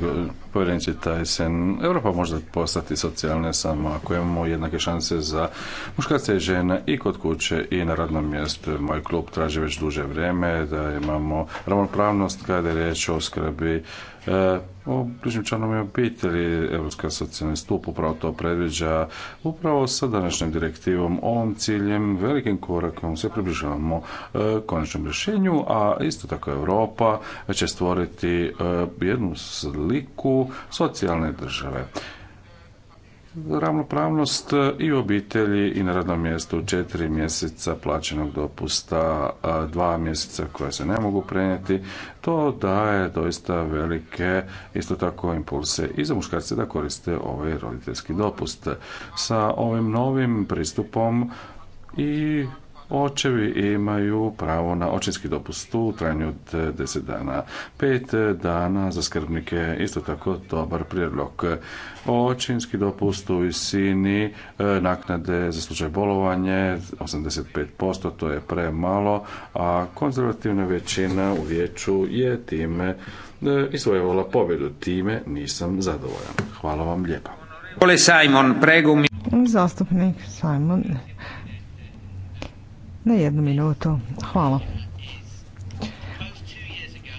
taj Tyson, Europa može postati socijalna samo ako imamo jednake šanse za muškarce i žene i kod kuće i na radnom mjestu. Moj klub traži već duže vrijeme da imamo ravnopravnost kada je riječ o skrbi e, o bližnjim članovima obitelji. Europska socijalni stup upravo to predviđa. Upravo sa današnjim direktivom, ovom ciljem, velikim korakom se približavamo e, konačnom rješenju, a isto tako Europa će stvoriti e, jednu sliku socijalne države ravnopravnost i u obitelji i na radnom mjestu četiri mjeseca plaćenog dopusta, dva mjeseca koja se ne mogu prenijeti, to daje doista velike isto tako impulse i za muškarce da koriste ovaj roditeljski dopust. Sa ovim novim pristupom i Očevi imaju pravo na očinski dopust u trajanju od 10 eh, dana. Pet eh, dana za skrbnike isto tako dobar prijedlog. Očinski dopust u visini eh, naknade za slučaj bolovanje 85%, to je premalo, a konzervativna većina u vijeću je time isvojevala pobjedu. Time nisam zadovoljan. Hvala vam lijepa. Zastupnik Simon, na jednu minutu. Hvala.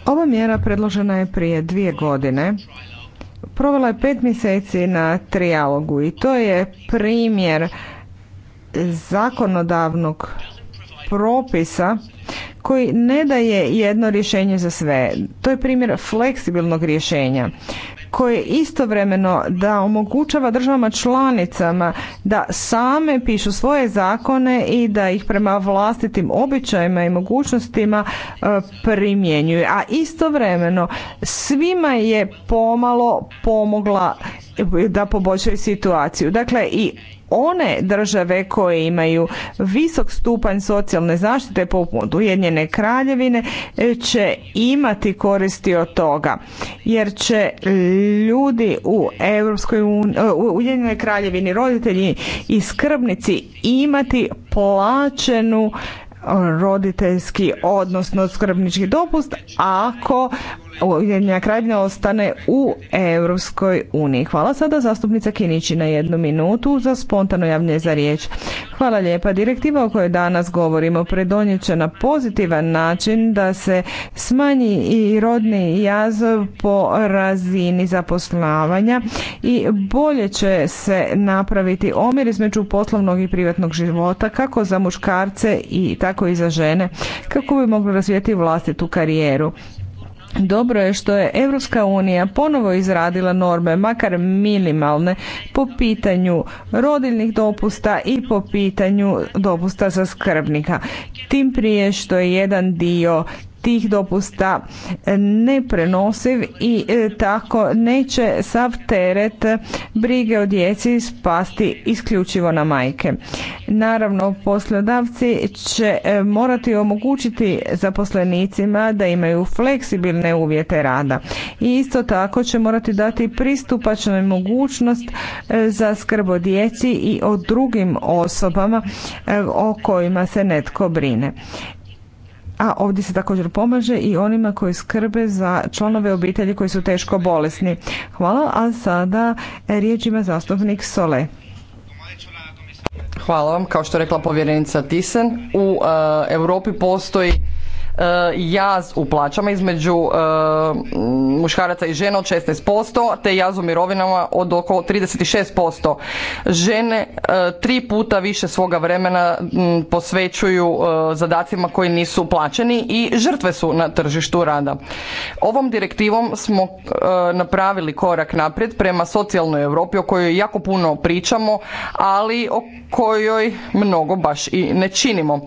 Ova mjera predložena je prije dvije godine. Provela je pet mjeseci na trijalogu i to je primjer zakonodavnog propisa koji ne daje jedno rješenje za sve. To je primjer fleksibilnog rješenja koje istovremeno da omogućava državama članicama da same pišu svoje zakone i da ih prema vlastitim običajima i mogućnostima e, primjenjuju. A istovremeno svima je pomalo pomogla da poboljšaju situaciju. Dakle i one države koje imaju visok stupanj socijalne zaštite poput Ujedinjene kraljevine će imati koristi od toga jer će ljudi u Europskoj e, Ujedinjenoj kraljevini roditelji i skrbnici imati plaćenu e, roditeljski odnosno skrbnički dopust ako Ujedinjena kraljevina ostane u Europskoj uniji. Hvala sada zastupnica Kinići na jednu minutu za spontano javnje za riječ. Hvala lijepa. Direktiva o kojoj danas govorimo pridonijet će na pozitivan način da se smanji i rodni jaz po razini zaposlavanja i bolje će se napraviti omjer između poslovnog i privatnog života kako za muškarce i tako i za žene kako bi mogli razvijeti vlastitu karijeru. Dobro je što je Europska unija ponovo izradila norme, makar minimalne, po pitanju rodilnih dopusta i po pitanju dopusta za skrbnika. Tim prije što je jedan dio tih dopusta neprenosiv i e, tako neće sav teret brige o djeci spasti isključivo na majke. Naravno, poslodavci će e, morati omogućiti zaposlenicima da imaju fleksibilne uvjete rada. I isto tako će morati dati pristupačnu mogućnost e, za skrb o djeci i o drugim osobama o kojima se netko brine a ovdje se također pomaže i onima koji skrbe za članove obitelji koji su teško bolesni. Hvala, a sada riječ ima zastupnik Sole. Hvala vam. Kao što rekla povjerenica Tisen, u e, Europi postoji E, jaz u plaćama između e, muškaraca i žena od 16%, te jaz u mirovinama od oko 36%. Žene e, tri puta više svoga vremena posvećuju zadacima koji nisu plaćeni i žrtve su na tržištu rada. Ovom direktivom smo napravili korak naprijed prema socijalnoj Europi o kojoj jako puno pričamo, ali o kojoj mnogo baš i ne činimo.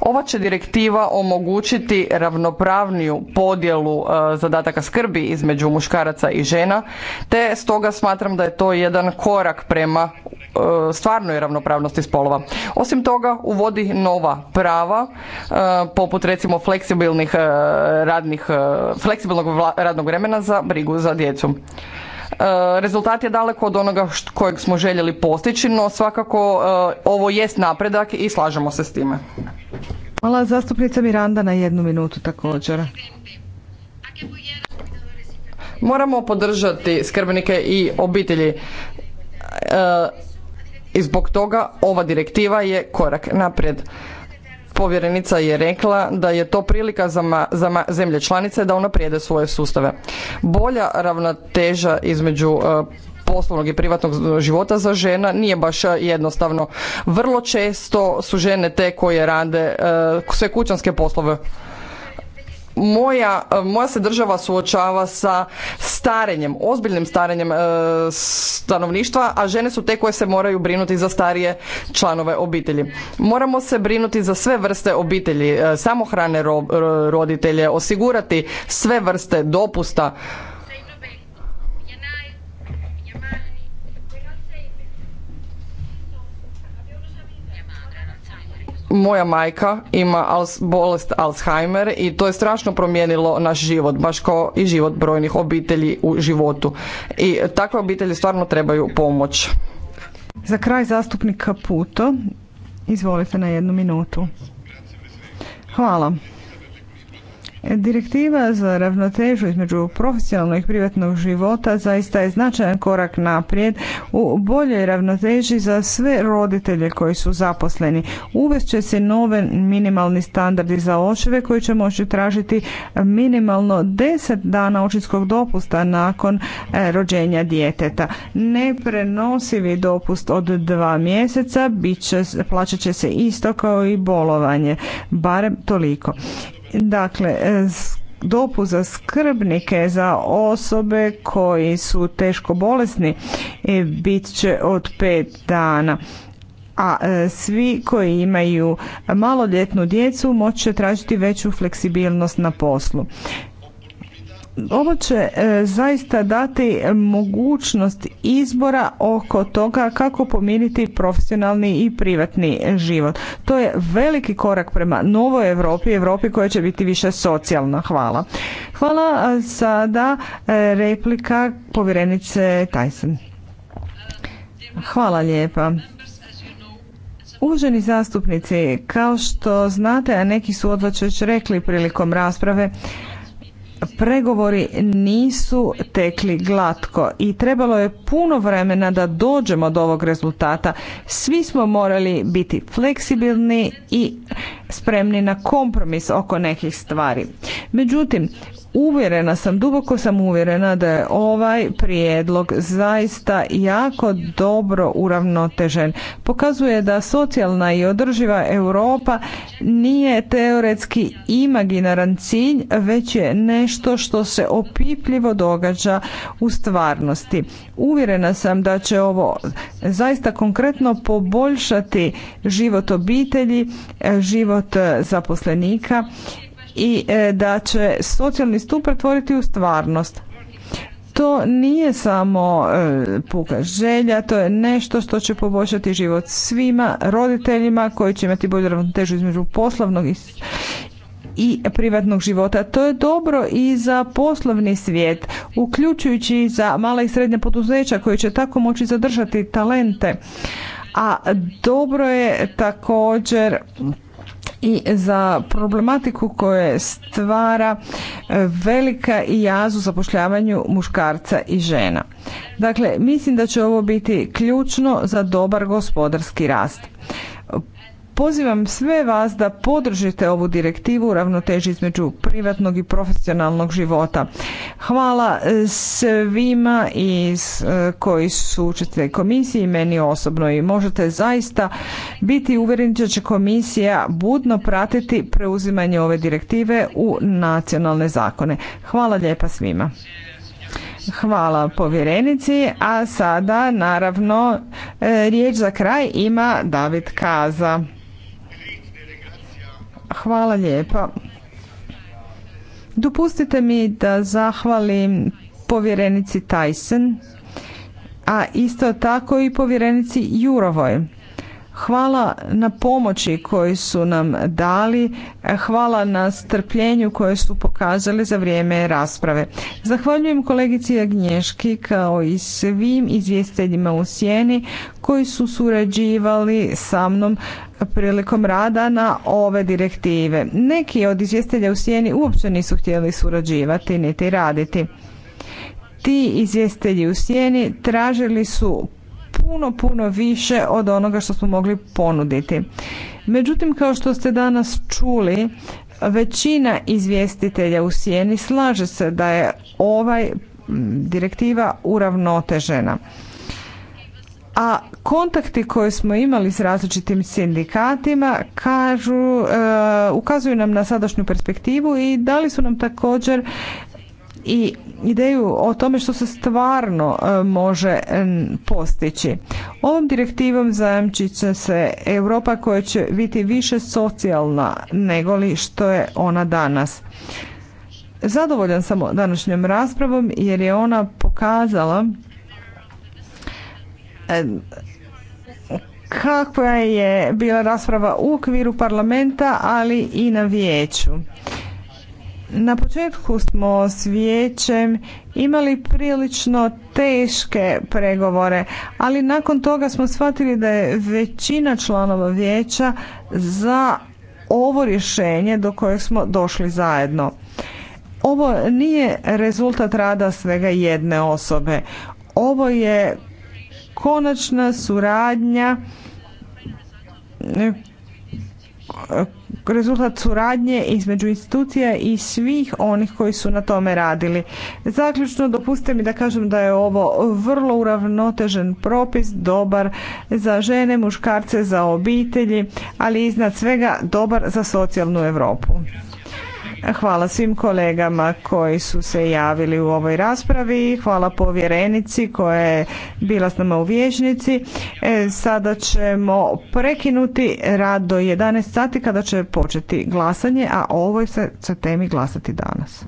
Ova će direktiva omogućiti ravnopravniju podjelu e, zadataka skrbi između muškaraca i žena, te stoga smatram da je to jedan korak prema e, stvarnoj ravnopravnosti spolova. Osim toga, uvodi nova prava, e, poput recimo fleksibilnih radnih, fleksibilnog radnog vremena za brigu za djecu. Rezultat je daleko od onoga kojeg smo željeli postići, no svakako ovo jest napredak i slažemo se s time. Hvala zastupnica Miranda na jednu minutu također. Moramo podržati skrbnike i obitelji. E, I zbog toga ova direktiva je korak naprijed. Povjerenica je rekla da je to prilika za, ma, za zemlje članice da unaprijede svoje sustave. Bolja ravnoteža između e, poslovnog i privatnog života za žena nije baš e, jednostavno. Vrlo često su žene te koje rade e, sve kućanske poslove. Moja, e, moja se država suočava sa starenjem, ozbiljnim starenjem stanovništva, a žene su te koje se moraju brinuti za starije članove obitelji. Moramo se brinuti za sve vrste obitelji, e, samohrane roditelje, osigurati sve vrste dopusta moja majka ima bolest Alzheimer i to je strašno promijenilo naš život, baš kao i život brojnih obitelji u životu. I takve obitelji stvarno trebaju pomoć. Za kraj zastupnika Kaputo, izvolite na jednu minutu. Hvala. Direktiva za ravnotežu između profesionalnog i privatnog života zaista je značajan korak naprijed u boljoj ravnoteži za sve roditelje koji su zaposleni. Uvest će se nove minimalni standardi za očeve koji će moći tražiti minimalno 10 dana očinskog dopusta nakon e, rođenja djeteta. Neprenosivi dopust od dva mjeseca bit će, plaćat će se isto kao i bolovanje, barem toliko. Dakle, e, dopu za skrbnike, za osobe koji su teško bolesni, e, bit će od pet dana. A e, svi koji imaju maloljetnu djecu moći će tražiti veću fleksibilnost na poslu. Ovo će e, zaista dati mogućnost izbora oko toga kako pomiriti profesionalni i privatni život. To je veliki korak prema novoj Europi, Europi koja će biti više socijalna. Hvala. Hvala sada e, replika povjerenice Tyson. Hvala lijepa. Uvaženi zastupnici, kao što znate, a neki su odvačeć rekli prilikom rasprave, pregovori nisu tekli glatko i trebalo je puno vremena da dođemo do ovog rezultata. Svi smo morali biti fleksibilni i spremni na kompromis oko nekih stvari. Međutim, uvjerena sam, duboko sam uvjerena da je ovaj prijedlog zaista jako dobro uravnotežen. Pokazuje da socijalna i održiva Europa nije teoretski imaginaran cilj, već je nešto što se opipljivo događa u stvarnosti. Uvjerena sam da će ovo zaista konkretno poboljšati život obitelji, život zaposlenika i e, da će socijalni stup pretvoriti u stvarnost. To nije samo e, puka želja, to je nešto što će poboljšati život svima roditeljima koji će imati bolju ravnotežu između poslovnog i privatnog života. To je dobro i za poslovni svijet, uključujući i za mala i srednja poduzeća koji će tako moći zadržati talente. A dobro je također i za problematiku koje stvara e, velika i jaz u zapošljavanju muškarca i žena. Dakle, mislim da će ovo biti ključno za dobar gospodarski rast. Pozivam sve vas da podržite ovu direktivu u ravnoteži između privatnog i profesionalnog života. Hvala e, svima iz e, koji su učestvili komisiji meni osobno i možete zaista biti uvjereni da će komisija budno pratiti preuzimanje ove direktive u nacionalne zakone. Hvala lijepa svima. Hvala povjerenici, a sada naravno e, riječ za kraj ima David Kaza. Hvala lijepa. Dopustite mi da zahvalim povjerenici Tyson, a isto tako i povjerenici Jurovoj. Hvala na pomoći koju su nam dali, hvala na strpljenju koje su pokazali za vrijeme rasprave. Zahvaljujem kolegici Agnješki kao i svim izvjestiteljima u Sjeni koji su surađivali sa mnom prilikom rada na ove direktive. Neki od izvjestitelja u Sjeni uopće nisu htjeli surađivati niti raditi. Ti izvjestitelji u Sjeni tražili su puno, puno više od onoga što smo mogli ponuditi. Međutim, kao što ste danas čuli, većina izvjestitelja u Sijeni slaže se da je ovaj direktiva uravnotežena. A kontakti koje smo imali s različitim sindikatima kažu, e, ukazuju nam na sadašnju perspektivu i dali su nam također i ideju o tome što se stvarno e, može postići. Ovom direktivom zajamčit će se Europa koja će biti više socijalna nego li što je ona danas. Zadovoljan sam današnjom raspravom jer je ona pokazala e, kakva je bila rasprava u okviru parlamenta, ali i na vijeću. Na početku smo s vijećem imali prilično teške pregovore, ali nakon toga smo shvatili da je većina članova vijeća za ovo rješenje do kojeg smo došli zajedno. Ovo nije rezultat rada svega jedne osobe. Ovo je konačna suradnja E, rezultat suradnje između institucija i svih onih koji su na tome radili. Zaključno dopustite mi da kažem da je ovo vrlo uravnotežen propis, dobar za žene, muškarce, za obitelji, ali iznad svega dobar za socijalnu Europu. Hvala svim kolegama koji su se javili u ovoj raspravi. Hvala povjerenici koja je bila s nama u vježnici. E, sada ćemo prekinuti rad do 11 sati kada će početi glasanje, a o ovoj se temi glasati danas.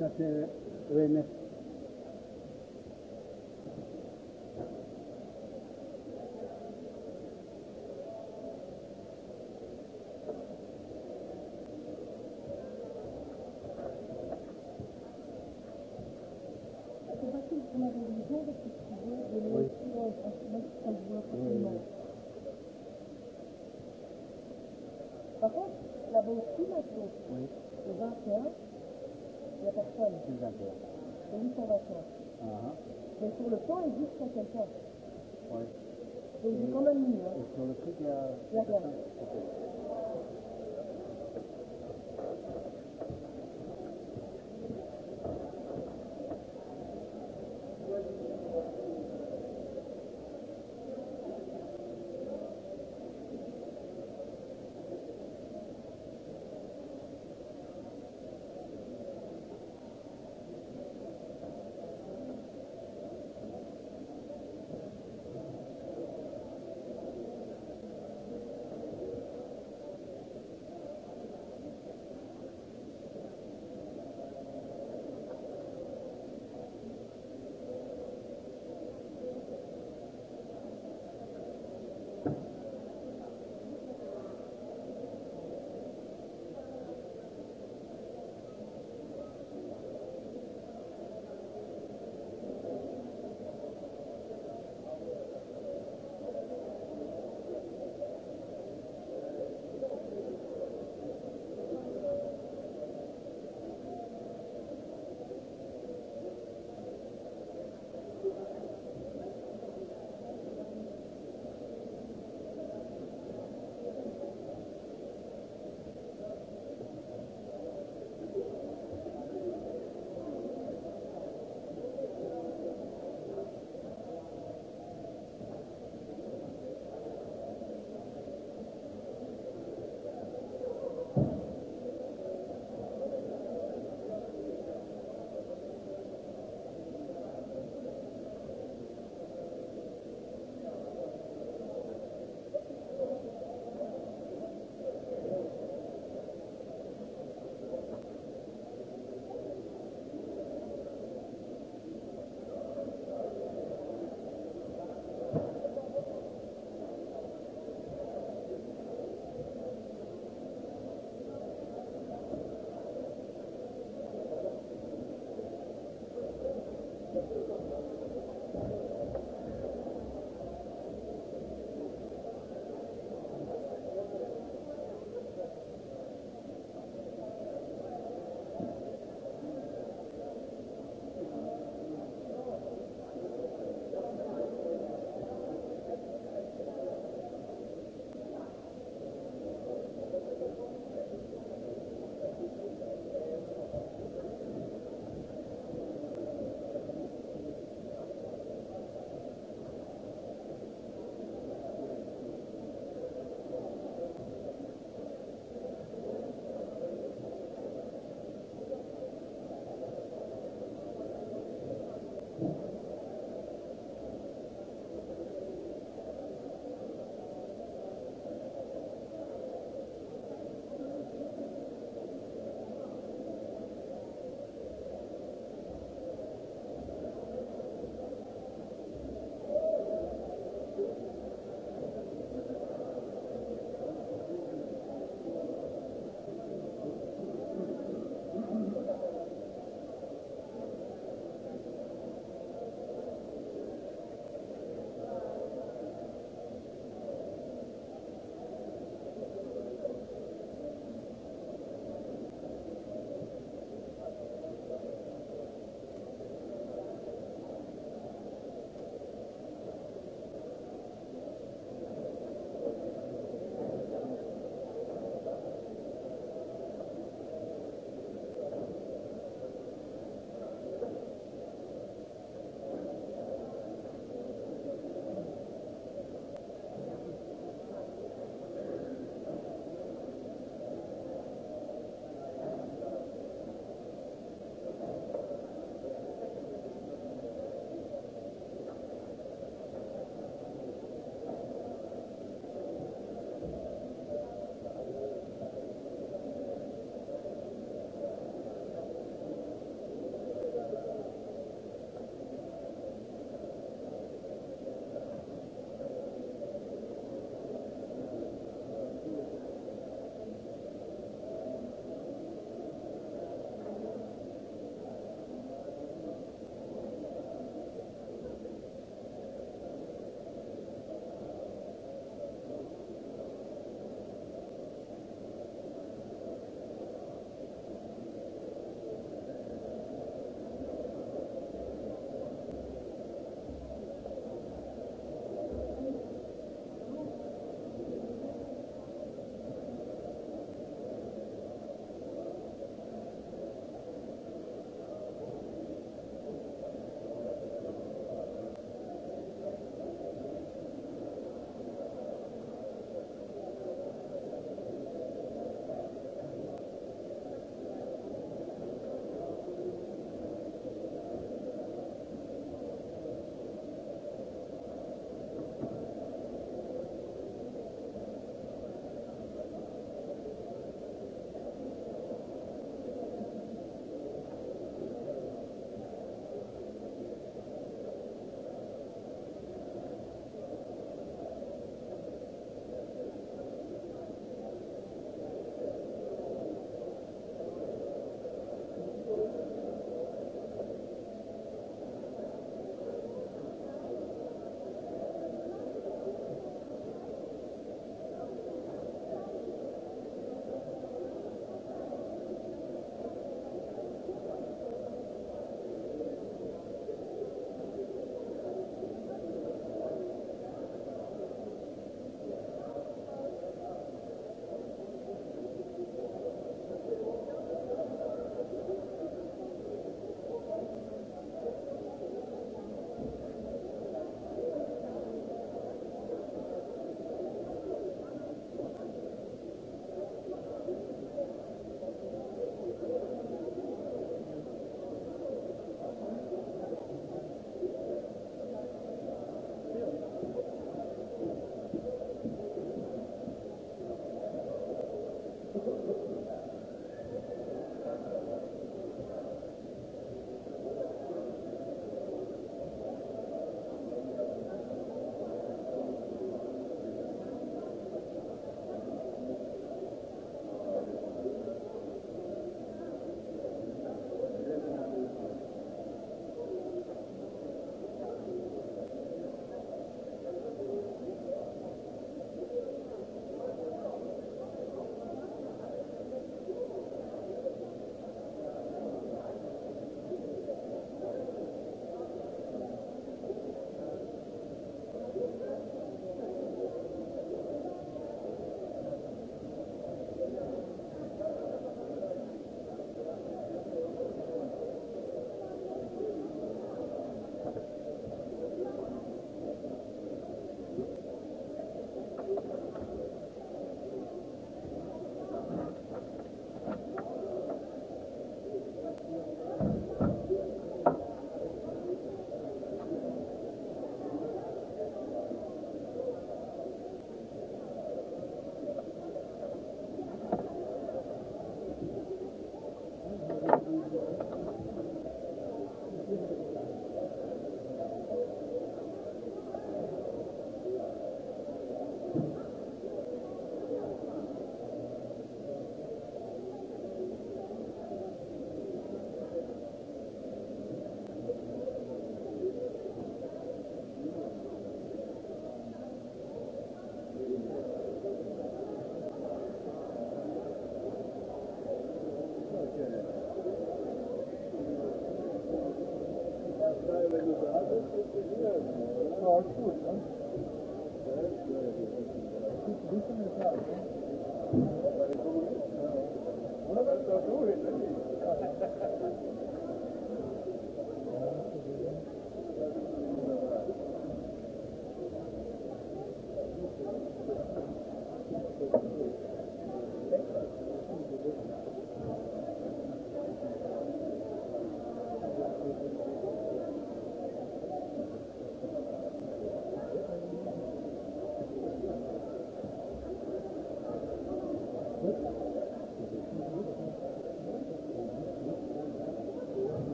da se plus intéressant. C'est une convention. Uh -huh. Mais sur le temps, il dit que c'est quelqu'un. Ouais. Donc j'ai quand même mis. Hein. Et sur le truc, il y a... Il y a rien.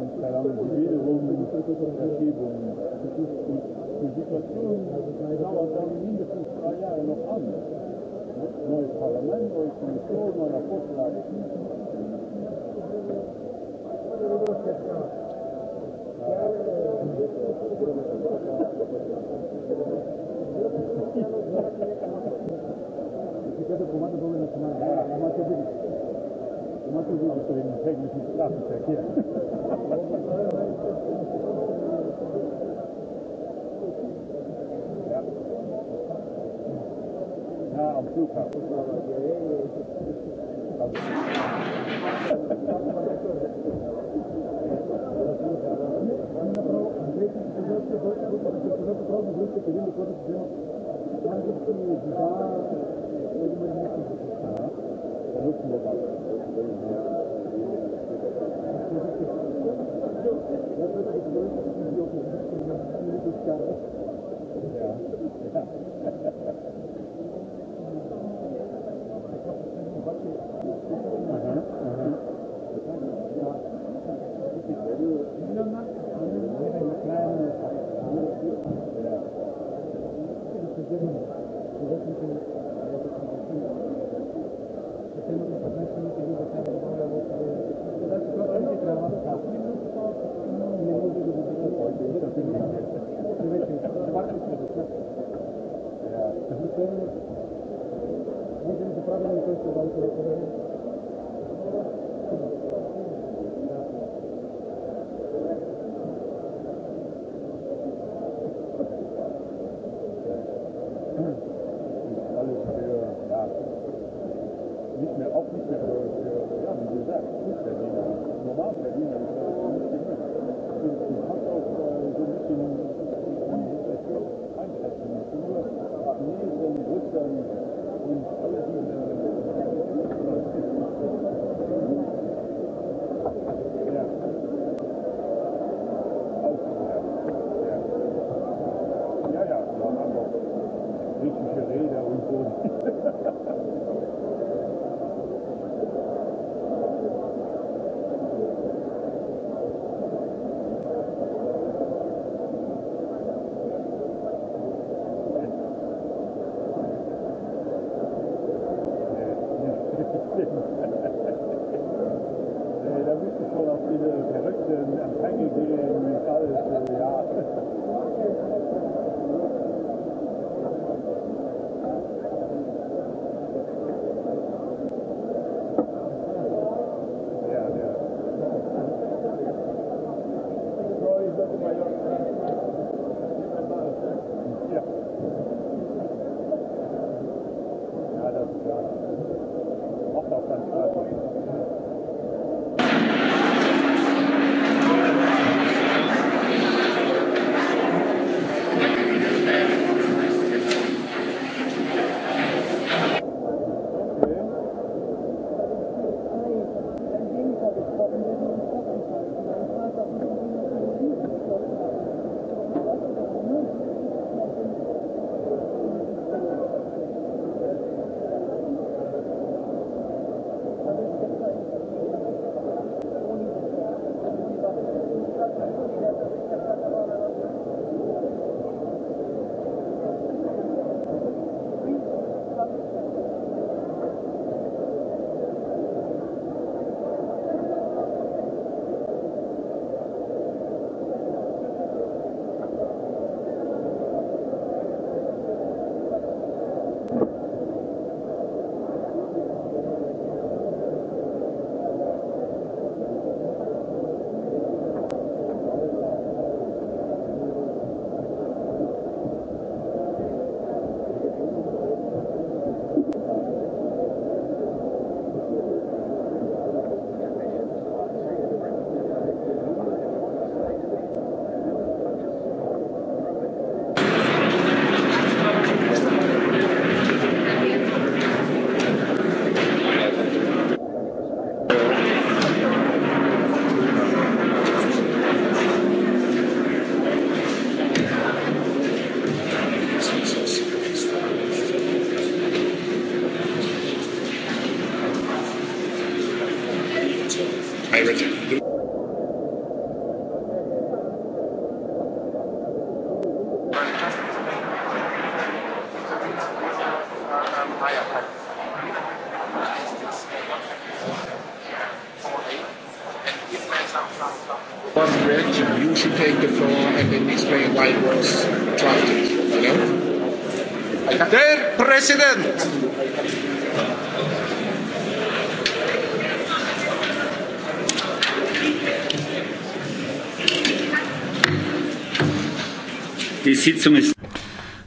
mm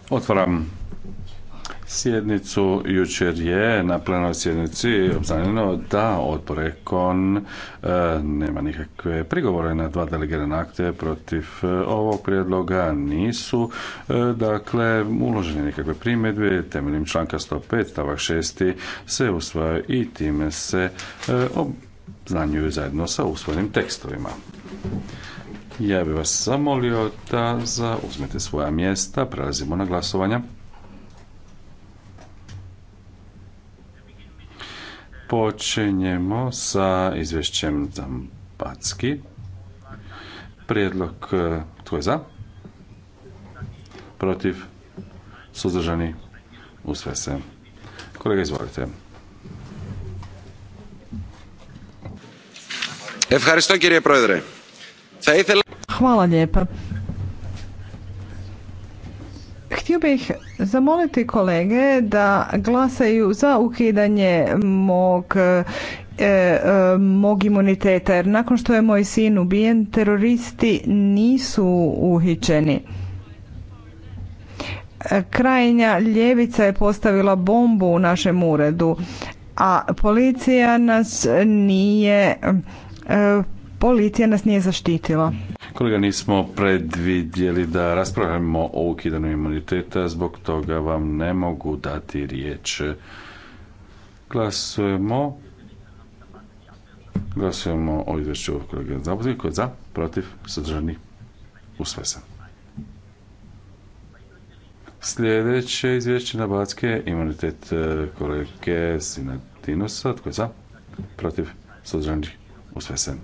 Otvaram sjednicu. Jučer je na plenoj sjednici obznanjeno da odbor Ekon e, nema nikakve prigovore na dva delegirane akte protiv e, ovog prijedloga. Nisu e, dakle uložene nikakve primjedbe. Temeljem članka 105 stavak 6 se usvaja i time se obznanjuju zajedno sa usvojenim tekstovima. Ja bih vas zamolio da zauzmete svoja mjesta. Prelazimo na glasovanje. Počinjemo sa izvješćem Zambacki. Prijedlog e, tko je za? Protiv? Suzdržani? Usve se. Kolega, izvolite. Ευχαριστώ κύριε je Hvala lijepa. Htio bih zamoliti kolege da glasaju za ukidanje mog e, e, mog imuniteta jer nakon što je moj sin ubijen teroristi nisu uhićeni. Krajnja ljevica je postavila bombu u našem uredu, a policija nas nije e, policija nas nije zaštitila kolega nismo predvidjeli da raspravljamo o ukidanju imuniteta, zbog toga vam ne mogu dati riječ. Glasujemo. Glasujemo o izvješću kolege Zabuzi, koji je za, protiv, sadržani, usve Sljedeće izvješće na Backe, imunitet e, kolege Sinatinosa, tko je za, protiv, sadržani, usvesen.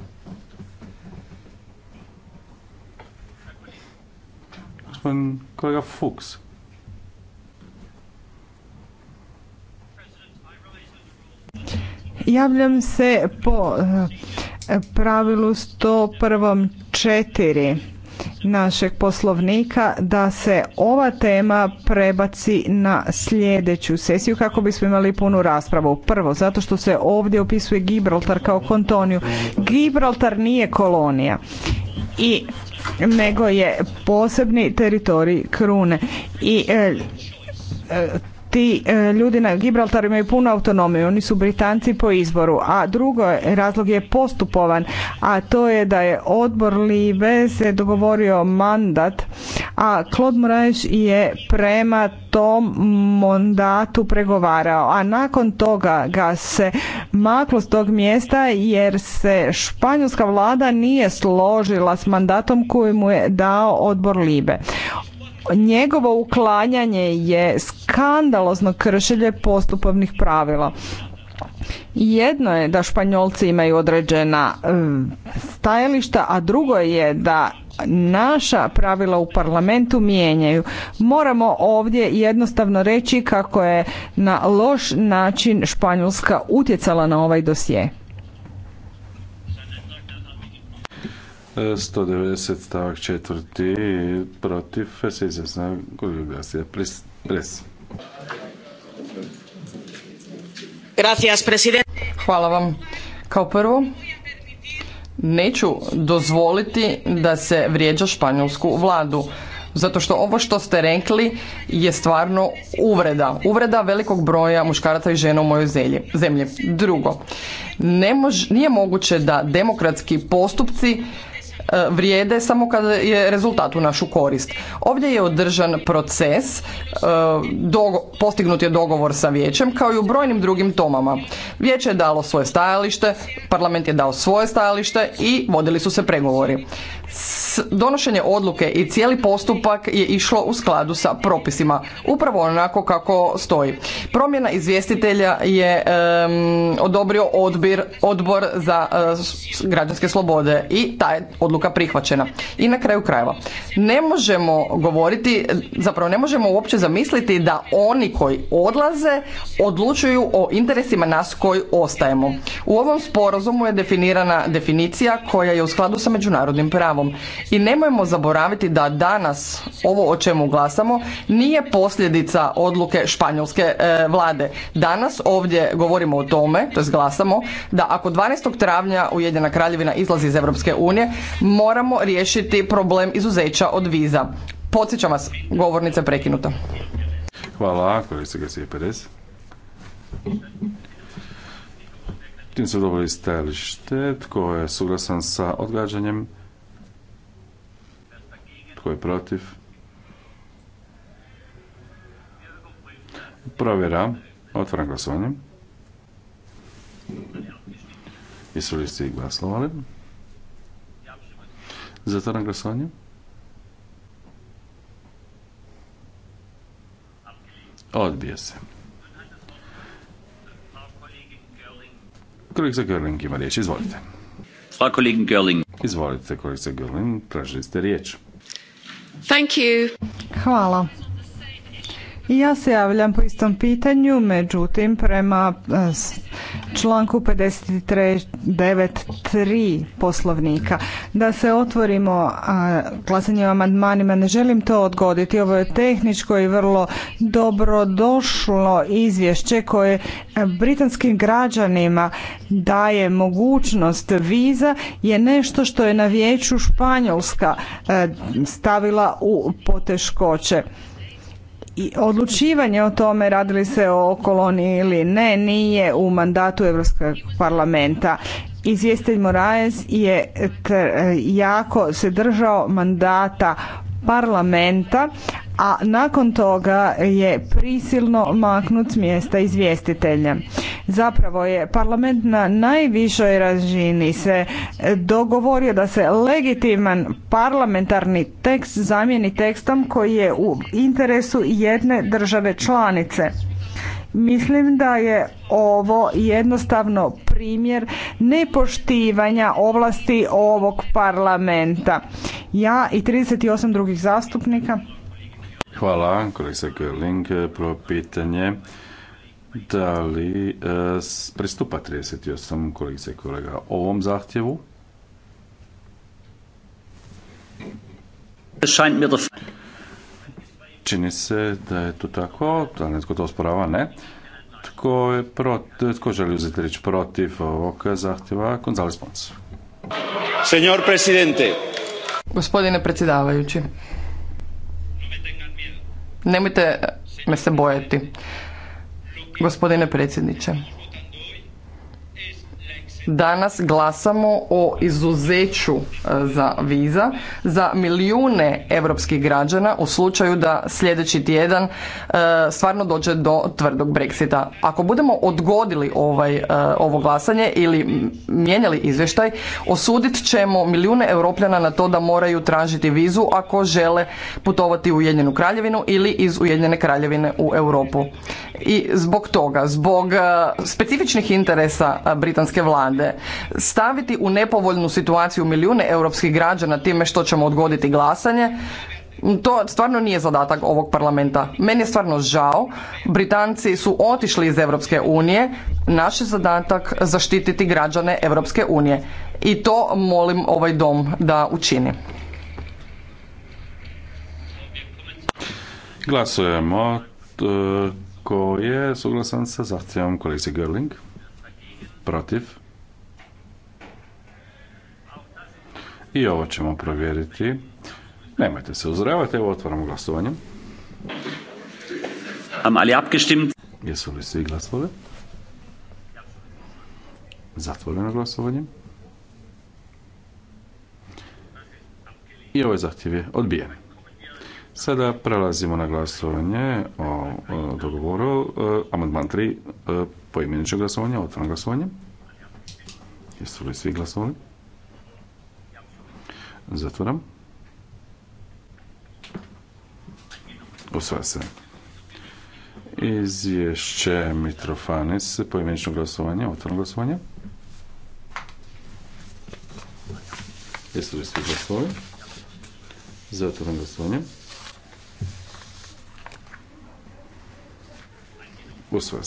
gospodin kolega Fuchs. Javljam se po eh, pravilu 101.4 našeg poslovnika da se ova tema prebaci na sljedeću sesiju kako bismo imali punu raspravu. Prvo, zato što se ovdje opisuje Gibraltar kao kontoniju. Gibraltar nije kolonija i nego je posebni teritorij krune i e, e, ti e, ljudi na Gibraltaru imaju punu autonomiju, oni su Britanci po izboru, a drugo razlog je postupovan, a to je da je odbor Libe se dogovorio mandat, a Claude Moraes je prema tom mandatu pregovarao, a nakon toga ga se maklo s tog mjesta jer se španjolska vlada nije složila s mandatom koji mu je dao odbor Libe. Njegovo uklanjanje je skandalozno kršenje postupovnih pravila. Jedno je da Španjolci imaju određena eh, stajališta, a drugo je da naša pravila u parlamentu mijenjaju. Moramo ovdje jednostavno reći kako je na loš način Španjolska utjecala na ovaj dosje. 190 stavak četvrti protiv se izjasna Hvala vam. Kao prvo, neću dozvoliti da se vrijeđa španjolsku vladu. Zato što ovo što ste rekli je stvarno uvreda. Uvreda velikog broja muškaraca i žena u mojoj zemlji. Drugo, ne nije moguće da demokratski postupci E, vrijede samo kada je rezultat u našu korist. Ovdje je održan proces, e, postignut je dogovor sa vijećem kao i u brojnim drugim tomama. Vijeće je dalo svoje stajalište, parlament je dao svoje stajalište i vodili su se pregovori. donošenje odluke i cijeli postupak je išlo u skladu sa propisima, upravo onako kako stoji. Promjena izvjestitelja je um, odobrio odbir, odbor za e, građanske slobode i taj odluka odluka prihvaćena. I na kraju krajeva, ne možemo govoriti, zapravo ne možemo uopće zamisliti da oni koji odlaze odlučuju o interesima nas koji ostajemo. U ovom sporazumu je definirana definicija koja je u skladu sa međunarodnim pravom. I nemojmo zaboraviti da danas ovo o čemu glasamo nije posljedica odluke španjolske e, vlade. Danas ovdje govorimo o tome, to glasamo, da ako 12. travnja Ujedinjena kraljevina izlazi iz Europske unije, moramo riješiti problem izuzeća od viza. Podsjećam vas, govornica je prekinuta. Hvala, kolegice Gacije Perez. Tim se dobili stajalište, tko je suglasan sa odgađanjem, tko je protiv. Provjera, otvaram glasovanje. Jesu li svi glasovali? Za to glasovanje. Odbije se. Kolegica Görling ima riječ, izvolite. Hvala kolegin Görling. Izvolite, kolegica Görling, tražili ste riječ. Thank you. Hvala. Ja se javljam po istom pitanju, međutim prema e, članku 53.9.3 poslovnika da se otvorimo glasanje o amandmanima. Ne želim to odgoditi. Ovo je tehničko i vrlo dobrodošlo izvješće koje e, britanskim građanima daje mogućnost viza je nešto što je na vijeću Španjolska e, stavila u poteškoće i odlučivanje o tome li se o koloniji ili ne nije u mandatu Europskog parlamenta. Izvjestitelj Moraes je jako se držao mandata parlamenta, a nakon toga je prisilno maknut mjesta izvjestitelja. Zapravo je parlament na najvišoj razini se dogovorio da se legitiman parlamentarni tekst zamijeni tekstom koji je u interesu jedne države članice. Mislim da je ovo jednostavno primjer nepoštivanja ovlasti ovog parlamenta. Ja i 38 drugih zastupnika Hvala, kolegice Gerling, prvo pitanje. Da li e, pristupa 38 kolegice i kolega ovom zahtjevu? Čini se da je to tako, da netko to osporava, ne. Tko, je protiv, tko želi uzeti riječ protiv ovog zahtjeva? Gonzales Pons. Gospodine predsjedavajući. Nemojte me se bojati, gospodine predsjedniče danas glasamo o izuzeću e, za viza za milijune europskih građana u slučaju da sljedeći tjedan e, stvarno dođe do tvrdog Brexita. Ako budemo odgodili ovaj, e, ovo glasanje ili mijenjali izvještaj, osudit ćemo milijune europljana na to da moraju tražiti vizu ako žele putovati u Ujedinjenu kraljevinu ili iz Ujedinjene kraljevine u Europu i zbog toga, zbog e, specifičnih interesa e, britanske vlade, staviti u nepovoljnu situaciju milijune europskih građana time što ćemo odgoditi glasanje, to stvarno nije zadatak ovog parlamenta. Meni je stvarno žao, Britanci su otišli iz Europske unije, naš je zadatak zaštititi građane Europske unije. I to molim ovaj dom da učini. Glasujemo tko je suglasan sa zahtjevom kolegice Gerling? Protiv? I ovo ćemo provjeriti. Nemojte se uzravati, evo otvaramo glasovanje. Am ali abgestimmt? Jesu li svi glasovali? Zatvoreno glasovanje. I ovaj zahtjev je odbijen. Sada prelazimo na glasovanje o dogovoru. E, amandman 3, e, poimenično glasovanje, otvorno glasovanje. Jesu li svi glasovali? Zatvoram. Osvaja se. Izvješće Mitrofanis, poimenično glasovanje, otvorno glasovanje. Jesu li svi glasovali? Zatvoram glasovanje. Usvaja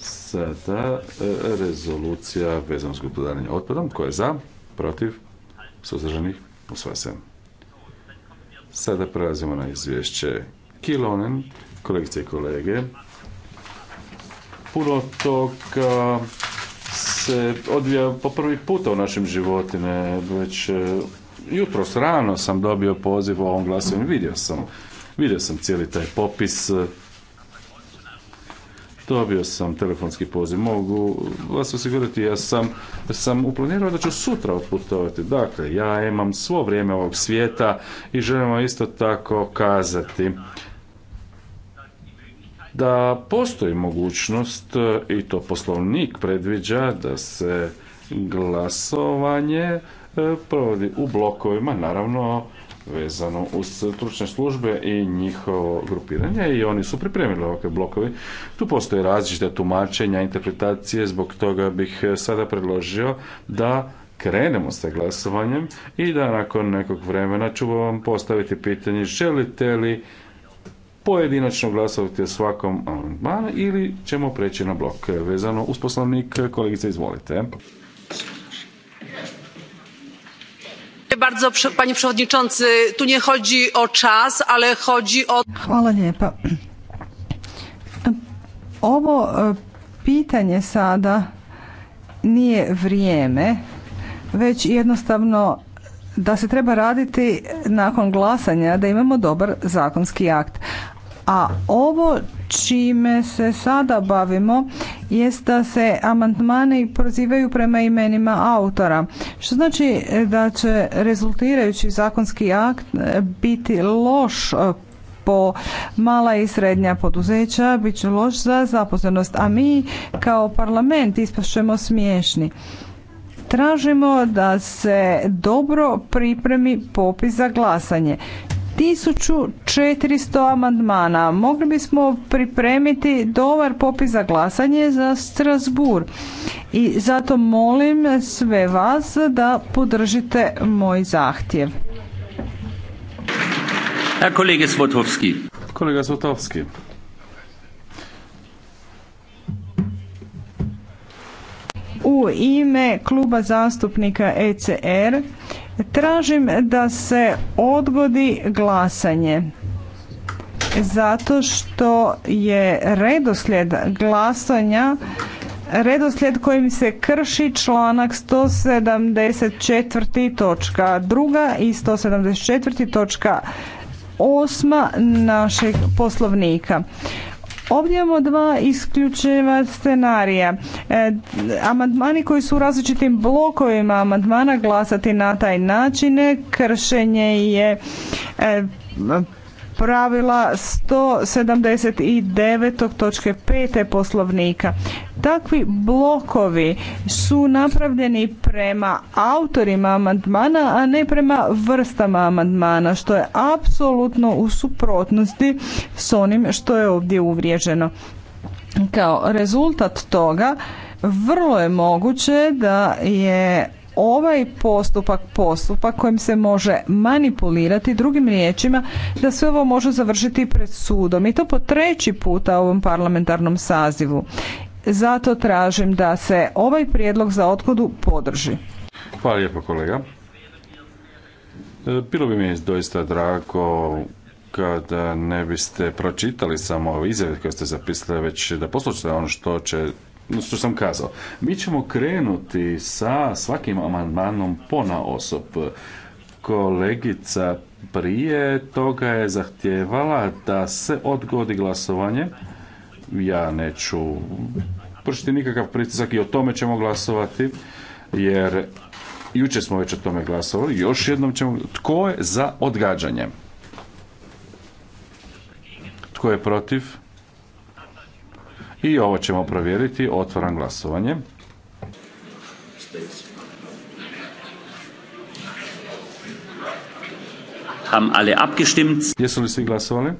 Sada e, rezolucija vezano s gospodarenje otpadom. Tko je za? Protiv? Suzdržanih? Usvaja se. Sada prelazimo na izvješće Kilonen. Kolegice i kolege, puno toga se odvija po prvi puta u našim životine. Već e, jutros rano sam dobio poziv u ovom glasovanju, vidio sam Vidio sam cijeli taj popis. Dobio sam telefonski poziv. Mogu vas osigurati, ja sam, sam uplanirao da ću sutra otputovati. Dakle, ja imam svo vrijeme ovog svijeta i želimo isto tako kazati da postoji mogućnost i to poslovnik predviđa da se glasovanje eh, provodi u blokovima, naravno vezano uz stručne službe i njihovo grupiranje i oni su pripremili ovakve blokove. Tu postoje različite tumačenja, interpretacije, zbog toga bih sada predložio da krenemo sa glasovanjem i da nakon nekog vremena ću vam postaviti pitanje želite li pojedinačno glasovati o svakom amandmanu ili ćemo preći na blok vezano uz poslovnik. Kolegice, izvolite. Bardzo, panie przewodniczący, tu o czas, ale chodzi o... Hvala lijepa. Ovo e, pitanje sada nije vrijeme, već jednostavno da se treba raditi nakon glasanja da imamo dobar zakonski akt. A ovo čime se sada bavimo jest da se amandmani prozivaju prema imenima autora. Što znači da će rezultirajući zakonski akt e, biti loš e, po mala i srednja poduzeća, bit će loš za zaposlenost, a mi kao parlament ispašćemo smiješni. Tražimo da se dobro pripremi popis za glasanje. 1400 amandmana. Mogli bismo pripremiti dobar popis za glasanje za Strasbur. I zato molim sve vas da podržite moj zahtjev. Herr Svotovski. Kolega U ime kluba zastupnika ECR Tražim da se odgodi glasanje zato što je redoslijed glasanja redoslijed kojim se krši članak 174. točka druga i 174. točka osma našeg poslovnika. Ovdje imamo dva isključiva scenarija. E, amandmani koji su u različitim blokovima amandmana glasati na taj način kršenje je e, pravila 179. točke 5. poslovnika. Takvi blokovi su napravljeni prema autorima amandmana, a ne prema vrstama amandmana, što je apsolutno u suprotnosti s onim što je ovdje uvriježeno. Kao rezultat toga, vrlo je moguće da je ovaj postupak postupak kojim se može manipulirati drugim riječima da sve ovo može završiti pred sudom i to po treći puta u ovom parlamentarnom sazivu. Zato tražim da se ovaj prijedlog za otkodu podrži. Hvala lijepo kolega. E, bilo bi mi doista drago kada ne biste pročitali samo ove izjave koje ste zapisali, već da poslušate ono što će što sam kazao. Mi ćemo krenuti sa svakim amandmanom pona osob. Kolegica prije toga je zahtjevala da se odgodi glasovanje. Ja neću pršiti nikakav pritisak i o tome ćemo glasovati, jer juče smo već o tome glasovali. Još jednom ćemo... Tko je za odgađanje? Tko je protiv? I ovo ćemo provjeriti. Otvaram glasovanje. Jesu li svi glasovali?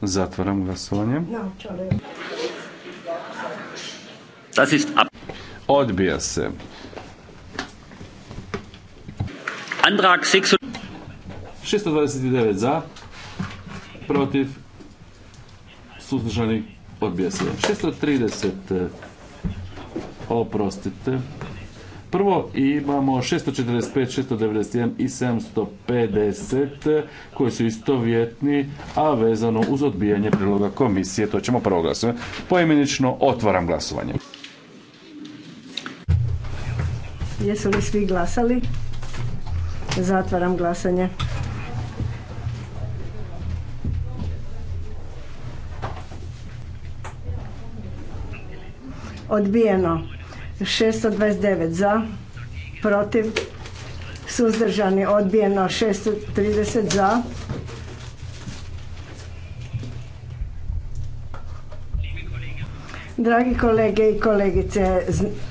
Zatvaram glasovanje. Odbija se. Antrag 629 za, protiv, suzdržani, odbija se. 630, e, oprostite. Prvo imamo 645, 691 i 750 e, koji su istovjetni, a vezano uz odbijanje priloga komisije. To ćemo prvo glasovati. Poimenično otvaram glasovanje. Jesu li svi glasali? Zatvaram glasanje. odbijeno 629 za protiv suzdržani odbijeno 630 za Dragi kolege i kolegice,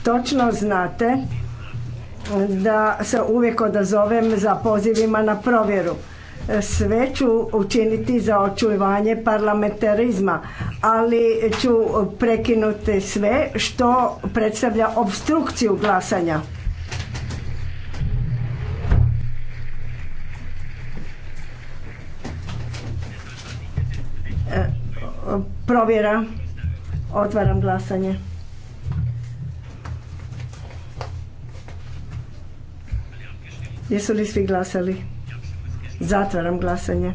točno znate da se uvijek odazovem za pozivima na provjeru sve ću učiniti za očuvanje parlamentarizma, ali ću prekinuti sve što predstavlja obstrukciju glasanja. Provjera. Otvaram glasanje. Jesu li svi glasali? Zatvaram glasanje.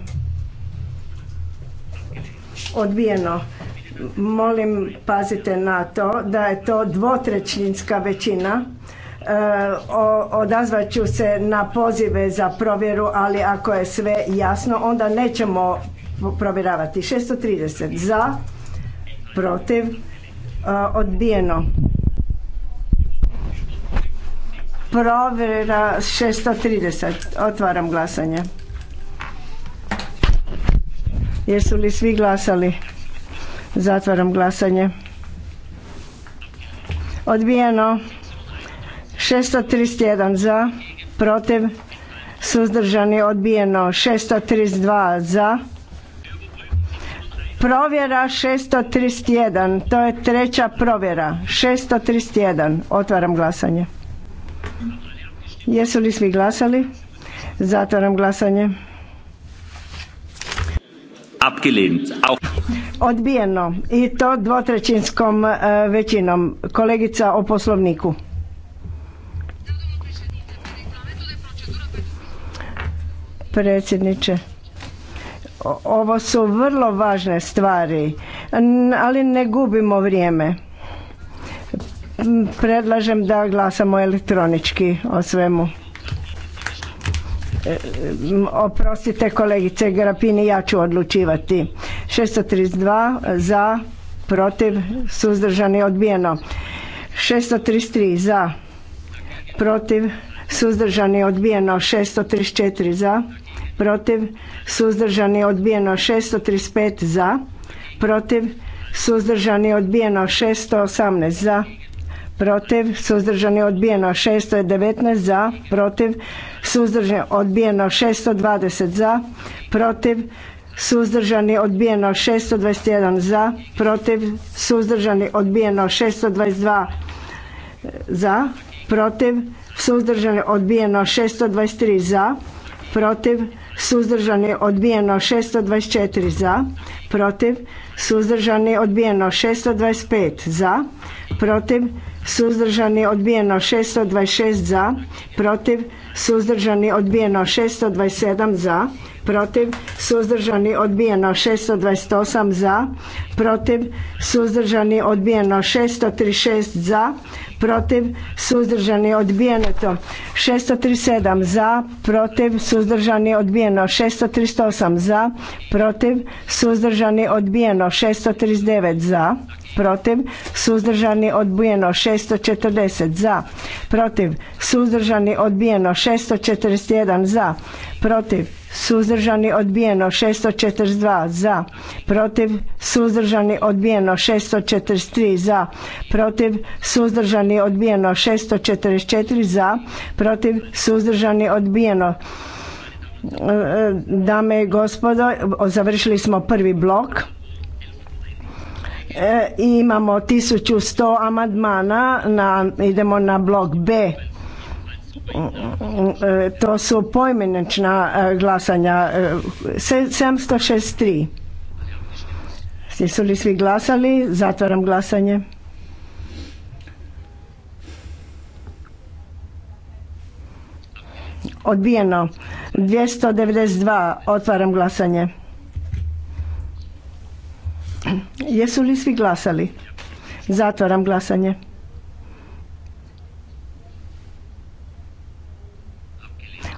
Odbijeno. Molim pazite na to da je to dvotrećinska većina. E, ću se na pozive za provjeru, ali ako je sve jasno, onda nećemo provjeravati. 630 za, protiv, e, odbijeno. Provjera 630. Otvaram glasanje. Jesu li svi glasali? Zatvaram glasanje. Odbijeno. 631 za, protiv, suzdržani odbijeno. 632 za. Provjera 631, to je treća provjera. 631, otvaram glasanje. Jesu li svi glasali? Zatvaram glasanje. Odbijeno i to dvotrećinskom e, većinom. Kolegica o poslovniku. Predsjedniče, ovo su vrlo važne stvari, ali ne gubimo vrijeme. Predlažem da glasamo elektronički o svemu. Eh, oprostite kolegice Grapini, ja ću odlučivati. 632 za, protiv, suzdržani, odbijeno. 633 za, protiv, suzdržani, odbijeno. 634 za, protiv, suzdržani, odbijeno. 635 za, protiv, suzdržani, odbijeno. 618 za, protiv, suzdržani odbijeno 619 za, protiv, suzdržani odbijeno 620 za, protiv, suzdržani odbijeno 621 za, protiv, suzdržani odbijeno 622 za, protiv, suzdržani odbijeno 623 za, protiv, suzdržani odbijeno 624 za, protiv, suzdržani odbijeno 625 za, protiv, suzdržani odbijeno 626 za, protiv suzdržani odbijeno 627 za, protiv suzdržani odbijeno 628 za, protiv suzdržani odbijeno 636 za, protiv suzdržani odbijeno 637 za, protiv suzdržani odbijeno 638 za, protiv suzdržani odbijeno 639 za protiv, suzdržani odbijeno 640 za, protiv, suzdržani odbijeno 641 za, protiv, suzdržani odbijeno 642 za, protiv, suzdržani odbijeno 643 za, protiv, suzdržani odbijeno 644 za, protiv, suzdržani odbijeno e, e, Dame i gospodo, završili smo prvi blok. E, i imamo 1100 amandmana, idemo na blok B. Mm, mm, mm, e, to su pojmenična e, glasanja 763. Jesu li svi glasali? Zatvaram glasanje. Odbijeno. 292. Otvaram glasanje. Jesu li svi glasali? Zatvaram glasanje.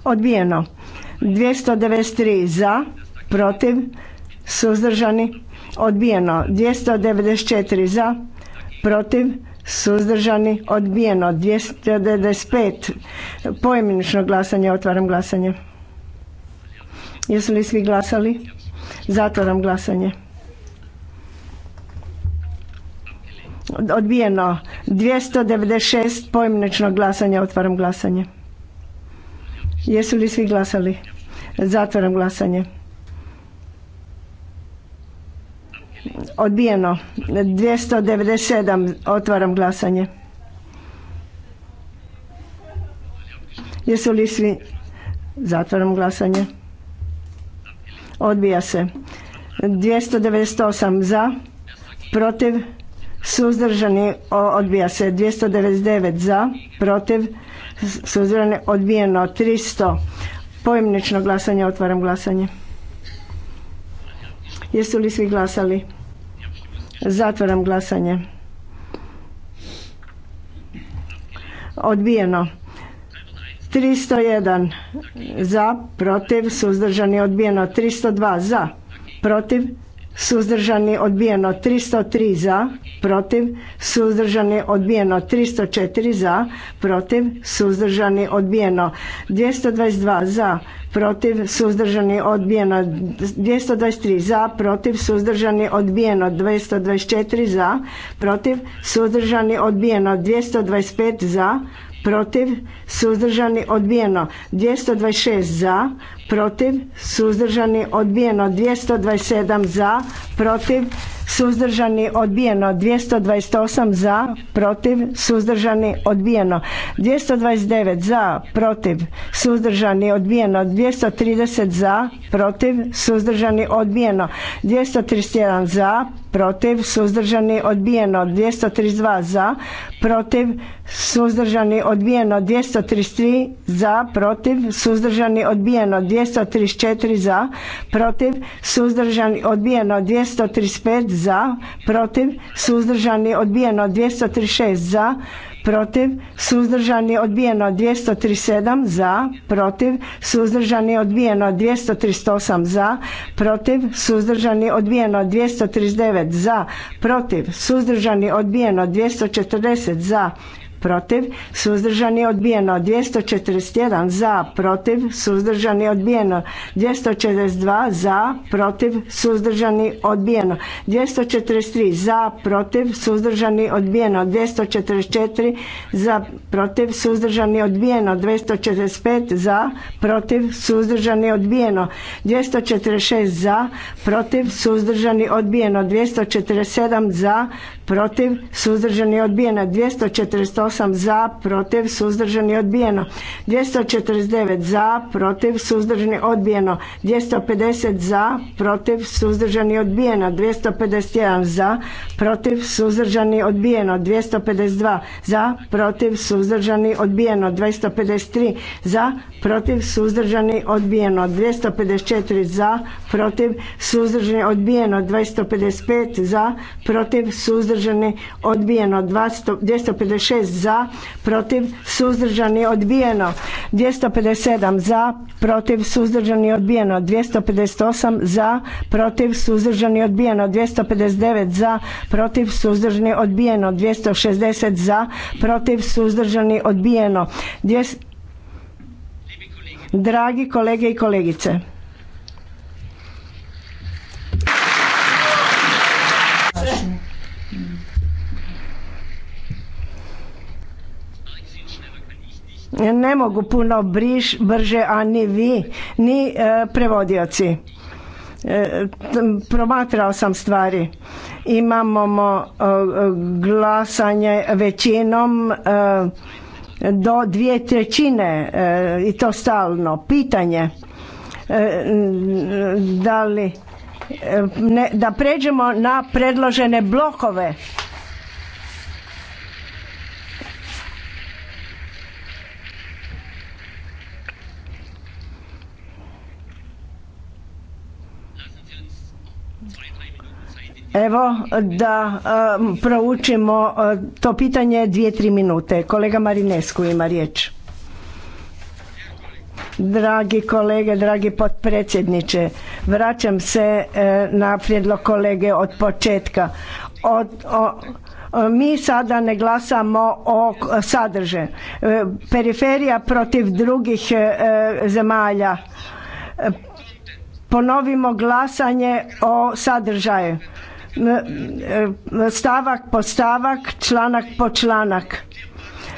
Odbijeno. 293 za, protiv, suzdržani. Odbijeno. 294 za, protiv, suzdržani. Odbijeno. 295 poimenično glasanje. Otvaram glasanje. Jesu li svi glasali? Zatvaram glasanje. odbijeno 296 poimenično glasanje otvaram glasanje jesu li svi glasali zatvaram glasanje odbijeno 297 otvaram glasanje jesu li svi zatvaram glasanje odbija se 298 za protiv suzdržani odbija se 299 za, protiv suzdržani odbijeno 300 Pojemnično glasanje, otvaram glasanje. Jesu li svi glasali? Zatvaram glasanje. Odbijeno. 301 za, protiv, suzdržani odbijeno. 302 za, protiv, suzdržani odbijeno 303 za, protiv, suzdržani odbijeno 304 za, protiv, suzdržani odbijeno 222 za, protiv, suzdržani odbijeno 223 za, protiv, suzdržani odbijeno 224 za, protiv, suzdržani odbijeno 225 za, protiv, suzdržani odbijeno 226 za, protiv, suzdržani, odbijeno 227 za, protiv, suzdržani, odbijeno 228 za, protiv, suzdržani, odbijeno 229 za, protiv, suzdržani, odbijeno 230 za, protiv, suzdržani, odbijeno 231 za, protiv, suzdržani, odbijeno 232 za, protiv, suzdržani, odbijeno 233 za, protiv, suzdržani, odbijeno 234 za, protiv, suzdržani, odbijeno 235 za, protiv, suzdržani, odbijeno 236 za, protiv, suzdržani, odbijeno 237 za, protiv, suzdržani, odbijeno 238 za, protiv, suzdržani, odbijeno 239 za, protiv, suzdržani, odbijeno 240 za, protiv, suzdržani odbijeno 241 za, protiv, suzdržani odbijeno 242 za, protiv, suzdržani odbijeno 243 za, protiv, suzdržani odbijeno 244 za, protiv, suzdržani odbijeno 245 za, protiv, suzdržani odbijeno 246 za, protiv, suzdržani odbijeno 247 za, protiv, suzdržani odbijeno. 248 za, protiv, suzdržani odbijeno. 249 za, protiv, suzdržani odbijeno. 250 za, protiv, suzdržani odbijeno. 251 za, protiv, suzdržani odbijeno. 252 za, protiv, suzdržani odbijeno. 253 za, protiv, suzdržani odbijeno. 254 za, protiv, suzdržani odbijeno. 255 za, protiv, suzdržani suzdržani, odbijeno 200, 256 za, protiv, suzdržani, odbijeno 257 za, protiv, suzdržani, odbijeno 258 za, protiv, suzdržani, odbijeno 259 za, protiv, suzdržani, odbijeno 260 za, protiv, suzdržani, odbijeno. 200... Dragi kolege i kolegice, Ne mogu puno briš, brže, a ni vi, ni e, prevodioci. E, promatrao sam stvari. Imamo e, glasanje većinom do dvije trećine i to stalno. Pitanje da li da pređemo na predložene blokove Evo da proučimo to pitanje dvije, tri minute. Kolega Marinesku ima riječ. Dragi kolege, dragi potpredsjedniče, vraćam se uh, na prijedlog kolege od početka. Od, o, mi sada ne glasamo o sadržaju. Periferija protiv drugih zemalja. Ponovimo glasanje o sadržaju. E, stavak po stavak, članak po članak.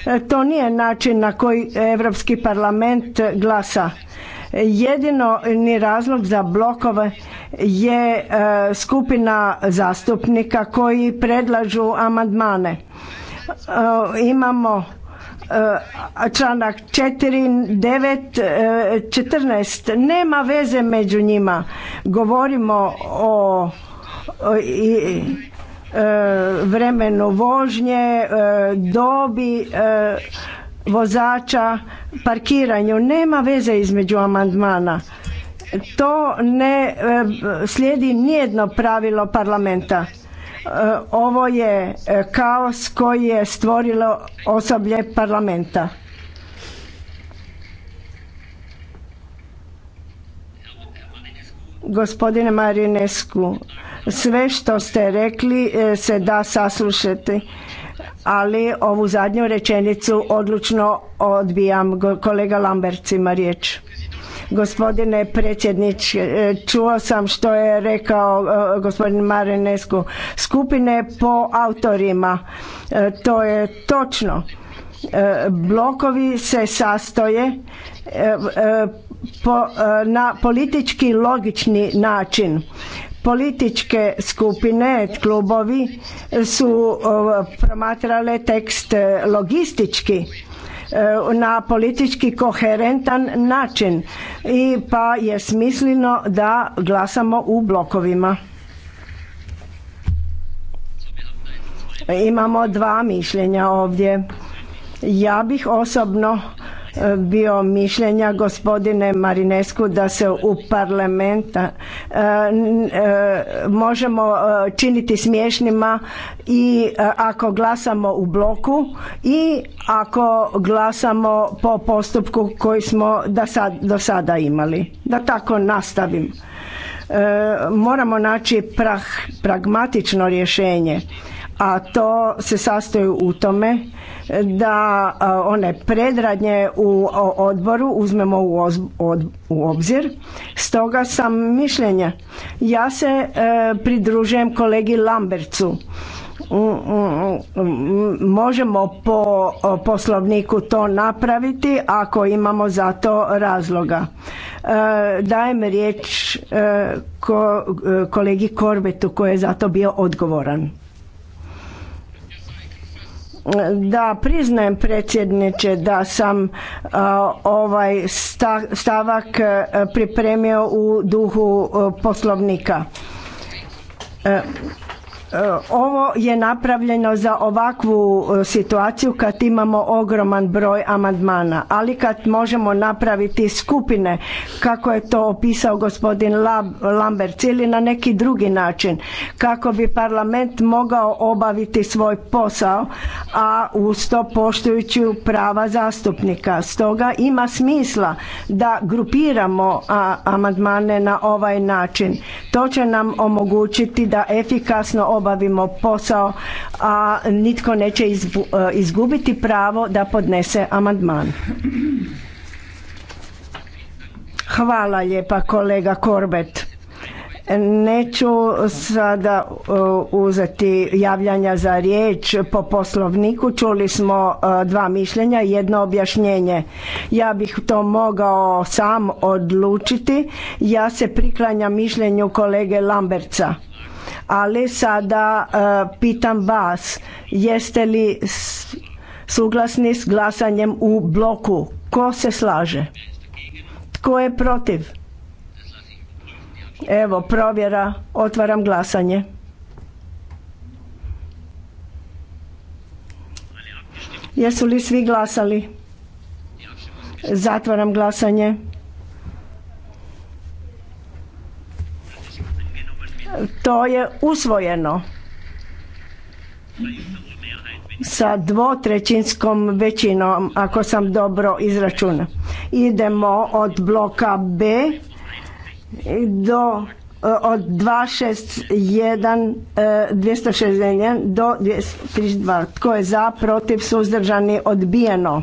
E, to nije način na koji Europski parlament glasa. Jedino ni razlog za blokove je e, skupina zastupnika koji predlažu amandmane. Imamo članak 4, 9, 14. Nema veze među njima. Govorimo o i e, vremenu vožnje, e, dobi e, vozača, parkiranju. Nema veze između amandmana. To ne slijedi nijedno pravilo parlamenta. Ovo je kaos koji je stvorilo osoblje parlamenta. Gospodine Marinescu, sve što ste rekli e, se da saslušati, ali ovu zadnju rečenicu odlučno odbijam. Kolega Lamberts ima riječ. Gospodine predsjedniče, e, čuo sam što je rekao e, gospodin Marinescu. Skupine po autorima, to je točno. Blokovi se sastoje na politički logični način Političke skupine, klubovi su promatrale tekst e, logistički e, na politički koherentan način i pa je smisleno da glasamo u blokovima. Imamo dva mišljenja ovdje. Ja bih osobno bio mišljenja gospodine Marinesku da se u parlamenta e, e, možemo e, činiti smiješnima i ako glasamo u bloku i ako glasamo po postupku koji smo do sada imali. Da tako nastavim. Moramo naći pragmatično rješenje a to se sastoji u tome da one predradnje u odboru uzmemo u obzir. Stoga sam mišljenja. Ja se e, pridružujem kolegi Lambercu. Mm, mm, mm, možemo po poslovniku to napraviti ako imamo za to razloga. E, dajem riječ e, kolegi Korbetu koji je za to bio odgovoran. Da, priznajem predsjedniče da sam ovaj stavak e, pripremio u duhu e, poslovnika. E, E, ovo je napravljeno za ovakvu e, situaciju kad imamo ogroman broj amandmana, ali kad možemo napraviti skupine kako je to opisao gospodin Lambert ili na neki drugi način kako bi parlament mogao obaviti svoj posao, a uz to poštujući prava zastupnika. Stoga ima smisla da grupiramo amandmane na ovaj način. To će nam omogućiti da efikasno obavimo posao, a nitko neće e, izgubiti pravo da podnese amandman. Hvala lijepa kolega Korbet. Neću sada e, uzeti javljanja za riječ po poslovniku. Čuli smo e, dva mišljenja, jedno objašnjenje. Ja bih to mogao sam odlučiti. Ja se priklanjam mišljenju kolege Lamberca ali sada e, pitam vas jeste li suglasni s glasanjem u bloku ko se slaže tko je protiv evo provjera otvaram glasanje jesu li svi glasali zatvaram glasanje To je usvojeno sa dvotrećinskom većinom, ako sam dobro izračuna. Idemo od bloka B do eh, od 261 261 eh, do 232 tko je za, protiv, suzdržani odbijeno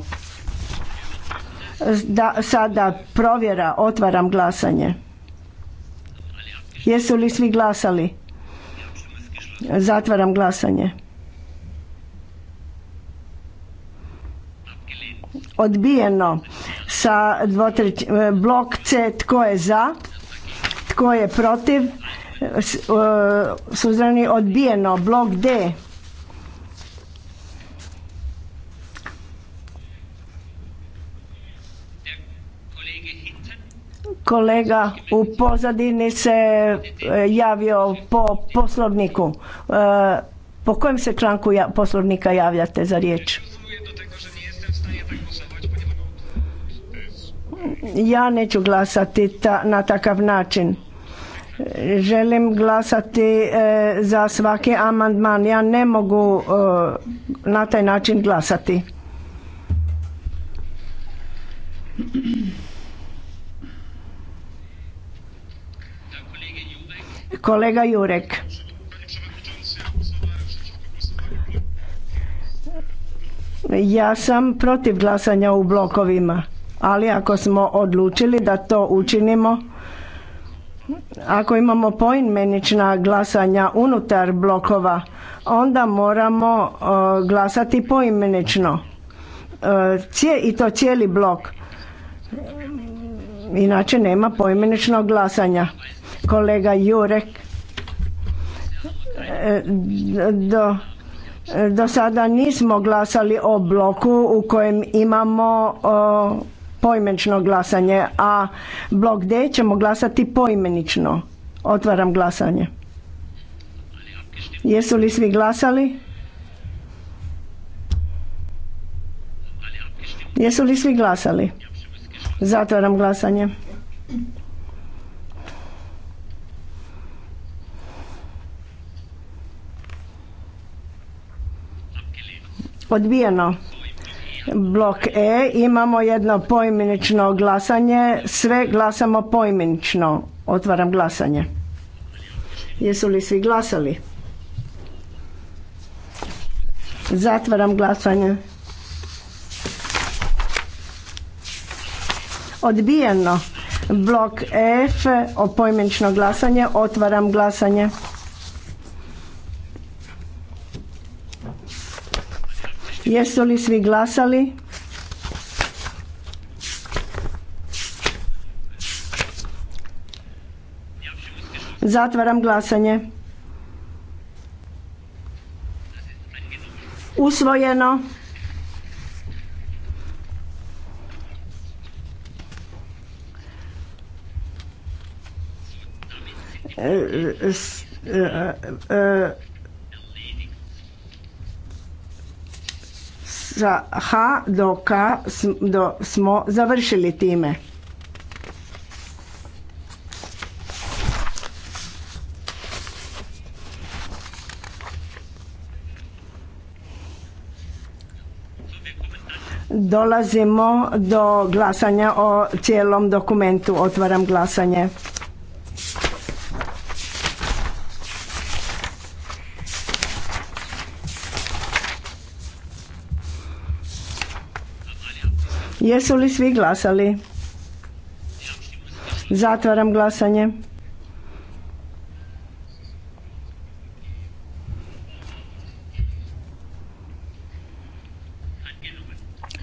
eh, sada provjera otvaram glasanje Jesu li svi glasali? Zatvaram glasanje. Odbijeno sa dvotreć, blok C tko je za, tko je protiv, e, suzrani odbijeno blok D kolega u pozadini se e, javio po poslovniku. E, po kojem se članku poslovnika javljate za riječ? Ja neću glasati na takav način. Želim glasati e, za svaki amandman. Ja ne mogu na taj način glasati. Kolega Jurek. Ja sam protiv glasanja u blokovima, ali ako smo odlučili da to učinimo, ako imamo poimenična glasanja unutar blokova, onda moramo glasati poimenično. Uh, I to cijeli blok. Inače nema poimeničnog glasanja kolega Jurek e, do, do sada nismo glasali o bloku u kojem imamo o, poimenično glasanje, a blok D ćemo glasati poimenično. Otvaram glasanje. Jesu li svi glasali? Jesu li svi glasali? Zatvaram glasanje. Odbijeno. Blok E imamo jedno poimenično glasanje. Sve glasamo poimenično. Otvaram glasanje. Jesu li svi glasali? Zatvaram glasanje. Odbijeno. Blok F, poimenično glasanje. Otvaram glasanje. Jesu li svi glasali? Zatvaram glasanje. Usvojeno. E, e, e, e sa H do K do smo završili time. Dolazimo do glasanja o cijelom dokumentu. Otvaram glasanje. Jesu li svi glasali? Zatvaram glasanje.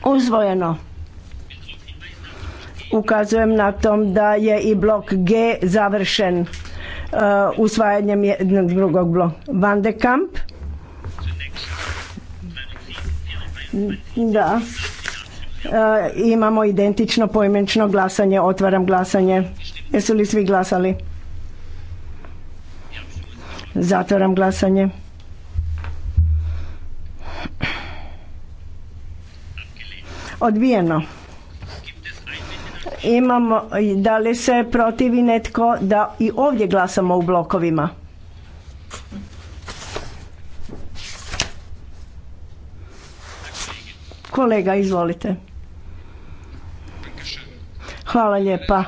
Uzvojeno. Ukazujem na tom da je i blok G završen uh, usvajanjem jednog drugog bloka. Van de Kamp? Da. E, imamo identično poimenično glasanje. Otvaram glasanje. Jesu li svi glasali? Zatvaram glasanje. Odbijeno. Imamo, da li se protivi netko da i ovdje glasamo u blokovima? Kolega, izvolite. Hvala lijepa.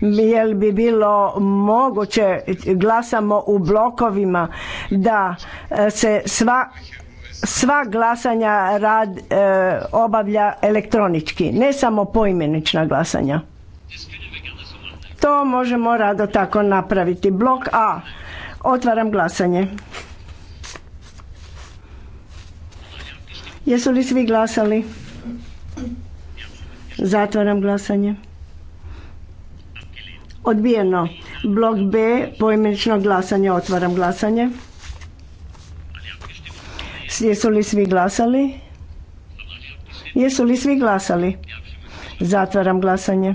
Jel bi bilo moguće, glasamo u blokovima, da e, se sva sva glasanja rad e, obavlja elektronički, ne samo poimenična glasanja. To možemo rado tako napraviti. Blok A. Otvaram glasanje. Jesu li svi glasali? Zatvaram glasanje. Odbijeno. Blok B, poimenično glasanje, otvaram glasanje. Jesu li svi glasali? Jesu li svi glasali? Zatvaram glasanje.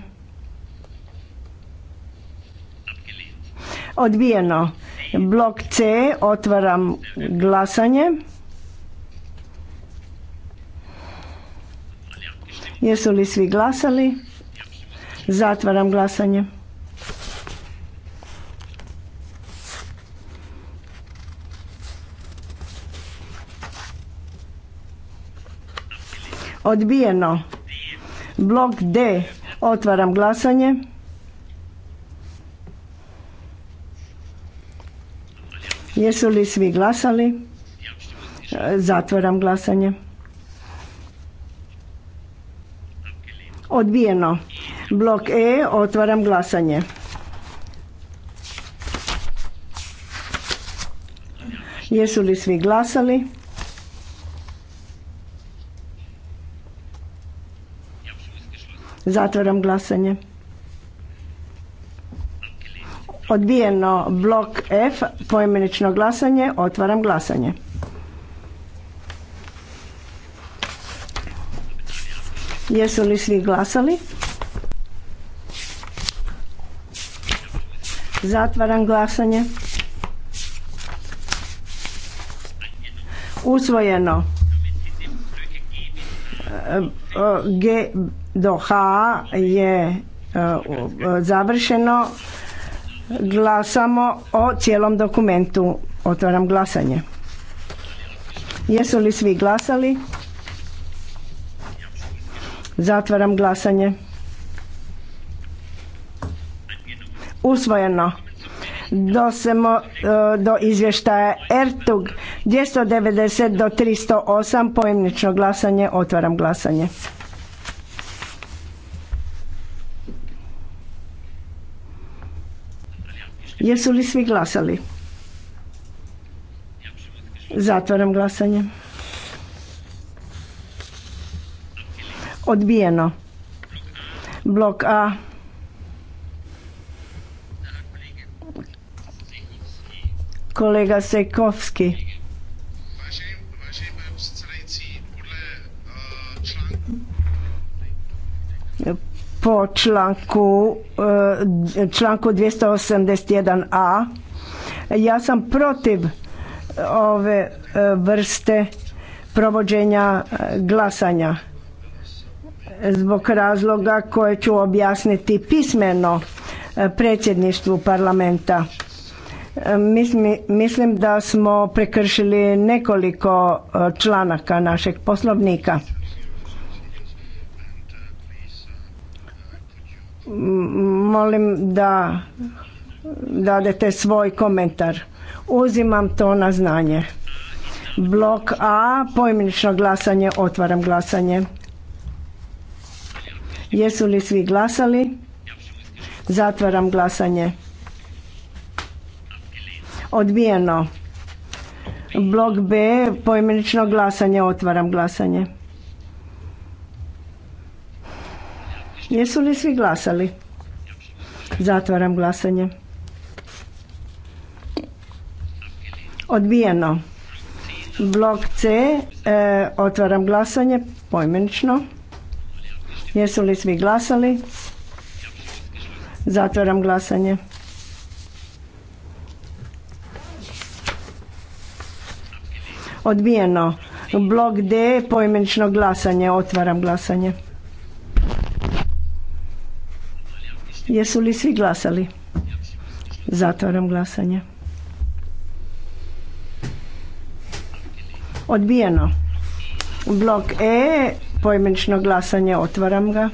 Odbijeno. Blok C, otvaram glasanje. Jesu li svi glasali? Zatvaram glasanje. odbijeno. Blok D, otvaram glasanje. Jesu li svi glasali? Zatvaram glasanje. Odbijeno. Blok E, otvaram glasanje. Jesu li svi glasali? Zatvaram glasanje. Odbijeno blok F, poimenično glasanje, otvaram glasanje. Jesu li svi glasali? Zatvaram glasanje. Usvojeno. G do H je e, završeno. Glasamo o cijelom dokumentu. Otvaram glasanje. Jesu li svi glasali? Zatvaram glasanje. Usvojeno. Dosemo e, do izvještaja Ertug 290 do 308 pojemnično glasanje. Otvaram glasanje. Jesu li svi glasali? Zatvaram glasanje. Odbijeno. Blok A. Kolega Sekovski po članku, e, članku 281a. Ja sam protiv e, ove e, vrste provođenja glasanja zbog razloga koje ću objasniti pismeno predsjedništvu parlamenta. Mislim da smo prekršili nekoliko članaka našeg poslovnika. molim da dadete svoj komentar. Uzimam to na znanje. Blok A, poimenično glasanje, otvaram glasanje. Jesu li svi glasali? Zatvaram glasanje. Odbijeno. Blok B, pojmenično glasanje, otvaram glasanje. Jesu li svi glasali? Zatvaram glasanje. Odbijeno. Blok C, e, otvaram glasanje Pojmenično. Jesu li svi glasali? Zatvaram glasanje. Odbijeno. Blok D, poimenično glasanje, otvaram glasanje. Jesu li svi glasali? Zatvaram glasanje. Odbijeno. Blok E, pojmenično glasanje, otvaram ga.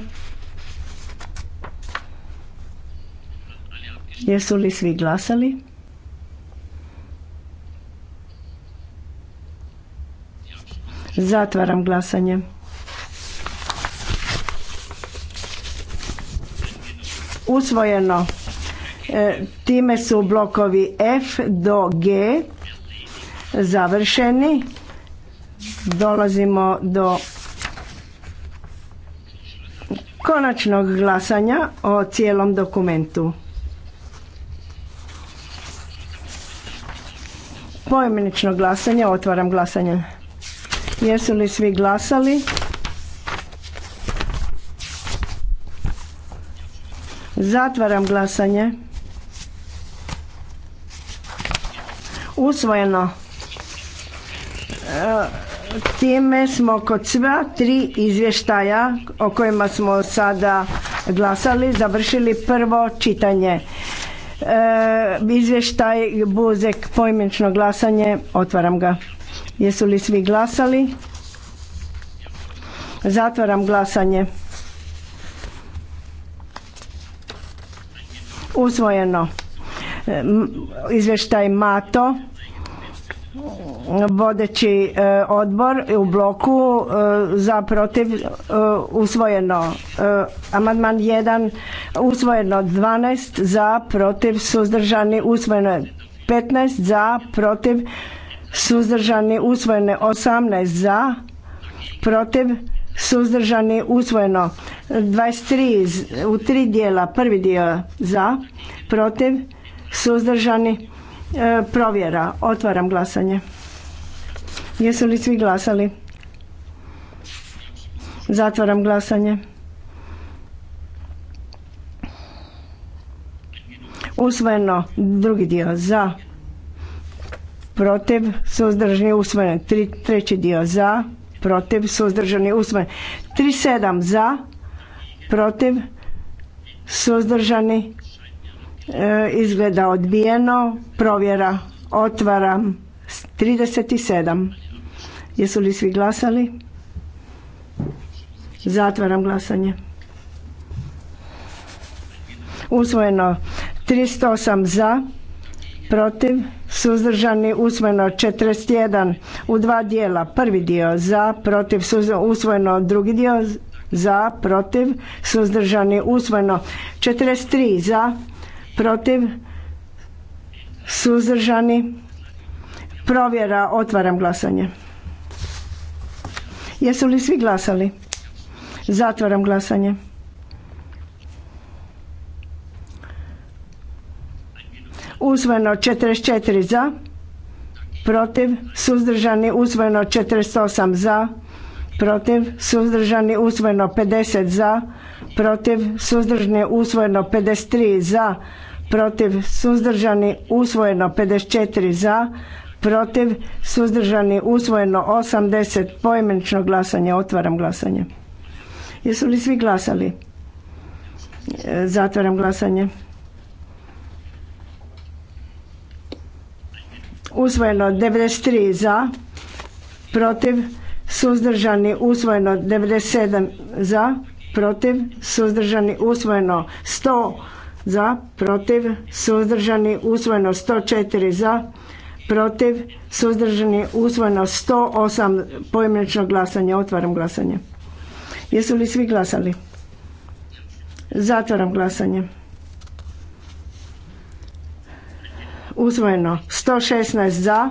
Jesu li svi glasali? Zatvaram glasanje. usvojeno. E, time su blokovi F do G završeni. Dolazimo do konačnog glasanja o cijelom dokumentu. Pojmenično glasanje, otvaram glasanje. Jesu li svi glasali? Zatvaram glasanje. Usvojeno. E, time smo kod sva tri izvještaja o kojima smo sada glasali završili prvo čitanje. E, izvještaj Buzek poimenično glasanje. Otvaram ga. Jesu li svi glasali? Zatvaram glasanje. usvojeno izvještaj Mato vodeći e, odbor u bloku e, za protiv e, usvojeno amandman 1 usvojeno 12 za protiv suzdržani usvojeno 15 za protiv suzdržani usvojeno 18 za protiv suzdržani usvojeno 23 u tri dijela prvi dio za protiv suzdržani e, provjera otvaram glasanje jesu li svi glasali zatvaram glasanje usvojeno drugi dio za protiv suzdržani usvojeno Tri, treći dio za protiv, suzdržani, usvojen. 37 za, protiv, suzdržani, e, izgleda odbijeno, provjera, otvaram, 37. Jesu li svi glasali? Zatvaram glasanje. Usvojeno 308 za, protiv, suzdržani usvojeno 41 u dva dijela. Prvi dio za, protiv, usvojeno drugi dio za, protiv, suzdržani usvojeno 43 za, protiv, suzdržani. Provjera, otvaram glasanje. Jesu li svi glasali? Zatvaram glasanje. Usvojeno 44 za, protiv, suzdržani usvojeno 48 za, protiv, suzdržani usvojeno 50 za, protiv, suzdržani usvojeno 53 za, protiv, suzdržani usvojeno 54 za, protiv, suzdržani usvojeno 80 poimenično glasanje, otvaram glasanje. Jesu li svi glasali? E, zatvaram glasanje. usvojeno 93 za, protiv, suzdržani, usvojeno 97 za, protiv, suzdržani, usvojeno 100 za, protiv, suzdržani, usvojeno 104 za, protiv, suzdržani, usvojeno 108 pojmenično glasanje, otvaram glasanje. Jesu li svi glasali? Zatvaram glasanje. usvojeno 116 za,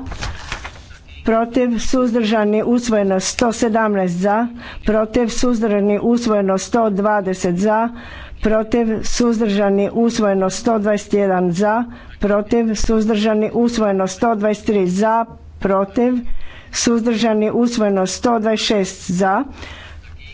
protiv suzdržani usvojeno 117 za, protiv suzdržani usvojeno 120 za, protiv suzdržani usvojeno 121 za, protiv suzdržani usvojeno 123 za, protiv suzdržani usvojeno 126 za,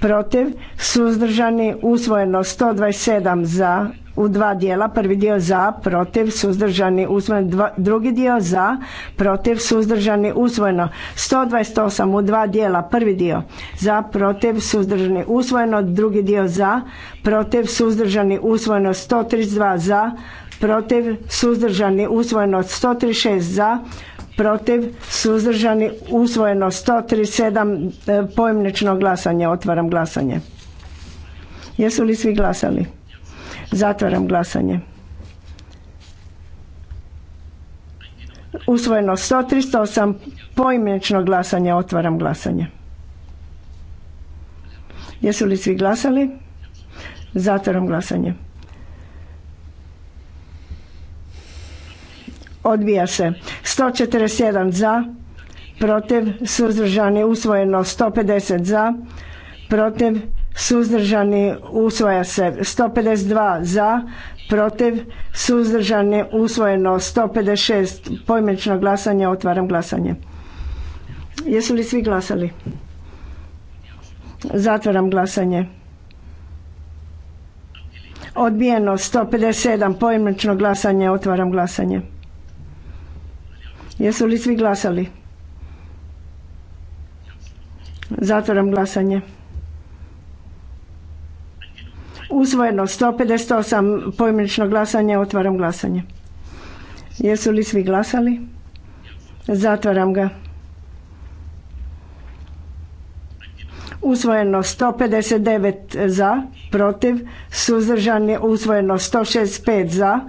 protiv suzdržani usvojeno 127 za, u dva dijela, prvi dio za, protiv, suzdržani, usvojeno, drugi dio za, protiv, suzdržani, usvojeno, 128 u dva dijela, prvi dio za, protiv, suzdržani, usvojeno, drugi dio za, protiv, suzdržani, usvojeno, 132 za, protiv, suzdržani, usvojeno, 136 za, protiv, suzdržani, usvojeno, 137 pojemnično glasanje, otvaram glasanje. Jesu li svi glasali? Zatvaram glasanje. Usvojeno 138. osam poimenično glasanje, otvaram glasanje. Jesu li svi glasali? Zatvaram glasanje. Odbija se. 141 za, protiv, suzdržani, usvojeno 150 za, protiv, suzdržani usvaja se 152 za protiv suzdržani usvojeno 156 poimenično glasanje otvaram glasanje jesu li svi glasali zatvaram glasanje odbijeno 157 poimenično glasanje otvaram glasanje jesu li svi glasali zatvaram glasanje Usvojeno 158 pojmenično glasanje, otvaram glasanje. Jesu li svi glasali? Zatvaram ga. Usvojeno 159 za, protiv, suzdržan je usvojeno 165 za,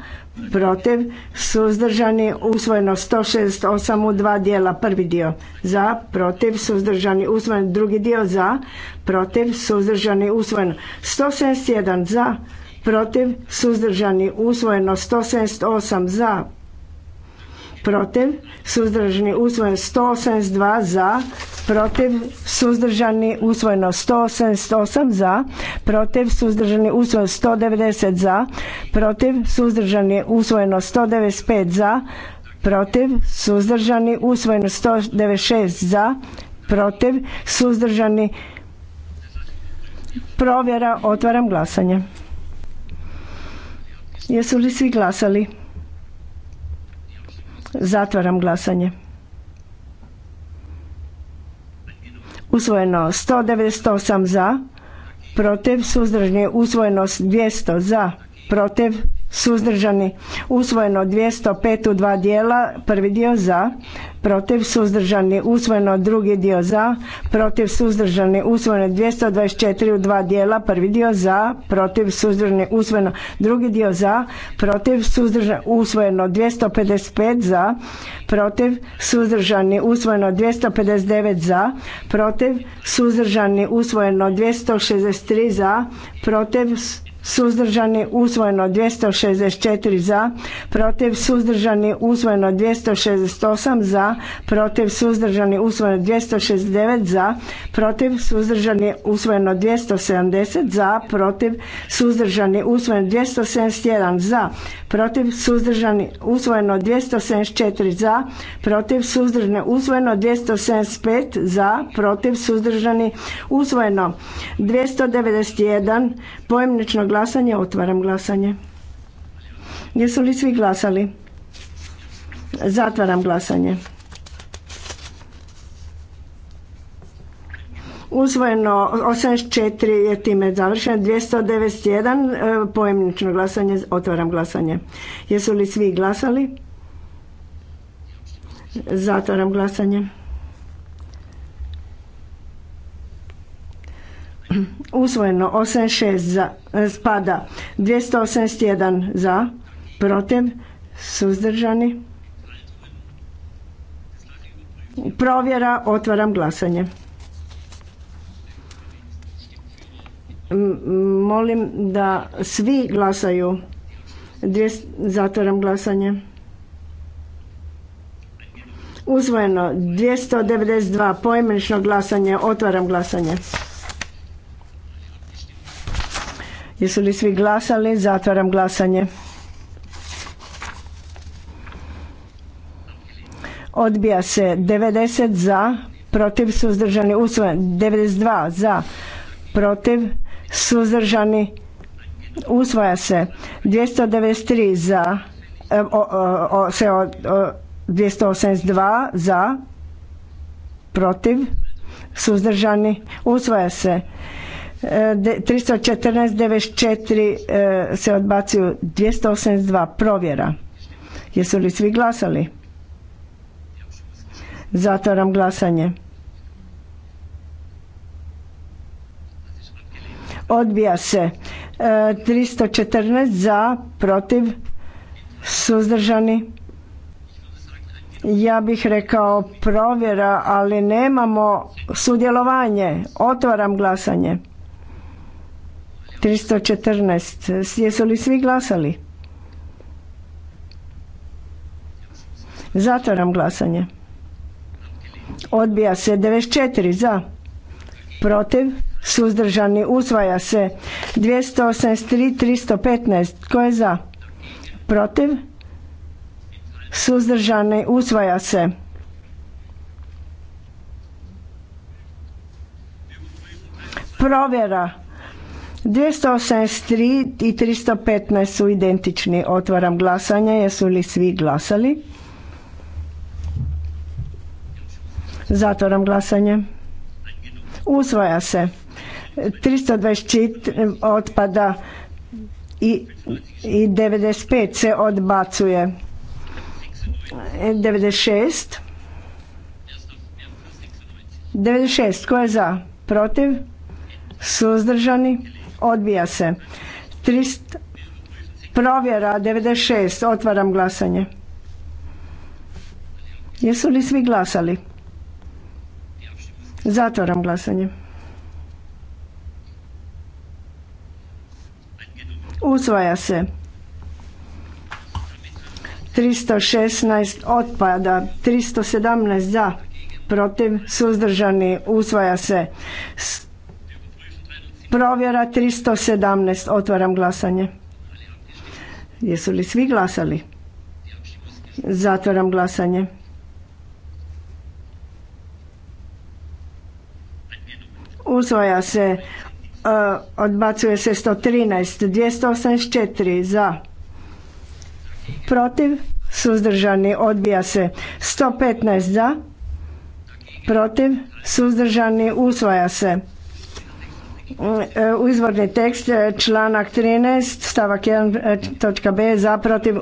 protiv, suzdržani, usvojeno 168 u dva dijela, prvi dio za, protiv, suzdržani, usvojeno, drugi dio za, protiv, suzdržani, usvojeno 171 za, protiv, suzdržani, usvojeno 178 za, protiv, suzdržani usvojeno 182 za, protiv, suzdržani usvojeno 188 za, protiv, suzdržani usvojeno 190 za, protiv, suzdržani usvojeno 195 za, protiv, suzdržani usvojeno 196 za, protiv, suzdržani provjera, otvaram glasanje. Jesu li svi glasali? Zatvaram glasanje. Usvojeno 198 za, protiv, suzdržani, usvojeno 200 za, protiv, suzdržani usvojeno 205 u dva dijela prvi dio za protiv suzdržani usvojeno drugi dio za protiv suzdržani usvojeno 224 u dva dijela prvi dio za protiv suzdržani usvojeno drugi dio za protiv suzdržani usvojeno 255 za protiv suzdržani usvojeno 259 za protiv suzdržani usvojeno 263 za protiv suzdržani usvojeno 264 za, protiv suzdržani usvojeno 268 za, protiv suzdržani usvojeno 269 za, protiv suzdržani usvojeno 270 za, protiv suzdržani usvojeno 271 za, protiv suzdržani usvojeno 274 za, protiv suzdržani usvojeno 275 za, protiv suzdržani usvojeno 291 pojemničnog glasanje, otvaram glasanje. Jesu li svi glasali? Zatvaram glasanje. Usvojeno 84 je time završeno, 291 e, pojemnično glasanje, otvaram glasanje. Jesu li svi glasali? Zatvaram glasanje. usvojeno 86 za, e, spada 281 za protiv suzdržani provjera otvaram glasanje molim da svi glasaju zatvaram glasanje usvojeno 292 poimenično glasanje otvaram glasanje Jesu li svi glasali? Zatvaram glasanje. Odbija se 90 za, protiv suzdržani usvojen, 92 za, protiv suzdržani usvaja se, 293 za, e, se 282 za, protiv suzdržani usvaja se. 314.94 e, se odbacuju 282 provjera jesu li svi glasali zatvaram glasanje odbija se 314 e, za protiv suzdržani ja bih rekao provjera ali nemamo sudjelovanje otvaram glasanje 314. Jesu li svi glasali? Zatvaram glasanje. Odbija se 94 za. Protiv. Suzdržani. Usvaja se 283, 315. Tko je za? Protiv. Suzdržani. Usvaja se. Provjera. 283 i 315 su identični. Otvaram glasanje. Jesu li svi glasali? Zatvaram glasanje. Usvaja se. 324 otpada i, i 95 se odbacuje. 96. 96. Ko je za? Protiv? Suzdržani? odbija se. 300, provjera 96, otvaram glasanje. Jesu li svi glasali? Zatvaram glasanje. Usvaja se. 316 otpada, 317 za, protiv, suzdržani, usvaja se. Provjera 317. Otvaram glasanje. Jesu li svi glasali? Zatvaram glasanje. Usvoja se, e, odbacuje se 113, 284 za, protiv, suzdržani, odbija se 115 za, protiv, suzdržani, usvaja se Mm, e, u izvorni tekst e, članak 13 stavak 1 e, točka B za protiv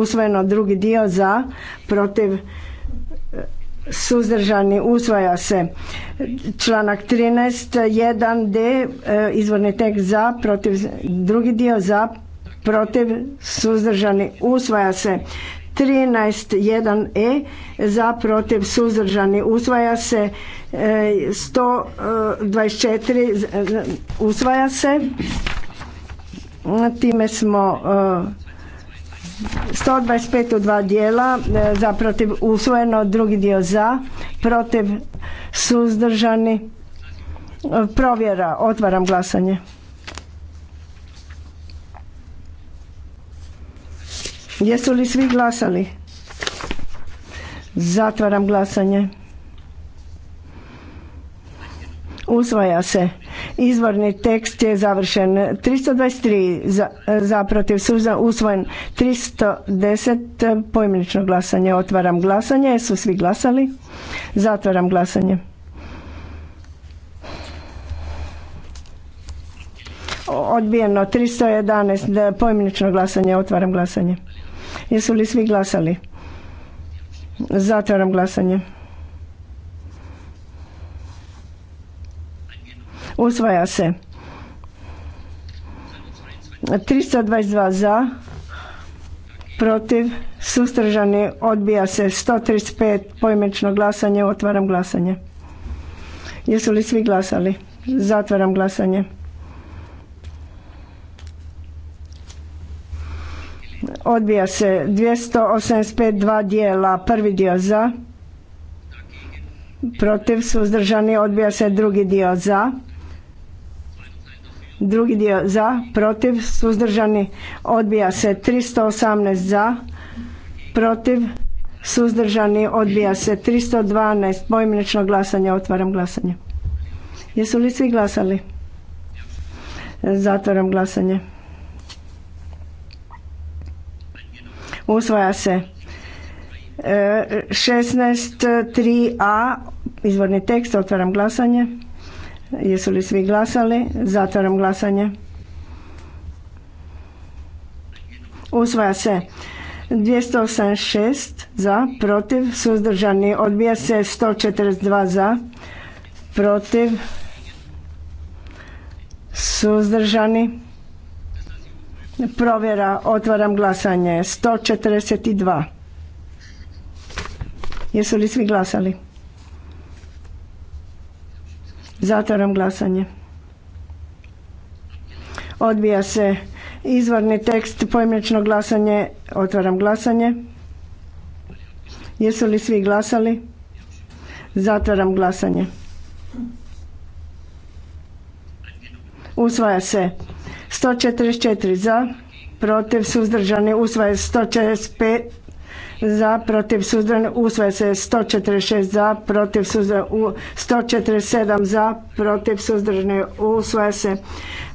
usvojeno drugi dio za protiv suzdržani usvaja se članak 13 1 D izvorni tekst za protiv drugi dio za protiv suzdržani usvaja se 13.1.E e za protiv suzdržani usvaja se 124 e, e, e, usvaja se time smo 125 u dva dijela za protiv usvojeno drugi dio za protiv suzdržani provjera otvaram glasanje Jesu li svi glasali? Zatvaram glasanje. Usvaja se. Izvorni tekst je završen. 323 za, za usvojen. 310 pojmenično glasanje. Otvaram glasanje. Jesu svi glasali? Zatvaram glasanje. Odbijeno 311 pojmenično glasanje. Otvaram glasanje. Jesu li svi glasali? Zatvaram glasanje. Usvaja se. 322 za, protiv, sustržani, odbija se 135 pojmečno glasanje, otvaram glasanje. Jesu li svi glasali? Zatvaram glasanje. Odbija se 285 dva dijela. Prvi dio za. Protiv suzdržani odbija se drugi dio za. Drugi dio za, protiv, suzdržani, odbija se 318 za, protiv, suzdržani, odbija se 312, poimenično glasanje, otvaram glasanje. Jesu li svi glasali? Zatvaram glasanje. Usvaja se. 16.3a. E, izvorni tekst. Otvaram glasanje. Jesu li svi glasali? Zatvaram glasanje. Usvaja se. 286 za, protiv, suzdržani. Odbija se 142 za, protiv, suzdržani. Provjera, otvaram glasanje. 142. Jesu li svi glasali? Zatvaram glasanje. Odbija se izvorni tekst pojmečno glasanje. Otvaram glasanje. Jesu li svi glasali? Zatvaram glasanje. Usvaja se. 144 za, protiv suzdržani usvaja se 145 za, protiv suzdržani usvaja se 146 za, protiv suzdržani 147 za, protiv suzdržani usvaja se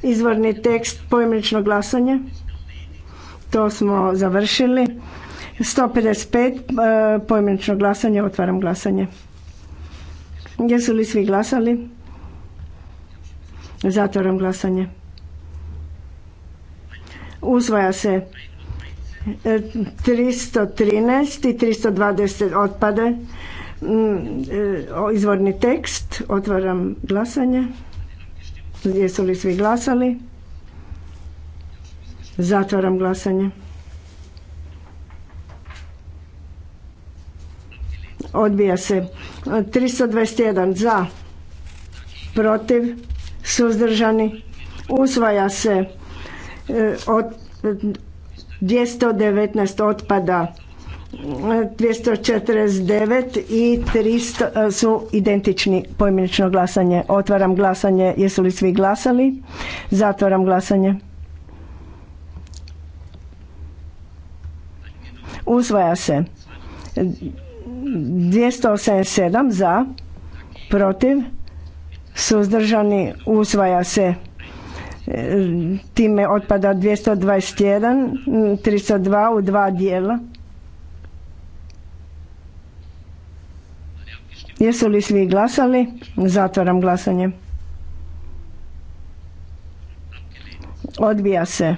izvorni tekst poimenično glasanje. To smo završili. 155 e, poimenično glasanje, otvaram glasanje. Jesu li svi glasali? Zatvaram glasanje. Uzvaja se 313 e, i 320 otpade. Mm, izvorni tekst. Otvaram glasanje. Jesu li svi glasali? Zatvaram glasanje. Odbija se. 321 za, protiv, suzdržani. Usvaja se od 219 otpada 249 i 300 e, su identični poimenično glasanje. Otvaram glasanje. Jesu li svi glasali? Zatvaram glasanje. Usvaja se. 287 za, protiv, suzdržani, usvaja se. E, time otpada 221, 302 u dva dijela. Jesu li svi glasali? Zatvaram glasanje. Odbija se.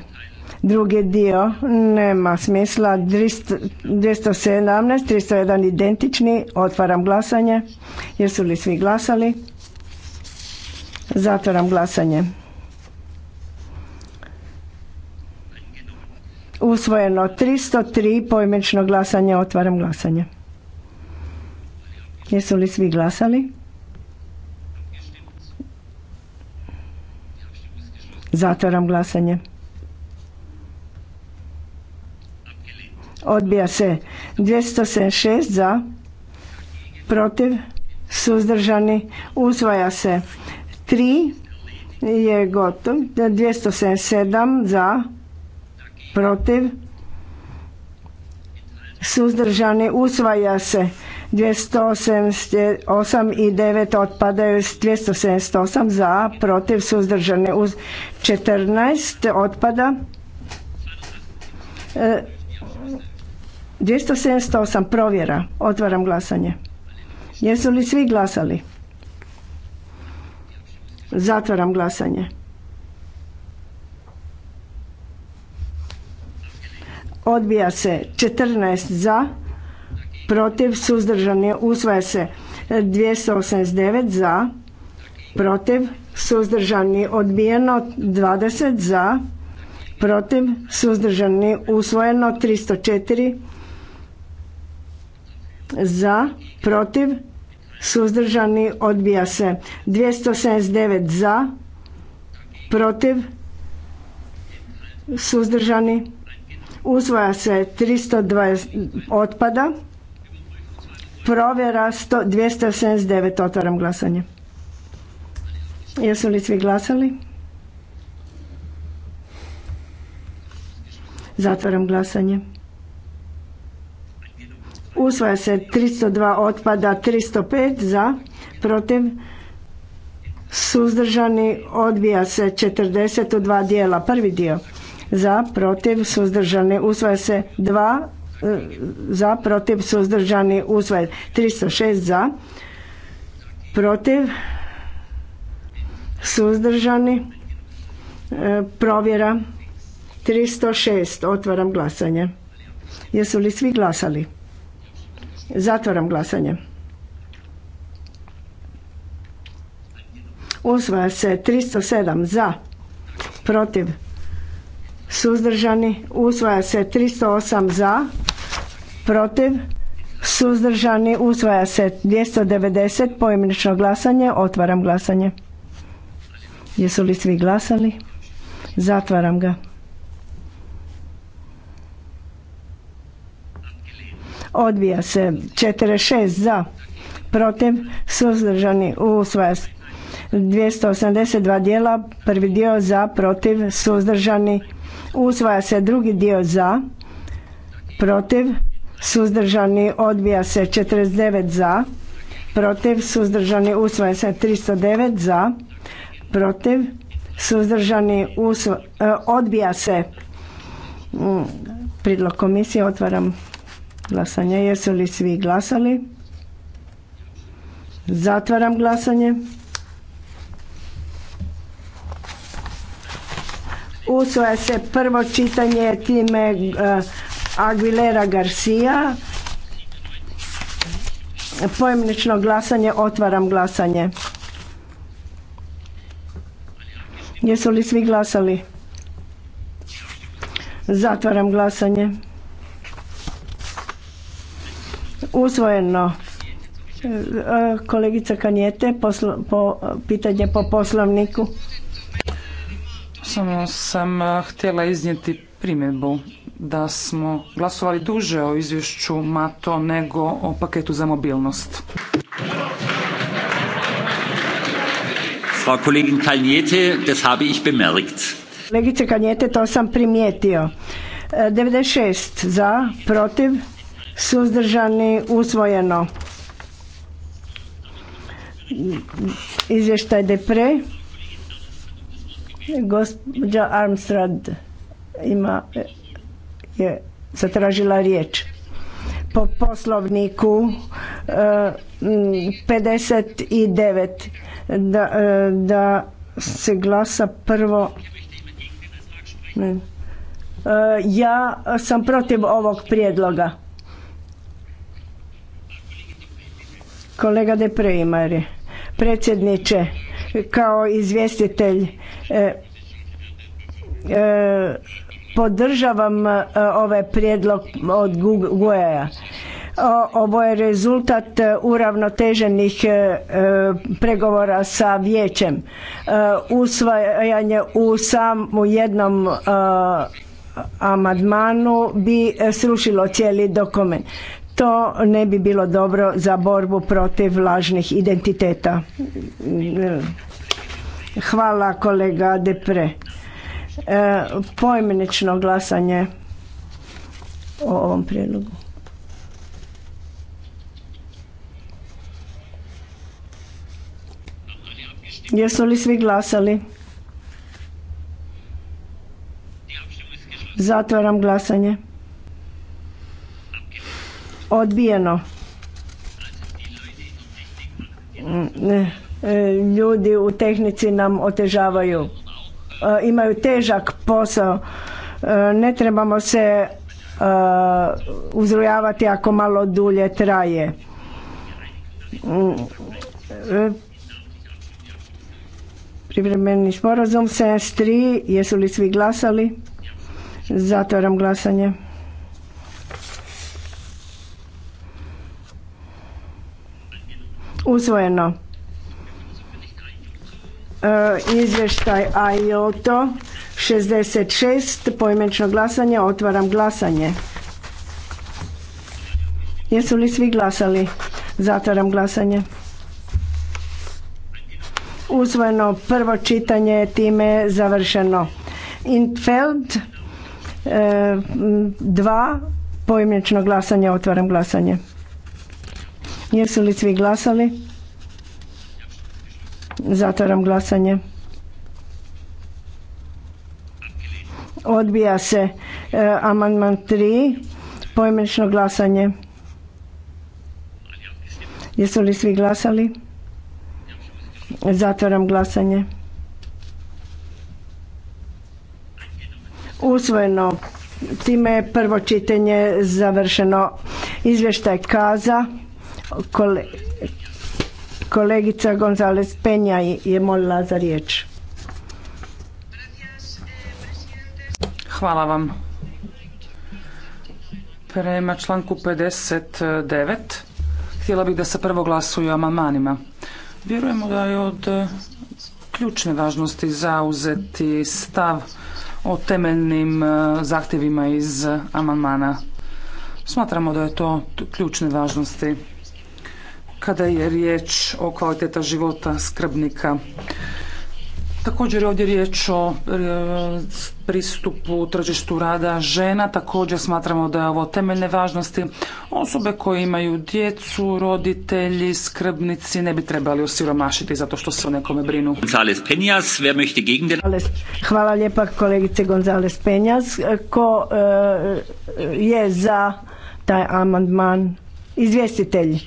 Drugi dio nema smisla. 217, 301 identični. Otvaram glasanje. Jesu li svi glasali? Zatvaram glasanje. usvojeno 303 pojmečno glasanje otvaram glasanje jesu li svi glasali zatvaram glasanje odbija se 276 za protiv suzdržani usvaja se 3 je gotov 277 za protiv, suzdržani usvaja se 278 i 9 otpadaju 278 za, protiv suzdržani uz 14 otpada 278 e, provjera otvaram glasanje jesu li svi glasali zatvaram glasanje odbija se 14 za protiv suzdržani usvaja se 289 za protiv suzdržani odbijeno 20 za protiv suzdržani usvojeno 304 za protiv suzdržani odbija se 279 za protiv suzdržani Uzvaja se 320 otpada. Provjera 279. Otvaram glasanje. Jesu li svi glasali? Zatvaram glasanje. Usvaja se 302 otpada, 305 za, protiv, suzdržani, odbija se 40 dva dijela. Prvi dio za, protiv, suzdržani, usvaja se dva. E, za, protiv, suzdržani, usvaja 306 za, protiv, suzdržani, e, provjera 306. Otvaram glasanje. Jesu li svi glasali? Zatvaram glasanje. Usvaja se 307 za, protiv, suzdržani, usvaja se 308 za, protiv, suzdržani, usvaja se 290, poimenično glasanje, otvaram glasanje. Jesu li svi glasali? Zatvaram ga. Odvija se 46 za, protiv, suzdržani, usvaja se 282 dijela, prvi dio za, protiv, suzdržani, usvaja se drugi dio za protiv suzdržani odbija se 49 za protiv suzdržani usvaja se 309 za protiv suzdržani e, odbija se mm, pridlog komisije otvaram glasanje jesu li svi glasali zatvaram glasanje Usvoja se prvo čitanje time eh, Aguilera Garcia. Pojemnično glasanje, otvaram glasanje. Jesu li svi glasali? Zatvaram glasanje. Usvojeno. Eh, kolegica Kanjete, pitanje po poslovniku. Samo sam eh, htjela iznijeti primjedbu da smo glasovali duže o izvješću Mato nego o paketu za mobilnost. Kolegice kanjete to sam primijetio. 96 eh, za, protiv, suzdržani, usvojeno. Izvještaj Depre. Gospođa Armstrad ima, je zatražila riječ. Po poslovniku 59 e, da, e, da se glasa prvo e, Ja sam protiv ovog prijedloga. Kolega de Predsjedniče, kao izvjestitelj E, e, podržavam e, ovaj prijedlog od Gueja. Ovo je rezultat uravnoteženih pregovora sa vijećem. Usvajanje u samu jednom amadmanu bi srušilo cijeli dokument. To ne bi bilo dobro za borbu protiv lažnih identiteta. Hvala kolega Depre. E, pojmenično glasanje o ovom prijedlogu. Jesu li svi glasali? Zatvaram glasanje. Odbijeno. Mm, ne E, ljudi u tehnici nam otežavaju e, imaju težak posao e, ne trebamo se uzrujavati ako malo dulje traje mm, privremeni sporazum 73 jesu li svi glasali zatvaram glasanje usvojeno E, izvještaj AIOTO 66 poimenično glasanje otvaram glasanje jesu li svi glasali zatvaram glasanje usvojeno prvo čitanje je time završeno Infeld 2 e, poimenično glasanje otvaram glasanje jesu li svi glasali Zatvaram glasanje. Odbija se e, amandman 3. Pojmenično glasanje. Jesu li svi glasali? Zatvaram glasanje. Usvojeno. Time je prvo čitanje završeno. Izvještaj Kaza. Kole Kolegica gonzalez Penja je molila za riječ. Hvala vam. Prema članku 59 htjela bih da se prvo glasuju o amandmanima. Vjerujemo da je od ključne važnosti zauzeti stav o temeljnim e, zahtjevima iz amandmana. Smatramo da je to ključne važnosti kada je riječ o kvaliteta života skrbnika. Također je ovdje riječ o e, pristupu tržištu rada žena. Također smatramo da je ovo temeljne važnosti. Osobe koje imaju djecu, roditelji, skrbnici ne bi trebali osiromašiti zato što se o nekome brinu. Hvala lijepa kolegice Gonzales Penjas. Ko e, je za taj amandman? Izvjestitelj.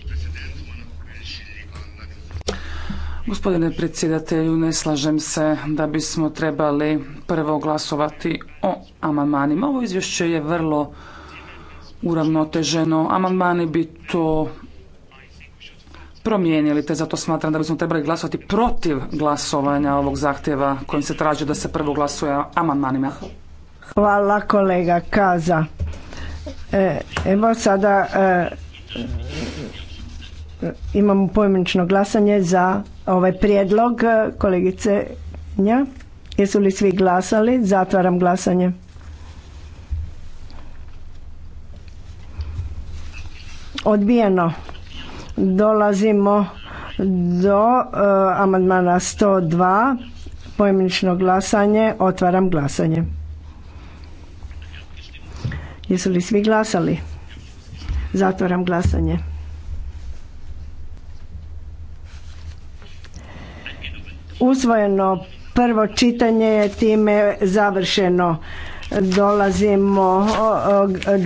Gospodine predsjedatelju, ne slažem se da bismo trebali prvo glasovati o amandmanima. Ovo izvješće je vrlo uravnoteženo. Amandmani bi to promijenili, te zato smatram da bismo trebali glasovati protiv glasovanja ovog zahtjeva kojim se traži da se prvo glasuje amandmanima. Hvala kolega Kaza. E, evo sada e, Imamo pojmenično glasanje za ovaj prijedlog e, kolegice Nja. Jesu li svi glasali? Zatvaram glasanje. Odbijeno. Dolazimo do uh, amandmana 102. Pojmenično glasanje. Otvaram glasanje. Jesu li svi glasali? Zatvaram glasanje. usvojeno prvo čitanje je time završeno dolazimo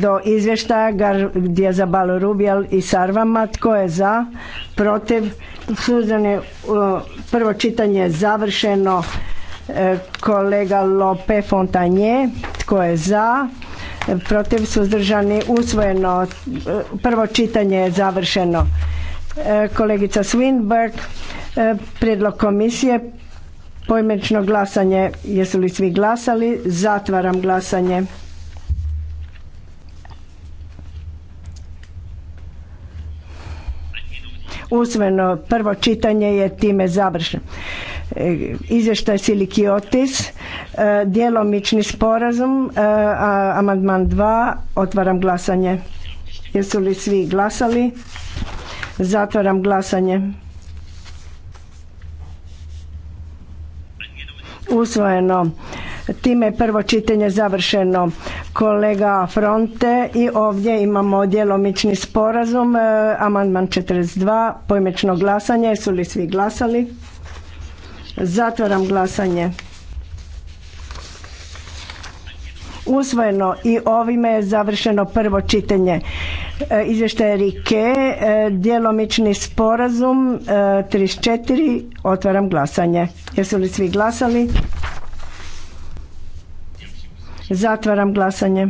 do izvještaja gdje za Rubijal i Sarvama tko je za, protiv suzdržani prvo čitanje je završeno e, kolega Lope Fontanje tko je za protiv suzdržani usvojeno e, prvo čitanje je završeno e, kolegica Swinberg E, prijedlog komisije poimenično glasanje. Jesu li svi glasali? Zatvaram glasanje. Usvojeno prvo čitanje je time završeno. E, izvještaj Silikiotis, e, djelomični sporazum, amandman 2, otvaram glasanje. Jesu li svi glasali? Zatvaram glasanje. usvojeno. Time je prvo čitanje završeno. Kolega Fronte i ovdje imamo djelomični sporazum, e, amandman 42, pojmečno glasanje. Jesu li svi glasali? Zatvaram glasanje. usvojeno i ovime je završeno prvo čitanje. E, izvještaj Rike, e, djelomični sporazum 34, e, otvaram glasanje. Jesu li svi glasali? Zatvaram glasanje.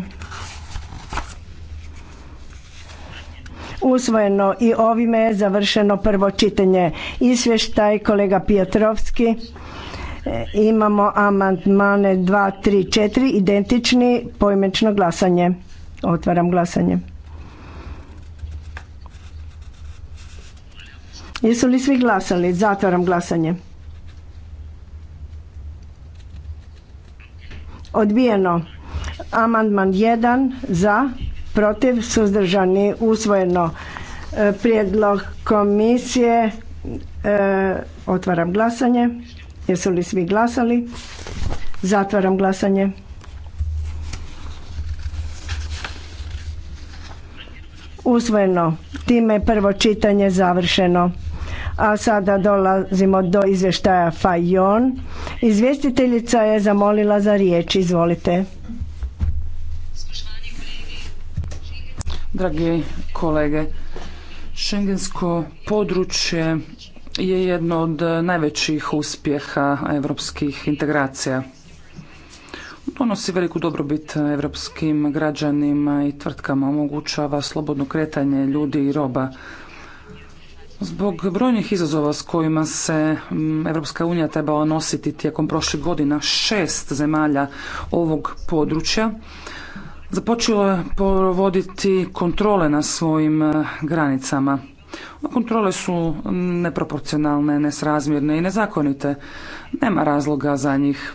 Usvojeno i ovime je završeno prvo čitanje. Izvještaj kolega pijatrovski E, imamo amandmane 2, 3, 4, identični, poimečno glasanje. Otvaram glasanje. Jesu li svi glasali? Zatvaram glasanje. Odbijeno. Amandman 1 za, protiv, suzdržani, usvojeno. E, prijedlog komisije. E, otvaram glasanje. Jesu li svi glasali? Zatvaram glasanje. Usvojeno. Time je prvo čitanje završeno. A sada dolazimo do izvještaja Fajon. Izvjestiteljica je zamolila za riječ. Izvolite. Dragi kolege, šengensko područje je jedno od e, najvećih uspjeha europskih integracija. Donosi veliku dobrobit europskim građanima i tvrtkama, omogućava slobodno kretanje ljudi i roba. Zbog brojnih izazova s kojima se mm, Europska unija trebala nositi tijekom prošlih godina šest zemalja ovog područja, započelo je provoditi kontrole na svojim e, granicama. Kontrole su neproporcionalne, nesrazmjerne i nezakonite. Nema razloga za njih.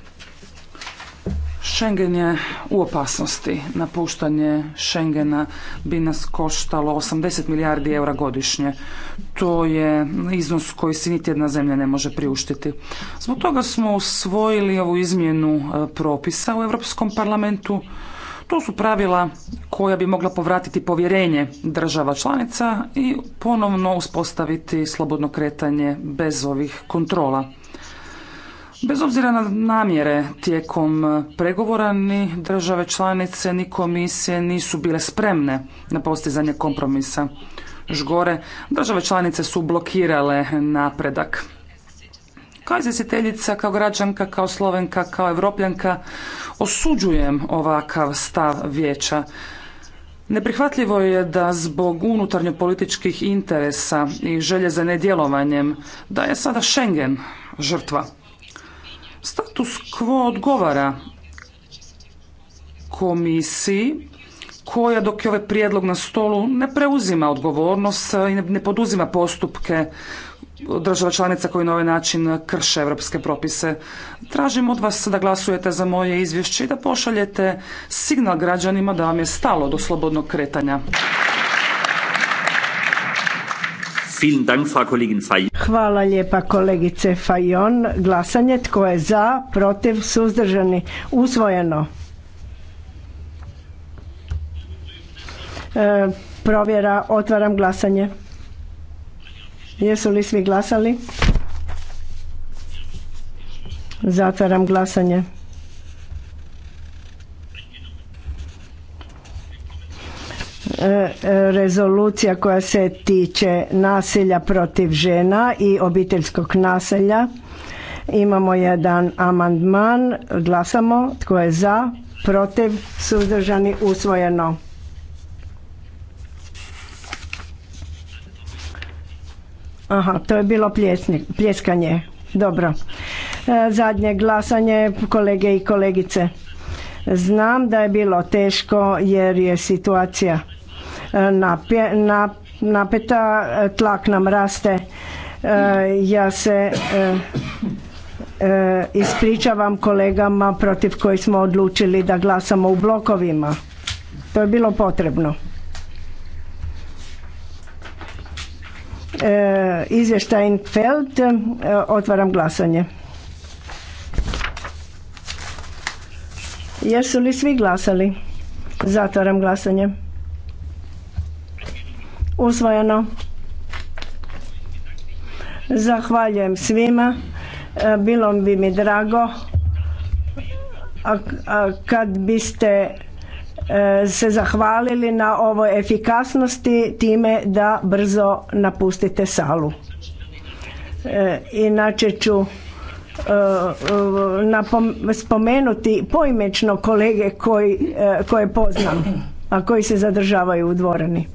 Schengen je u opasnosti. Napuštanje Schengena bi nas koštalo 80 milijardi eura godišnje. To je iznos koji si niti jedna zemlja ne može priuštiti. Zbog toga smo usvojili ovu izmjenu e, propisa u Europskom parlamentu to su pravila koja bi mogla povratiti povjerenje država članica i ponovno uspostaviti slobodno kretanje bez ovih kontrola. Bez obzira na namjere tijekom pregovora ni države članice ni komisije nisu bile spremne na postizanje kompromisa. Žgore, države članice su blokirale napredak. Kao izvjestiteljica, kao građanka, kao slovenka, kao Europljanka osuđujem ovakav stav vijeća. Neprihvatljivo je da zbog unutarnjo političkih interesa i želje za nedjelovanjem da je sada Schengen žrtva. Status quo odgovara komisiji koja dok je ovaj prijedlog na stolu ne preuzima odgovornost i ne poduzima postupke država članica koji na ovaj način krše europske propise. Tražim od vas da glasujete za moje izvješće i da pošaljete signal građanima da vam je stalo do slobodnog kretanja. Hvala lijepa kolegice Fajon. Glasanje tko je za, protiv, suzdržani, usvojeno. E, provjera, otvaram glasanje. Jesu li svi glasali? Zatvaram glasanje. E, e, rezolucija koja se tiče nasilja protiv žena i obiteljskog nasilja. Imamo jedan amandman. Glasamo. Tko je za? Protiv? Suzdržani? Usvojeno. Aha, to je bilo pljeskanje. Dobro. E, zadnje glasanje, kolege i kolegice. Znam da je bilo teško jer je situacija e, napje, napeta, e, tlak nam raste. Ja se ispričavam kolegama protiv kojih smo odlučili da glasamo u blokovima. To je bilo potrebno. E, izvještajn Feld. E, otvaram glasanje. Jesu li svi glasali? Zatvaram glasanje. Usvojeno. Zahvaljujem svima. E, bilo bi mi drago a kad biste E, se zahvalili na ovoj efikasnosti time da brzo napustite salu. E, inače ću e, spomenuti poimečno kolege koji, koje poznam, a koji se zadržavaju u dvorani.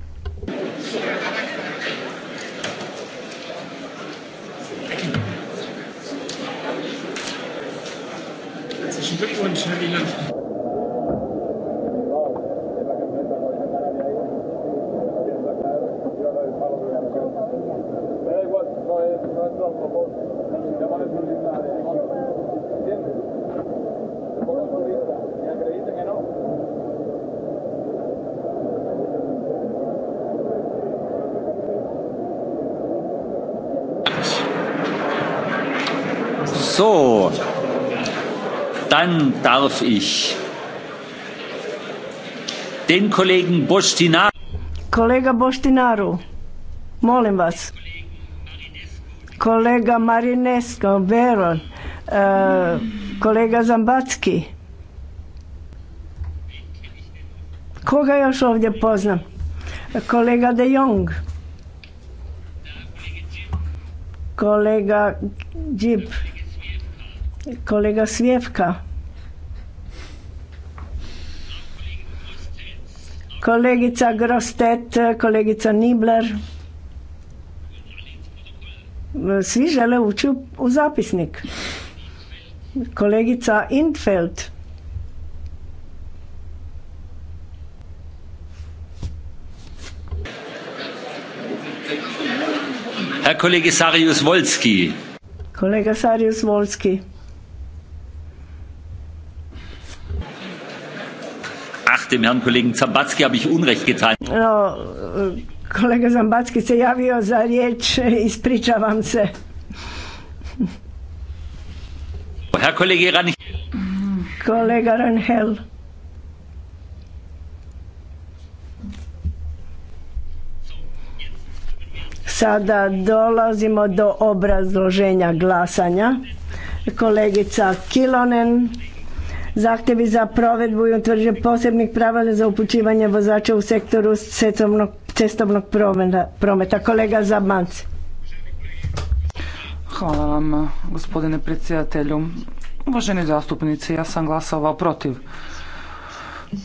darf ich den Kollegen Boštinaru Kolega Boštinaru, molim vas. Kolega Marinesko, Veron, e, kolega Zambacki. Koga još ovdje poznam? Kolega De Jong. Kolega Džip. Kolega Svjevka. Kolegica Grostet, kolegica Nibler. Svi žele ući u zapisnik. Kolegica Intfeld. Herr Kollege Sarius Wolski. Kolega Sarius Wolski. dem Herrn Kollegen Zambatski habe ich Unrecht getan. No, kolega Zambatski se javio za riječ, ispričavam se. Herr Kollege Ranich. Kolega Ranhel. Sada dolazimo do obrazloženja glasanja. Kolegica Kilonen zahtjevi za provedbu i utvrđuje posebnih pravila za upućivanje vozača u sektoru cestovnog, cestovnog prometa. Kolega Zabanc. Hvala vam, gospodine predsjedatelju. Uvaženi zastupnici, ja sam glasovao protiv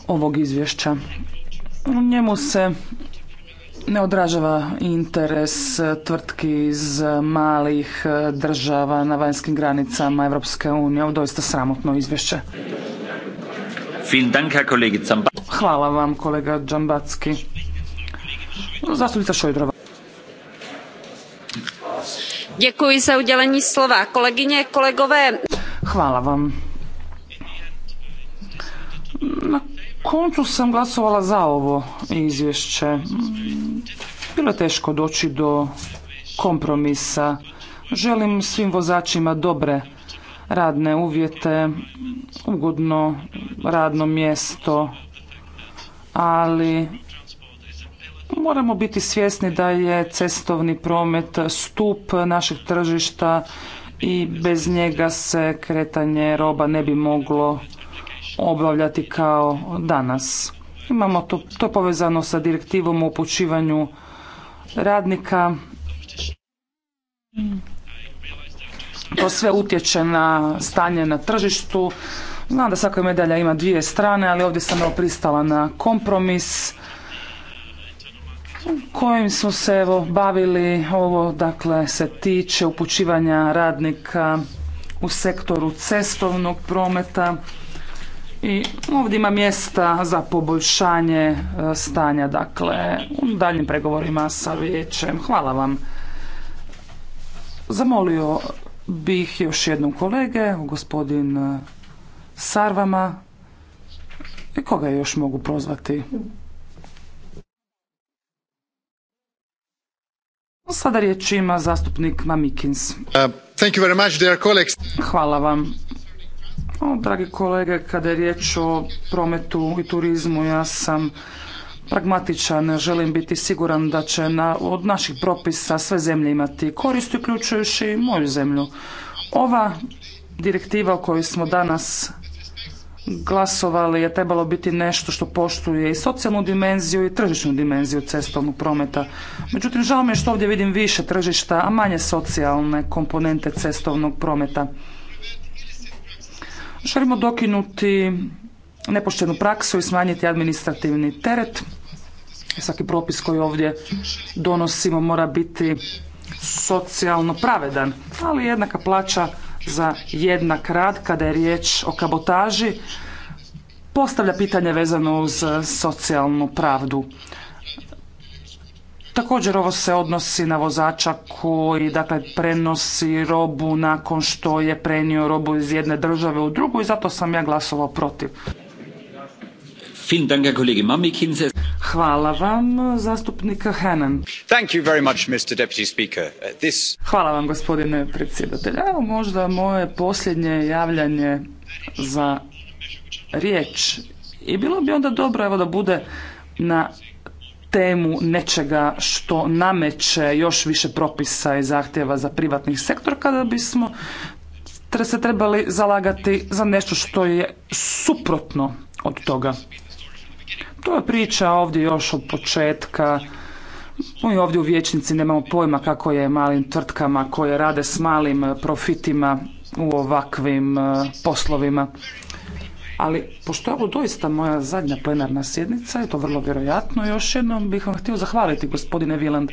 ovog izvješća. U njemu se ne odražava interes tvrtki iz malih država na vanjskim granicama Evropske unije. Ovo doista sramotno izvješće. Hvala vam kolega Džambacki. Zastupnica Šojdrova. Děkuji za udělení slova. Kolegyně, kolegové. Hvala vam koncu sam glasovala za ovo izvješće. Mm, bilo je teško doći do kompromisa. Želim svim vozačima dobre radne uvjete, ugodno radno mjesto, ali moramo biti svjesni da je cestovni promet stup našeg tržišta i bez njega se kretanje roba ne bi moglo obavljati kao danas. Imamo to, to povezano sa direktivom o upućivanju radnika. To sve utječe na stanje na tržištu. Znam da svaka medalja ima dvije strane, ali ovdje sam evo pristala na kompromis kojim smo se evo bavili. Ovo dakle se tiče upućivanja radnika u sektoru cestovnog prometa. I ovdje ima mjesta za poboljšanje e, stanja, dakle, u daljnjim pregovorima sa vijećem. Hvala vam. Zamolio bih još jednom kolege, gospodin e, Sarvama. I e, koga još mogu prozvati? Sada riječ ima zastupnik Mamikins. Uh, Hvala vam dragi kolege, kada je riječ o prometu i turizmu, ja sam pragmatičan, želim biti siguran da će na, od naših propisa sve zemlje imati korist, uključujući i moju zemlju. Ova direktiva o kojoj smo danas glasovali je trebalo biti nešto što poštuje i socijalnu dimenziju i tržišnu dimenziju cestovnog prometa. Međutim, žao mi je što ovdje vidim više tržišta, a manje socijalne komponente cestovnog prometa. Želimo dokinuti nepoštenu praksu i smanjiti administrativni teret. Svaki propis koji ovdje donosimo mora biti socijalno pravedan, ali jednaka plaća za jednak rad kada je riječ o kabotaži postavlja pitanje vezano uz socijalnu pravdu. Također ovo se odnosi na vozača koji dakle prenosi robu nakon što je prenio robu iz jedne države u drugu i zato sam ja glasovao protiv. Hvala vam, zastupnika uh, Hvala vam, gospodine predsjedatelju. Evo možda moje posljednje javljanje za riječ. I bilo bi onda dobro evo da bude na temu nečega što nameće još više propisa i zahtjeva za privatni sektor kada bismo se trebali zalagati za nešto što je suprotno od toga. To je priča ovdje još od početka. Mi ovdje u vijećnici nemamo pojma kako je malim tvrtkama koje rade s malim profitima u ovakvim e, poslovima. Ali pošto je ovo doista moja zadnja plenarna sjednica i to vrlo vjerojatno, još jednom bih vam htio zahvaliti gospodine Viland.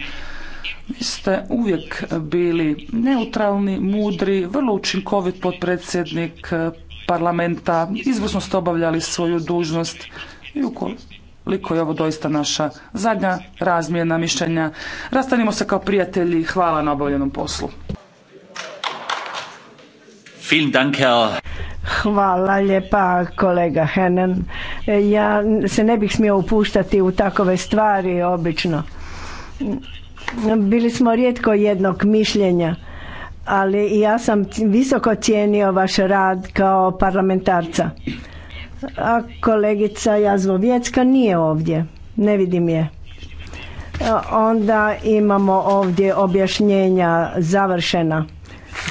Vi ste uvijek bili neutralni, mudri, vrlo učinkovit potpredsjednik parlamenta, izvrsno ste obavljali svoju dužnost i ukoliko je ovo doista naša zadnja razmjena mišljenja, rastanimo se kao prijatelji, hvala na obavljenom poslu. Hvala lijepa kolega Henan. E, ja se ne bih smio upuštati u takove stvari obično. Bili smo rijetko jednog mišljenja, ali ja sam visoko cijenio vaš rad kao parlamentarca. A kolegica Jazvovjecka nije ovdje, ne vidim je. E, onda imamo ovdje objašnjenja završena.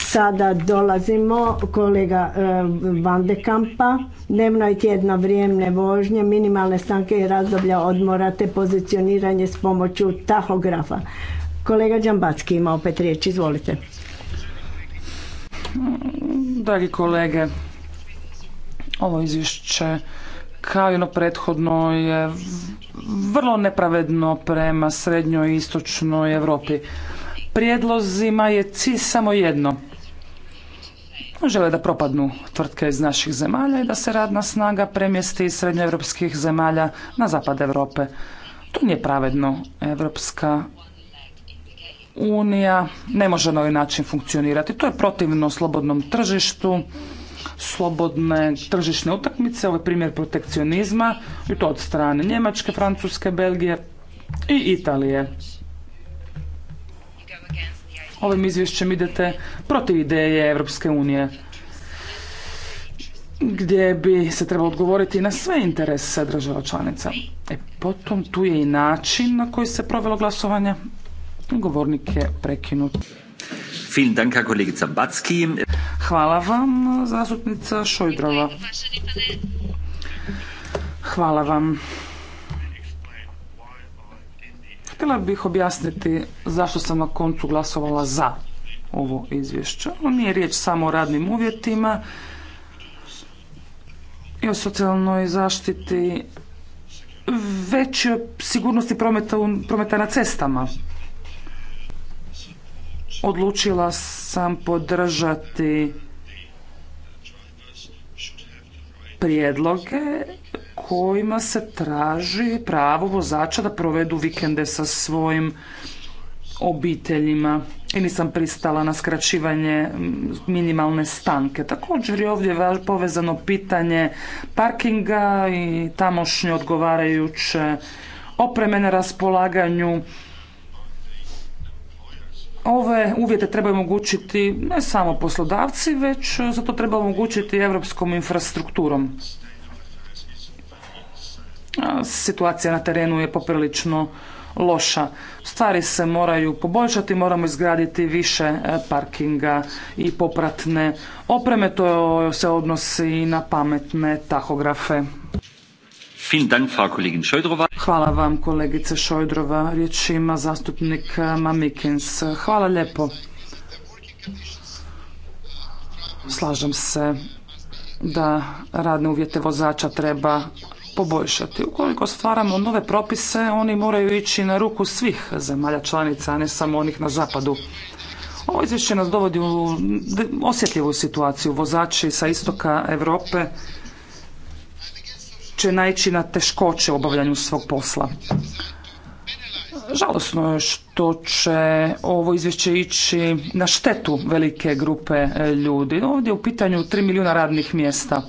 Sada dolazimo kolega eh, Vandekampa, dnevno i tjedno vrijeme vožnje, minimalne stanke i razdoblja odmora te pozicioniranje s pomoću tahografa. Kolega Đambacki ima opet riječ, izvolite. Dragi kolege, ovo izvješće kao i ono prethodno je vrlo nepravedno prema srednjoj i istočnoj Europi prijedlozima je cilj samo jedno. Žele da propadnu tvrtke iz naših zemalja i da se radna snaga premjesti iz srednjoevropskih zemalja na zapad Europe. To nije pravedno. Europska unija ne može na ovaj način funkcionirati. To je protivno slobodnom tržištu, slobodne tržišne utakmice, ovo je primjer protekcionizma i to od strane Njemačke, Francuske, Belgije i Italije ovim izvješćem idete protiv ideje Europske unije gdje bi se trebalo odgovoriti na sve interese država članica. E potom tu je i način na koji se provelo glasovanje. Govornik je prekinut. Hvala vam, zastupnica Šojdrova. Hvala vam. Htjela bih objasniti zašto sam na koncu glasovala za ovo izvješće. nije riječ samo o radnim uvjetima i o socijalnoj zaštiti već o sigurnosti prometa, prometa na cestama. Odlučila sam podržati prijedloge kojima se traži pravo vozača da provedu vikende sa svojim obiteljima i nisam pristala na skraćivanje mm, minimalne stanke. Također je ovdje povezano pitanje parkinga i tamošnje odgovarajuće opreme na raspolaganju. Ove uvjete treba omogućiti ne samo poslodavci, već e, zato treba omogućiti europskom infrastrukturom situacija na terenu je poprilično loša. Stvari se moraju poboljšati, moramo izgraditi više e, parkinga i popratne opreme. To se odnosi i na pametne tahografe. Hvala vam kolegice Šojdrova. Riječ ima zastupnik e, Mamikins. Hvala lijepo. Slažem se da radne uvjete vozača treba poboljšati. Ukoliko stvaramo nove propise, oni moraju ići na ruku svih zemalja članica, a ne samo onih na zapadu. Ovo izvješće nas dovodi u osjetljivu situaciju. Vozači sa istoka Europe će naići na teškoće u obavljanju svog posla. Žalosno je što će ovo izvješće ići na štetu velike grupe ljudi. Ovdje je u pitanju 3 milijuna radnih mjesta.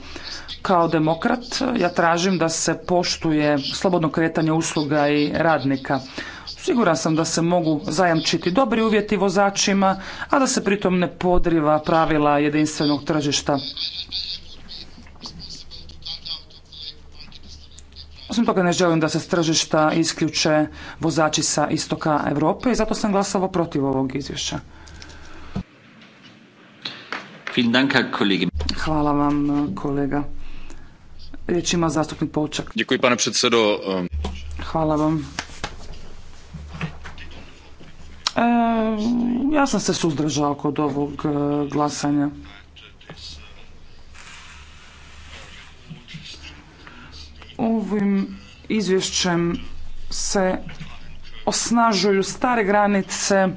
Kao demokrat ja tražim da se poštuje slobodno kretanje usluga i radnika. Siguran sam da se mogu zajamčiti dobri uvjeti vozačima, a da se pritom ne podriva pravila jedinstvenog tržišta. Osim toga ne želim da se s tržišta isključe vozači sa istoka Europe i zato sam glasao protiv ovog izvješća. Hvala vam kolega. Riječ ima zastupnik Děkuji, pane předsedo. Um, Hvala vam. E, ja sam se suzdržao kod ovog e, glasanja. Ovim izvješćem se osnažuju stare granice,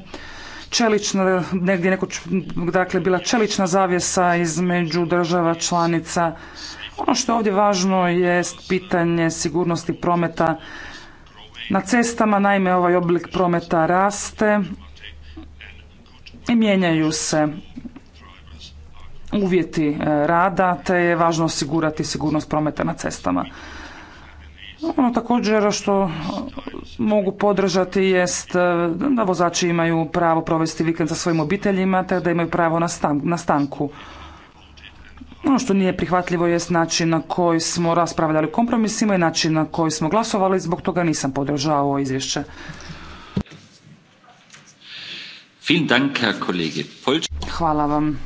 čelična, negdje neko, dakle, bila čelična zavjesa između država članica ono što je ovdje važno jest pitanje sigurnosti prometa na cestama. Naime, ovaj oblik prometa raste i mijenjaju se uvjeti e, rada, te je važno osigurati sigurnost prometa na cestama. Ono također što mogu podržati jest e, da vozači imaju pravo provesti vikend sa svojim obiteljima, te da imaju pravo na stanku. Ono što nije prihvatljivo je način na koji smo raspravljali kompromisima i način na koji smo glasovali, zbog toga nisam podržao ovo izvješće. Hvala vam.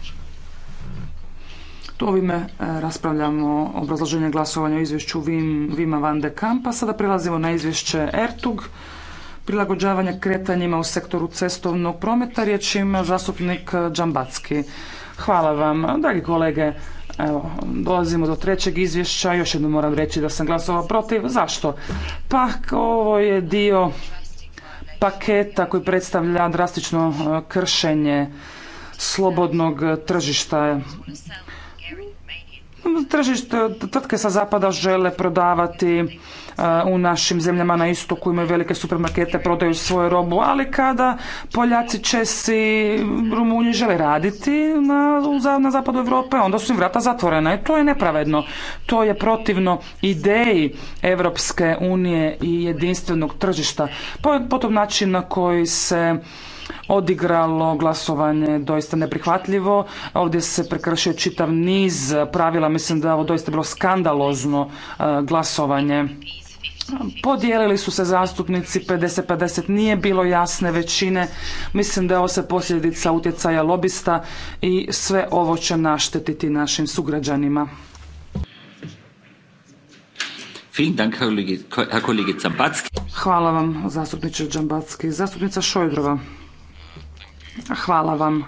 Tu ovime e, raspravljamo obrazloženje glasovanja o izvješću Vima van de Kampa. Sada prelazimo na izvješće Ertug. Prilagođavanje kretanjima u sektoru cestovnog prometa. Riječ ima zastupnik Džambacki. Hvala vam, dragi kolege. Evo, dolazimo do trećeg izvješća, još jednom moram reći da sam glasovao protiv. Zašto? Pa ovo je dio paketa koji predstavlja drastično e, kršenje slobodnog tržišta. Tržište, tvrtke sa zapada žele prodavati Uh, u našim zemljama na istoku imaju velike supermarkete, prodaju svoju robu, ali kada Poljaci, Česi, Rumunji žele raditi na, na zapadu Europe, onda su im vrata zatvorena i to je nepravedno. To je protivno ideji Europske unije i jedinstvenog tržišta. Potom način na koji se odigralo glasovanje doista neprihvatljivo. Ovdje se prekršio čitav niz pravila. Mislim da je ovo doista bilo skandalozno uh, glasovanje. Podijelili su se zastupnici 50-50, nije bilo jasne većine. Mislim da je ovo se posljedica utjecaja lobista i sve ovo će naštetiti našim sugrađanima. Hvala vam, zastupniče Džambacki. Zastupnica Šojdrova. Hvala vam.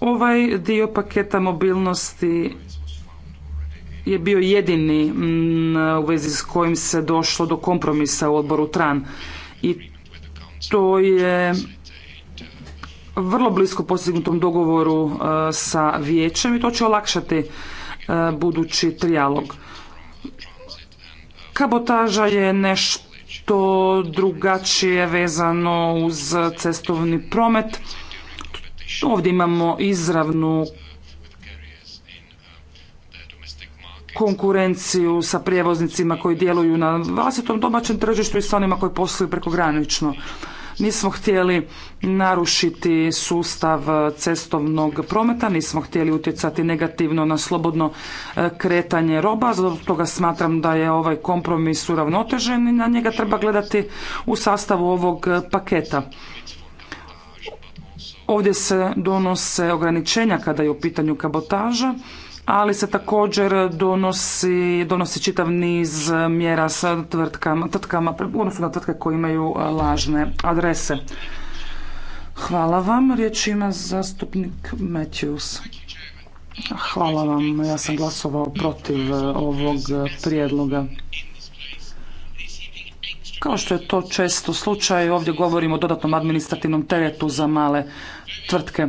Ovaj dio paketa mobilnosti je bio jedini mm, u vezi s kojim se došlo do kompromisa u odboru TRAN. I to je vrlo blisko postignutom dogovoru e, sa vijećem i to će olakšati e, budući trijalog. Kabotaža je nešto drugačije vezano uz cestovni promet. Ovdje imamo izravnu konkurenciju sa prijevoznicima koji djeluju na vlastitom domaćem tržištu i sa onima koji posluju prekogranično. Nismo htjeli narušiti sustav cestovnog prometa, nismo htjeli utjecati negativno na slobodno e, kretanje roba, zbog toga smatram da je ovaj kompromis uravnotežen i na njega treba gledati u sastavu ovog paketa. Ovdje se donose ograničenja kada je u pitanju kabotaža ali se također donosi, donosi čitav niz mjera sa tvrtkama, tvrtkama odnosno na tvrtke koje imaju e, lažne adrese. Hvala vam. Riječ ima zastupnik Matthews. Hvala vam. Ja sam glasovao protiv e, ovog prijedloga. Kao što je to često slučaj, ovdje govorimo o dodatnom administrativnom teretu za male tvrtke.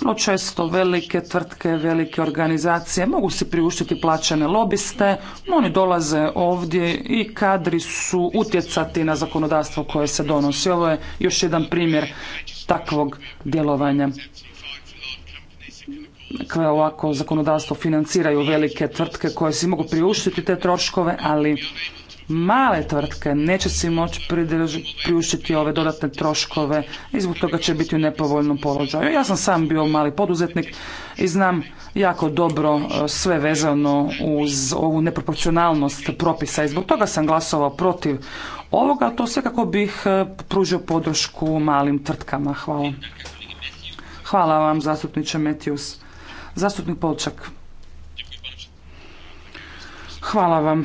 Vrlo često velike tvrtke, velike organizacije mogu si priuštiti plaćene lobiste, oni dolaze ovdje i kadri su utjecati na zakonodavstvo koje se donosi. Ovo je još jedan primjer takvog djelovanja. Dakle, ovako zakonodavstvo financiraju velike tvrtke koje si mogu priuštiti te troškove, ali male tvrtke neće si moći priuštiti ove dodatne troškove i zbog toga će biti u nepovoljnom položaju. Ja sam sam bio mali poduzetnik i znam jako dobro e, sve vezano uz ovu neproporcionalnost propisa i zbog toga sam glasovao protiv ovoga, to sve kako bih e, pružio podršku malim tvrtkama. Hvala. Hvala vam, zastupniče Metius. Zastupnik Polčak. Hvala vam.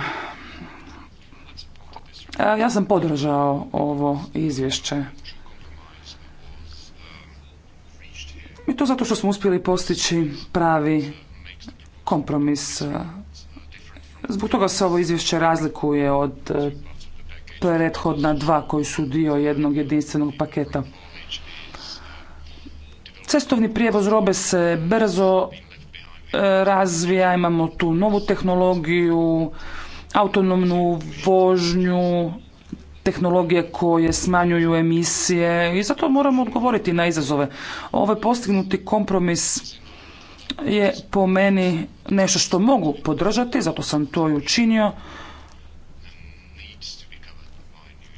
Ja sam podržao ovo izvješće. I to zato što smo uspjeli postići pravi kompromis. Zbog toga se ovo izvješće razlikuje od e, prethodna dva koji su dio jednog jedinstvenog paketa. Cestovni prijevoz robe se brzo e, razvija, imamo tu novu tehnologiju, autonomnu vožnju, tehnologije koje smanjuju emisije i zato moramo odgovoriti na izazove. Ovaj postignuti kompromis je po meni nešto što mogu podržati, zato sam to i učinio.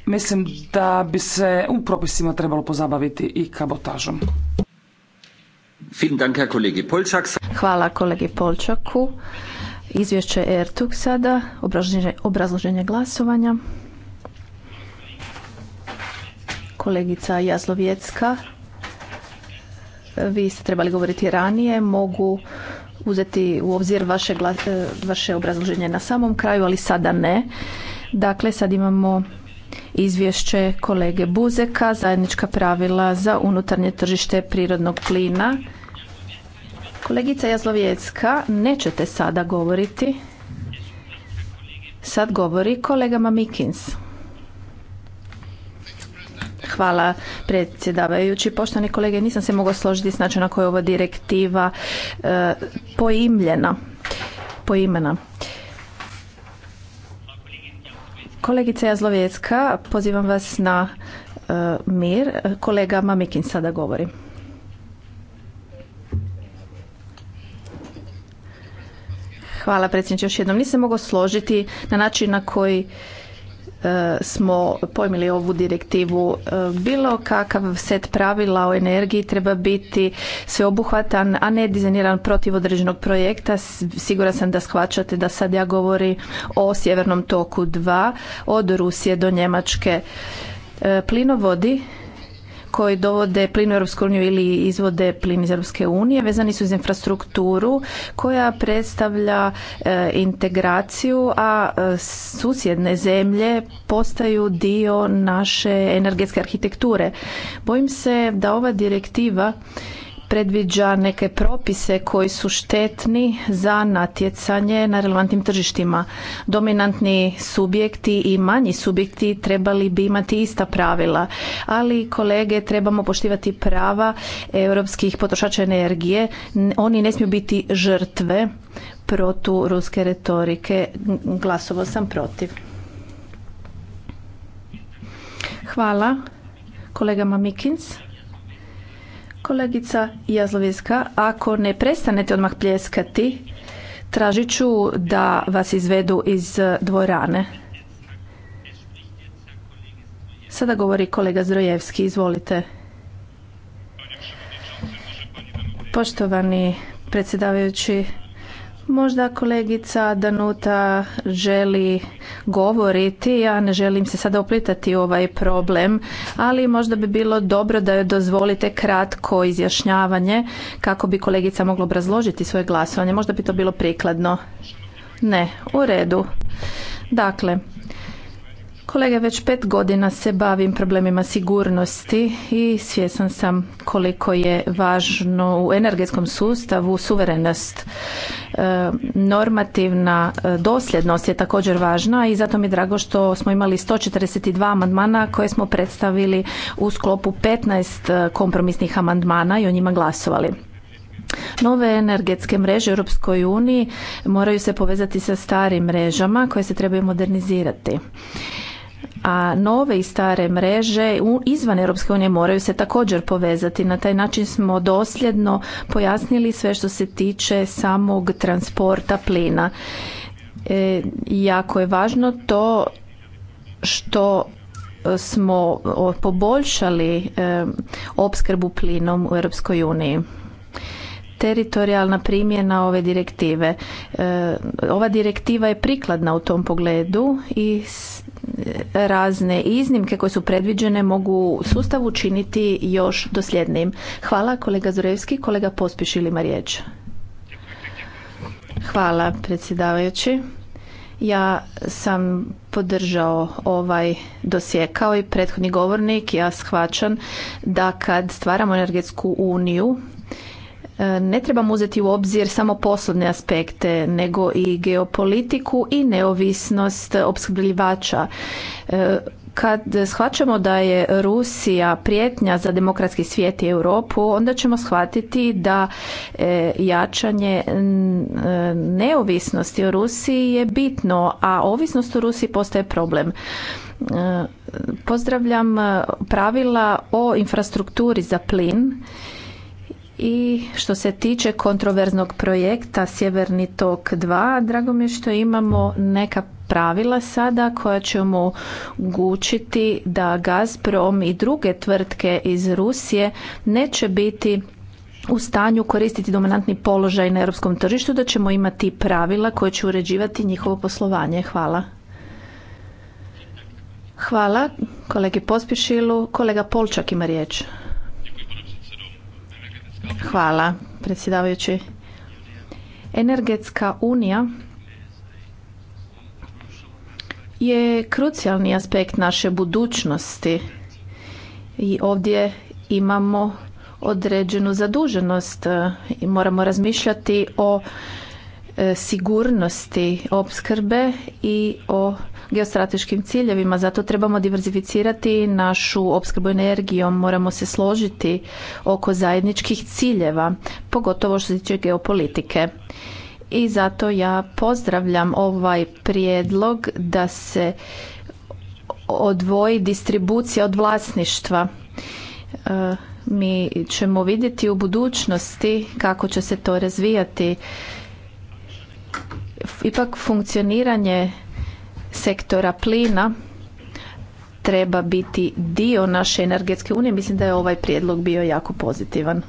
Mislim da bi se u propisima trebalo pozabaviti i kabotažom. Hvala kolegi Polčaku. Izvješće Ertug sada, obrazloženje, glasovanja. Kolegica Jazlovjecka, vi ste trebali govoriti ranije, mogu uzeti u obzir vaše, e, vaše obrazloženje na samom kraju, ali sada ne. Dakle, sad imamo izvješće kolege Buzeka, zajednička pravila za unutarnje tržište prirodnog plina. Kolegica Jazlovjecka, nećete sada govoriti. Sad govori kolega Mamikins. Hvala predsjedavajući. Poštovani kolege, nisam se mogla složiti s načinom na koji je ova direktiva e, poimljena, poimena. Kolegice Jazlovjecka, pozivam vas na e, mir. Kolega Mamikins sada govori. Hvala predsjedniče još jednom. Nisam mogao složiti na način na koji e, smo pojmili ovu direktivu. E, bilo kakav set pravila o energiji treba biti sveobuhvatan, a ne dizajniran protiv određenog projekta. Sigura sam da shvaćate da sad ja govori o Sjevernom toku 2 od Rusije do Njemačke. E, plinovodi koji dovode plin u Europsku uniju ili izvode plin iz Europske unije vezani su iz infrastrukturu koja predstavlja e, integraciju, a e, susjedne zemlje postaju dio naše energetske arhitekture. Bojim se da ova direktiva predviđa neke propise koji su štetni za natjecanje na relevantnim tržištima. Dominantni subjekti i manji subjekti trebali bi imati ista pravila, ali kolege trebamo poštivati prava europskih potrošača energije. Oni ne smiju biti žrtve protu ruske retorike. Glasovao sam protiv. Hvala. Kolega Mamikins. Kolegica Jazlovijska, ako ne prestanete odmah pljeskati, tražit ću da vas izvedu iz dvorane. Sada govori kolega Zdrojevski, izvolite. Poštovani predsjedavajući, Možda kolegica Danuta želi govoriti, ja ne želim se sada oplitati u ovaj problem, ali možda bi bilo dobro da joj dozvolite kratko izjašnjavanje kako bi kolegica mogla obrazložiti svoje glasovanje. Možda bi to bilo prikladno. Ne, u redu. Dakle, Kolega, već pet godina se bavim problemima sigurnosti i svjesan sam koliko je važno u energetskom sustavu suverenost. E, normativna e, dosljednost je također važna i zato mi je drago što smo imali 142 amandmana koje smo predstavili u sklopu 15 e, kompromisnih amandmana i o njima glasovali. Nove energetske mreže u Europskoj uniji moraju se povezati sa starim mrežama koje se trebaju modernizirati a nove i stare mreže izvan Europske unije moraju se također povezati. Na taj način smo dosljedno pojasnili sve što se tiče samog transporta plina. E, jako je važno to što e, smo poboljšali e, opskrbu plinom u Europskoj uniji teritorijalna primjena ove direktive. E, ova direktiva je prikladna u tom pogledu i s razne iznimke koje su predviđene mogu sustav učiniti još dosljednijim. Hvala kolega Zorevski, kolega Pospiš ili Marijeć. Hvala predsjedavajući. Ja sam podržao ovaj dosje kao i prethodni govornik. Ja shvaćam da kad stvaramo energetsku uniju ne trebamo uzeti u obzir samo poslovne aspekte, nego i geopolitiku i neovisnost opskrbljivača. E, kad shvaćamo da je Rusija prijetnja za demokratski svijet i Europu, onda ćemo shvatiti da e, jačanje e, neovisnosti o Rusiji je bitno, a ovisnost u Rusiji postaje problem. Pozdravljam pravila o infrastrukturi za plin i što se tiče kontroverznog projekta Sjeverni tok 2, drago mi je što imamo neka pravila sada koja će omogućiti da Gazprom i druge tvrtke iz Rusije neće biti u stanju koristiti dominantni položaj na europskom tržištu, da ćemo imati pravila koje će uređivati njihovo poslovanje. Hvala. Hvala kolegi Pospišilu. Kolega Polčak ima riječ. Hvala, predsjedavajući. Energetska unija je krucijalni aspekt naše budućnosti i ovdje imamo određenu zaduženost i moramo razmišljati o E, sigurnosti opskrbe i o geostrateškim ciljevima. Zato trebamo diversificirati našu opskrbu energijom, moramo se složiti oko zajedničkih ciljeva, pogotovo što se tiče geopolitike. I zato ja pozdravljam ovaj prijedlog da se odvoji distribucija od vlasništva. E, mi ćemo vidjeti u budućnosti kako će se to razvijati ipak funkcioniranje sektora plina treba biti dio naše energetske unije. Mislim da je ovaj prijedlog bio jako pozitivan.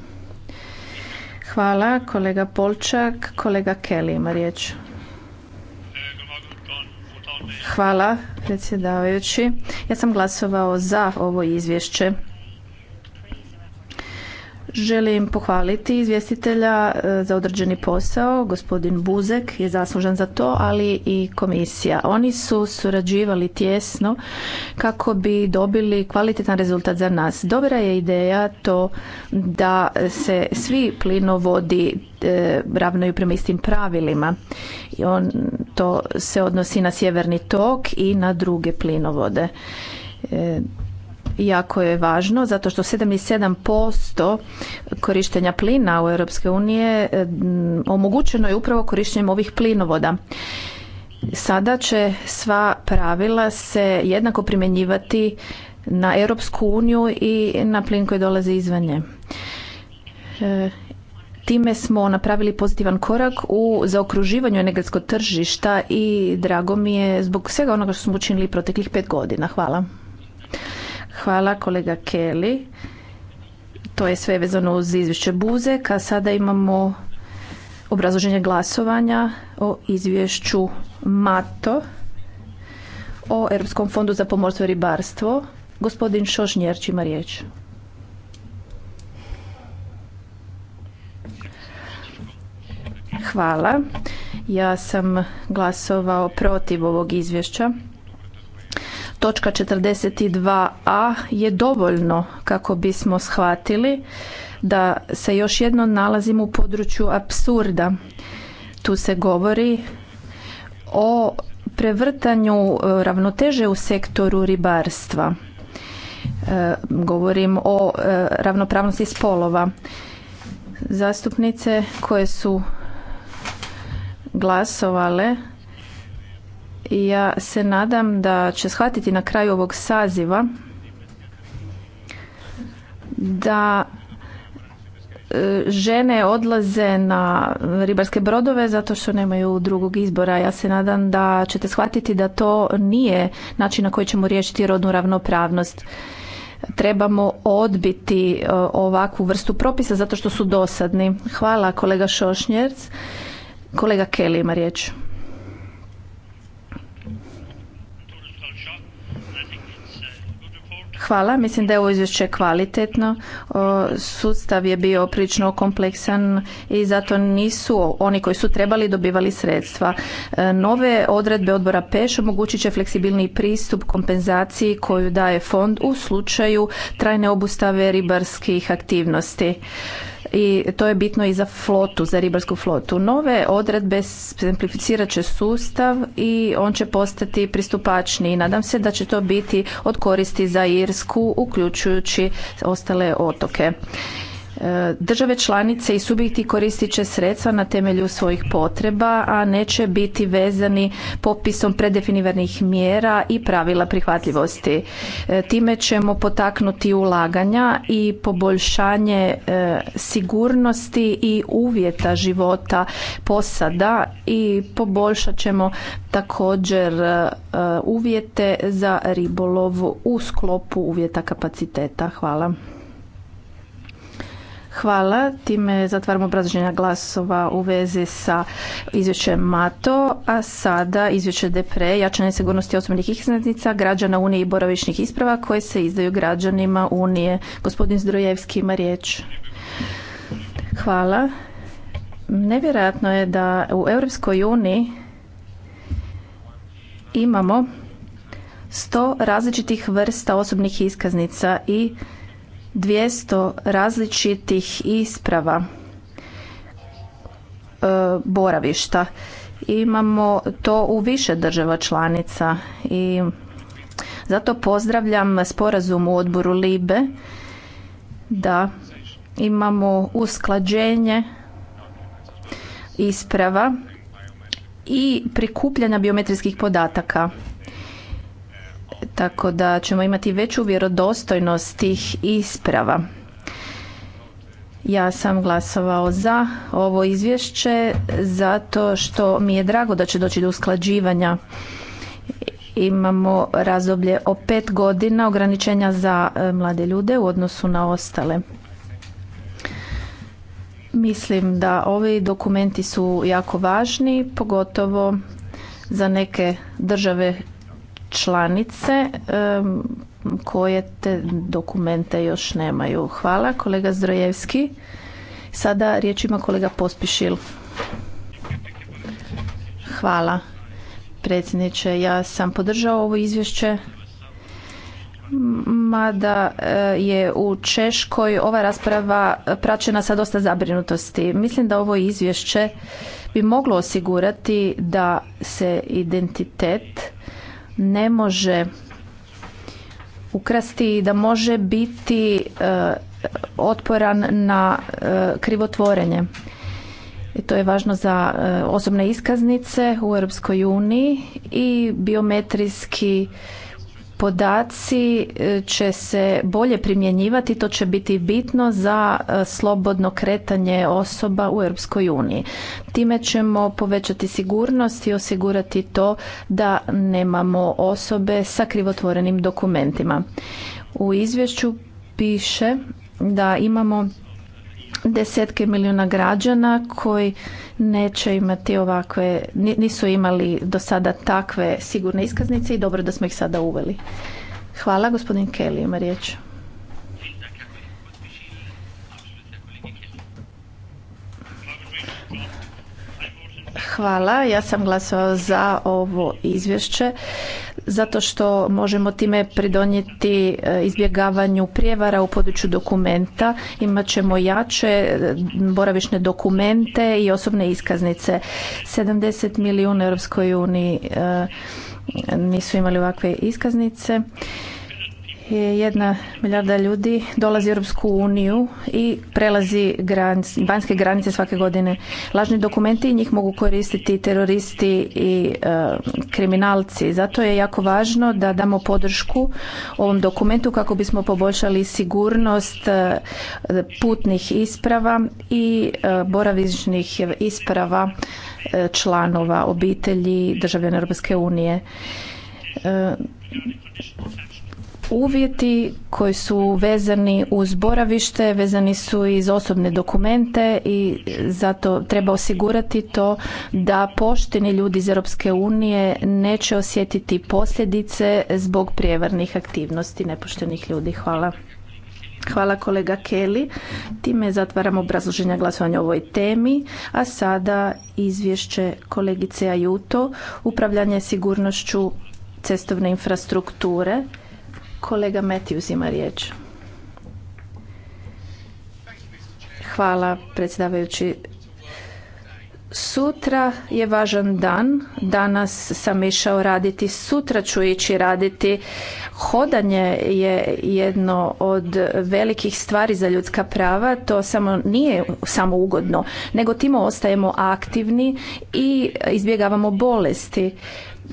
Hvala kolega Polčak, kolega Kelly ima riječ. Hvala predsjedavajući. Ja sam glasovao za ovo izvješće Želim pohvaliti izvjestitelja e, za određeni posao. Gospodin Buzek je zaslužan za to, ali i komisija. Oni su surađivali tjesno kako bi dobili kvalitetan rezultat za nas. Dobra je ideja to da se svi plinovodi e, ravnaju prema istim pravilima. I on, to se odnosi na sjeverni tok i na druge plinovode. E, jako je važno zato što 77% korištenja plina u Europske unije mm, omogućeno je upravo korištenjem ovih plinovoda. Sada će sva pravila se jednako primjenjivati na Europsku uniju i na plin koji dolazi izvan nje. E, time smo napravili pozitivan korak u zaokruživanju energetskog tržišta i drago mi je zbog svega onoga što smo učinili proteklih pet godina. Hvala. Hvala kolega Kelly. To je sve vezano uz izvješće Buzek, a sada imamo obrazloženje glasovanja o izvješću Mato o Europskom fondu za pomorstvo i ribarstvo. Gospodin Šošnjerć ima riječ. Hvala. Ja sam glasovao protiv ovog izvješća točka 42a je dovoljno kako bismo shvatili da se još jedno nalazimo u području apsurda. Tu se govori o prevrtanju e, ravnoteže u sektoru ribarstva. E, govorim o e, ravnopravnosti spolova. Zastupnice koje su glasovale ja se nadam da će shvatiti na kraju ovog saziva da e, žene odlaze na ribarske brodove zato što nemaju drugog izbora. Ja se nadam da ćete shvatiti da to nije način na koji ćemo riješiti rodnu ravnopravnost. Trebamo odbiti e, ovakvu vrstu propisa zato što su dosadni. Hvala kolega Šošnjerc. Kolega Kelly ima riječ. Hvala, mislim da je ovo izvješće kvalitetno. Sustav je bio prilično kompleksan i zato nisu oni koji su trebali dobivali sredstva. E, nove odredbe odbora PEŠ omogućit će fleksibilni pristup kompenzaciji koju daje fond u slučaju trajne obustave ribarskih aktivnosti i to je bitno i za flotu, za ribarsku flotu. Nove odredbe simplificirat će sustav i on će postati pristupačniji. Nadam se da će to biti od koristi za Irsku, uključujući ostale otoke. Države članice i subjekti koristit će sredstva na temelju svojih potreba, a neće biti vezani popisom predefiniranih mjera i pravila prihvatljivosti. E, time ćemo potaknuti ulaganja i poboljšanje e, sigurnosti i uvjeta života posada i poboljšat ćemo također e, uvjete za ribolov u sklopu uvjeta kapaciteta. Hvala. Hvala. Time zatvaramo obrazloženja glasova u vezi sa izvješćem MATO, a sada izvješće Depre, jačanje sigurnosti osobnih iskaznica građana Unije i boravišnih isprava koje se izdaju građanima Unije. Gospodin Zdrojevski ima riječ. Hvala. Nevjerojatno je da u Europskoj uniji imamo 100 različitih vrsta osobnih iskaznica i 200 različitih isprava e, boravišta. Imamo to u više država članica i zato pozdravljam sporazum u odboru Libe da imamo usklađenje isprava i prikupljanja biometrijskih podataka tako da ćemo imati veću vjerodostojnost tih isprava. Ja sam glasovao za ovo izvješće zato što mi je drago da će doći do usklađivanja imamo razdoblje o pet godina ograničenja za e, mlade ljude u odnosu na ostale. Mislim da ovi dokumenti su jako važni, pogotovo za neke države članice koje te dokumente još nemaju. Hvala kolega Zdrojevski. Sada riječ ima kolega Pospišil. Hvala predsjedniče. Ja sam podržao ovo izvješće mada e, je u Češkoj ova rasprava praćena sa dosta zabrinutosti. Mislim da ovo izvješće bi moglo osigurati da se identitet ne može ukrasti i da može biti e, otporan na e, krivotvorenje. I e, to je važno za osobne iskaznice u Europskoj uniji i biometrijski podaci e, će se bolje primjenjivati, to će biti bitno za e, slobodno kretanje osoba u Europskoj uniji. Time ćemo povećati sigurnost i osigurati to da nemamo osobe sa krivotvorenim dokumentima. U izvješću piše da imamo desetke milijuna građana koji neće imati ovakve, nisu imali do sada takve sigurne iskaznice i dobro da smo ih sada uveli. Hvala, gospodin Kelly ima riječ. Hvala. Ja sam glasao za ovo izvješće zato što možemo time pridonijeti e, izbjegavanju prijevara u području dokumenta. Imat ćemo jače e, boravišne dokumente i osobne iskaznice. 70 milijuna Europskoj uniji e, nisu imali ovakve iskaznice jedna milijarda ljudi dolazi u Europsku uniju i prelazi granice, vanjske granice svake godine. Lažni dokumenti njih mogu koristiti teroristi i e, kriminalci. Zato je jako važno da damo podršku ovom dokumentu kako bismo poboljšali sigurnost e, putnih isprava i e, boravišnih isprava e, članova obitelji državljana Europske unije Uvjeti koji su vezani uz boravište, vezani su iz osobne dokumente i zato treba osigurati to da pošteni ljudi iz Europske unije neće osjetiti posljedice zbog prijevarnih aktivnosti nepoštenih ljudi. Hvala. Hvala kolega Kelly. Time zatvaramo obrazloženja glasovanja o ovoj temi, a sada izvješće kolegice Ajuto, upravljanje sigurnošću cestovne infrastrukture. Kolega Matthews ima riječ. Hvala predsjedavajući. Sutra je važan dan. Danas sam išao raditi, sutra ću ići raditi. Hodanje je jedno od velikih stvari za ljudska prava. To samo nije samo ugodno, nego timo ostajemo aktivni i izbjegavamo bolesti.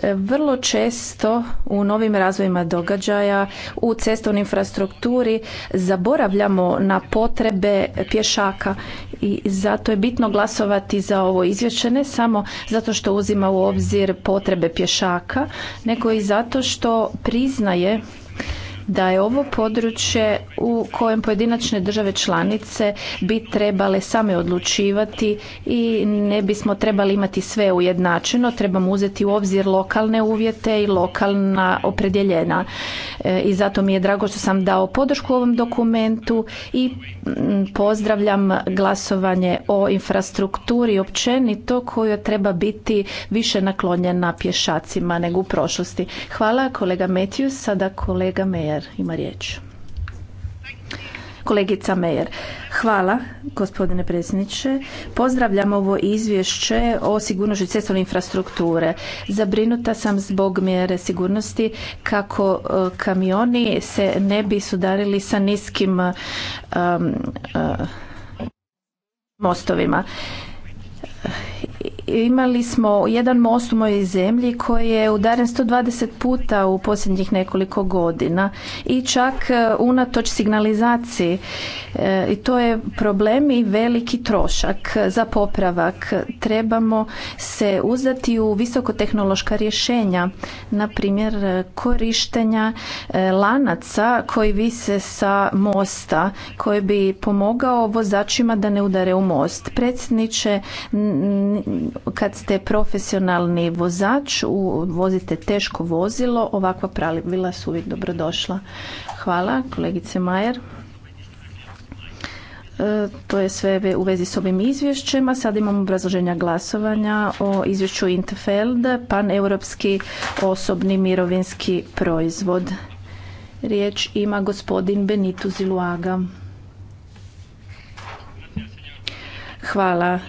Vrlo često u novim razvojima događaja u cestovnoj infrastrukturi zaboravljamo na potrebe pješaka i zato je bitno glasovati za ovo izvješće ne samo zato što uzima u obzir potrebe pješaka nego i zato što priznaje da je ovo područje u kojem pojedinačne države članice bi trebale same odlučivati i ne bismo trebali imati sve ujednačeno, trebamo uzeti u obzir lokalne uvjete i lokalna opredjeljena. E, I zato mi je drago što sam dao podršku ovom dokumentu i pozdravljam glasovanje o infrastrukturi općenito koja treba biti više naklonjena pješacima nego u prošlosti. Hvala kolega Matthews, sada kolega Mejer ima riječ. Kolegica Mejer, hvala gospodine predsjedniče. Pozdravljam ovo izvješće o sigurnosti cestovne infrastrukture. Zabrinuta sam zbog mjere sigurnosti kako e, kamioni se ne bi sudarili sa niskim e, e, mostovima imali smo jedan most u mojoj zemlji koji je udaren 120 puta u posljednjih nekoliko godina i čak e, unatoč signalizaciji e, i to je problem i veliki trošak za popravak. Trebamo se uzeti u visokotehnološka rješenja, na primjer e, korištenja lanaca koji vise sa mosta koji bi pomogao vozačima da ne udare u most. Predsjedniče kad ste profesionalni vozač, vozite teško vozilo, ovakva pravila su uvijek dobrodošla. Hvala, kolegice Majer. E, to je sve u vezi s ovim izvješćima. Sad imamo obrazloženja glasovanja o izvješću Interfeld, pan-europski osobni mirovinski proizvod. Riječ ima gospodin Benito Ziluaga. Hvala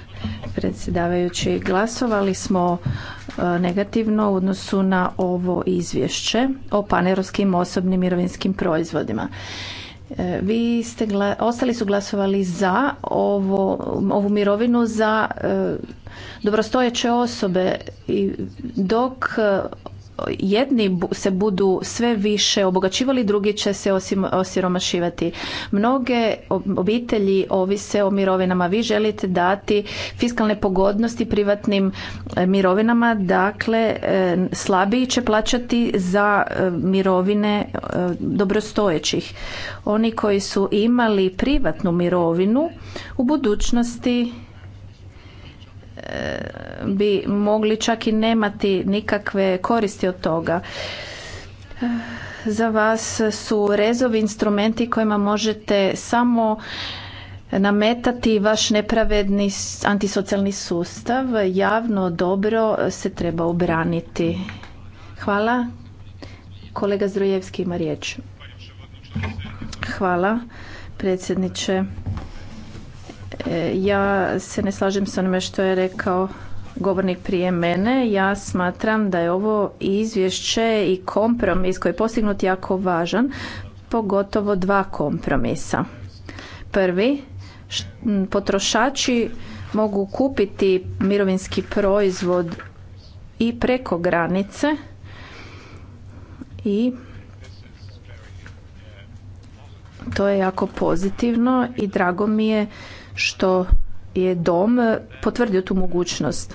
predsjedavajući. Glasovali smo e, negativno u odnosu na ovo izvješće o panerovskim osobnim mirovinskim proizvodima. E, vi ste, ostali su glasovali za ovo, ovu mirovinu za e, dobrostojeće osobe i dok jedni se budu sve više obogaćivali, drugi će se osiromašivati. Mnoge obitelji ovise o mirovinama. Vi želite dati fiskalne pogodnosti privatnim e, mirovinama, dakle e, slabiji će plaćati za e, mirovine dobrostojećih. Oni koji su imali privatnu mirovinu u budućnosti bi mogli čak i nemati nikakve koristi od toga. Za vas su rezovi instrumenti kojima možete samo nametati vaš nepravedni antisocijalni sustav. Javno dobro se treba obraniti. Hvala. Kolega Zdrojevski ima riječ. Hvala predsjedniče. E, ja se ne slažem s onime što je rekao govornik prije mene. Ja smatram da je ovo izvješće i kompromis koji je postignut jako važan, pogotovo dva kompromisa. Prvi, potrošači mogu kupiti mirovinski proizvod i preko granice i to je jako pozitivno i drago mi je što je dom eh, potvrdio tu mogućnost.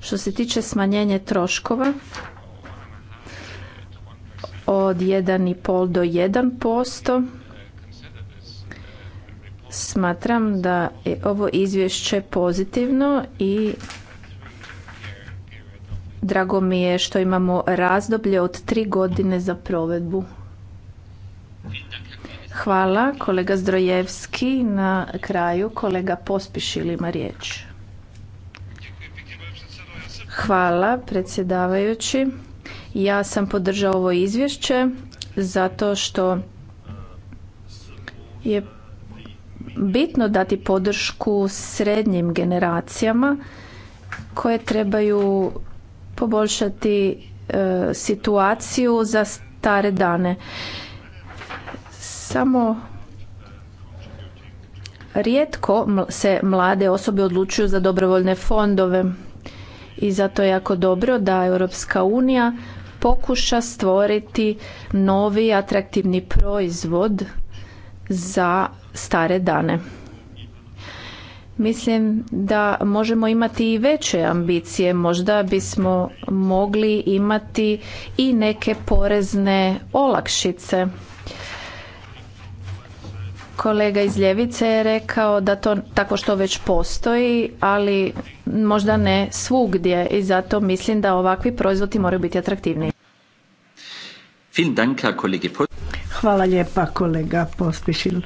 Što se tiče smanjenje troškova od 1,5 do 1%, smatram da je ovo izvješće pozitivno i drago mi je što imamo razdoblje od tri godine za provedbu. Hvala kolega Zdrojevski. Na kraju kolega Pospišil ima riječ. Hvala predsjedavajući. Ja sam podržao ovo izvješće zato što je bitno dati podršku srednjim generacijama koje trebaju poboljšati e, situaciju za stare dane. Samo rijetko se mlade osobe odlučuju za dobrovoljne fondove i zato je jako dobro da Europska unija pokuša stvoriti novi atraktivni proizvod za stare dane. Mislim da možemo imati i veće ambicije, možda bismo mogli imati i neke porezne olakšice Kolega iz Ljevice je rekao da to tako što već postoji, ali možda ne svugdje i zato mislim da ovakvi proizvodi moraju biti atraktivniji. Hvala lijepa kolega Pospišil.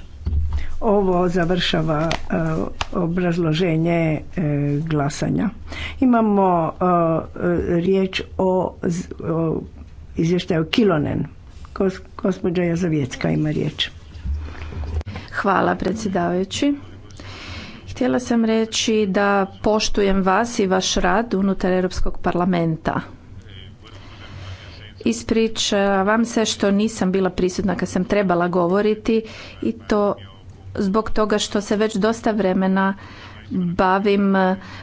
Ovo završava e, obrazloženje e, glasanja. Imamo e, riječ o izvještaju Kilonen. Gospođa Jazovjecka ima riječ. Hvala predsjedavajući. Htjela sam reći da poštujem vas i vaš rad unutar Europskog parlamenta. Ispričavam se što nisam bila prisutna kad sam trebala govoriti i to zbog toga što se već dosta vremena bavim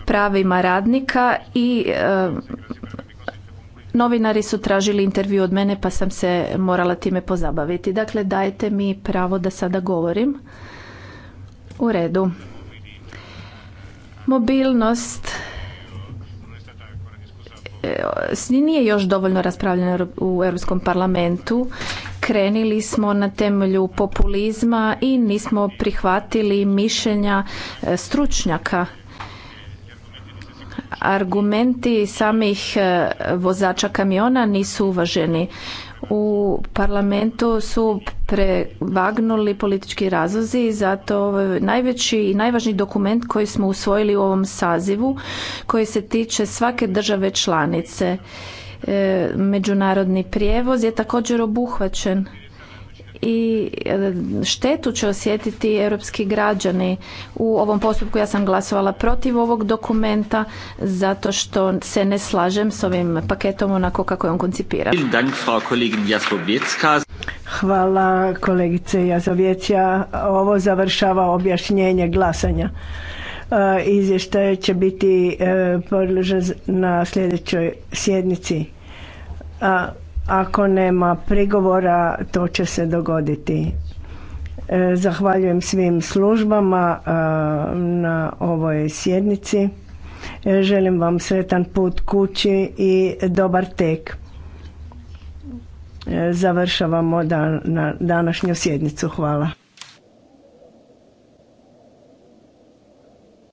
pravima radnika i e, Novinari su tražili intervju od mene pa sam se morala time pozabaviti. Dakle, dajte mi pravo da sada govorim. U redu. Mobilnost e, nije još dovoljno raspravljeno u Europskom parlamentu. Krenili smo na temelju populizma i nismo prihvatili mišljenja e, stručnjaka argumenti samih e, vozača kamiona nisu uvaženi. U parlamentu su prevagnuli politički razlozi i zato najveći i najvažniji dokument koji smo usvojili u ovom sazivu koji se tiče svake države članice. E, međunarodni prijevoz je također obuhvaćen i e, štetu će osjetiti europski građani. U ovom postupku ja sam glasovala protiv ovog dokumenta zato što se ne slažem s ovim paketom onako kako je on koncipiran. Hvala kolegice Jazovjecija. Ovo završava objašnjenje glasanja. E, izvještaj će biti e, podložen na sljedećoj sjednici. Ako nema prigovora, to će se dogoditi. E, zahvaljujem svim službama e, na ovoj sjednici. E, želim vam sretan put kući i dobar tek. Završavamo dan, na današnju sjednicu. Hvala.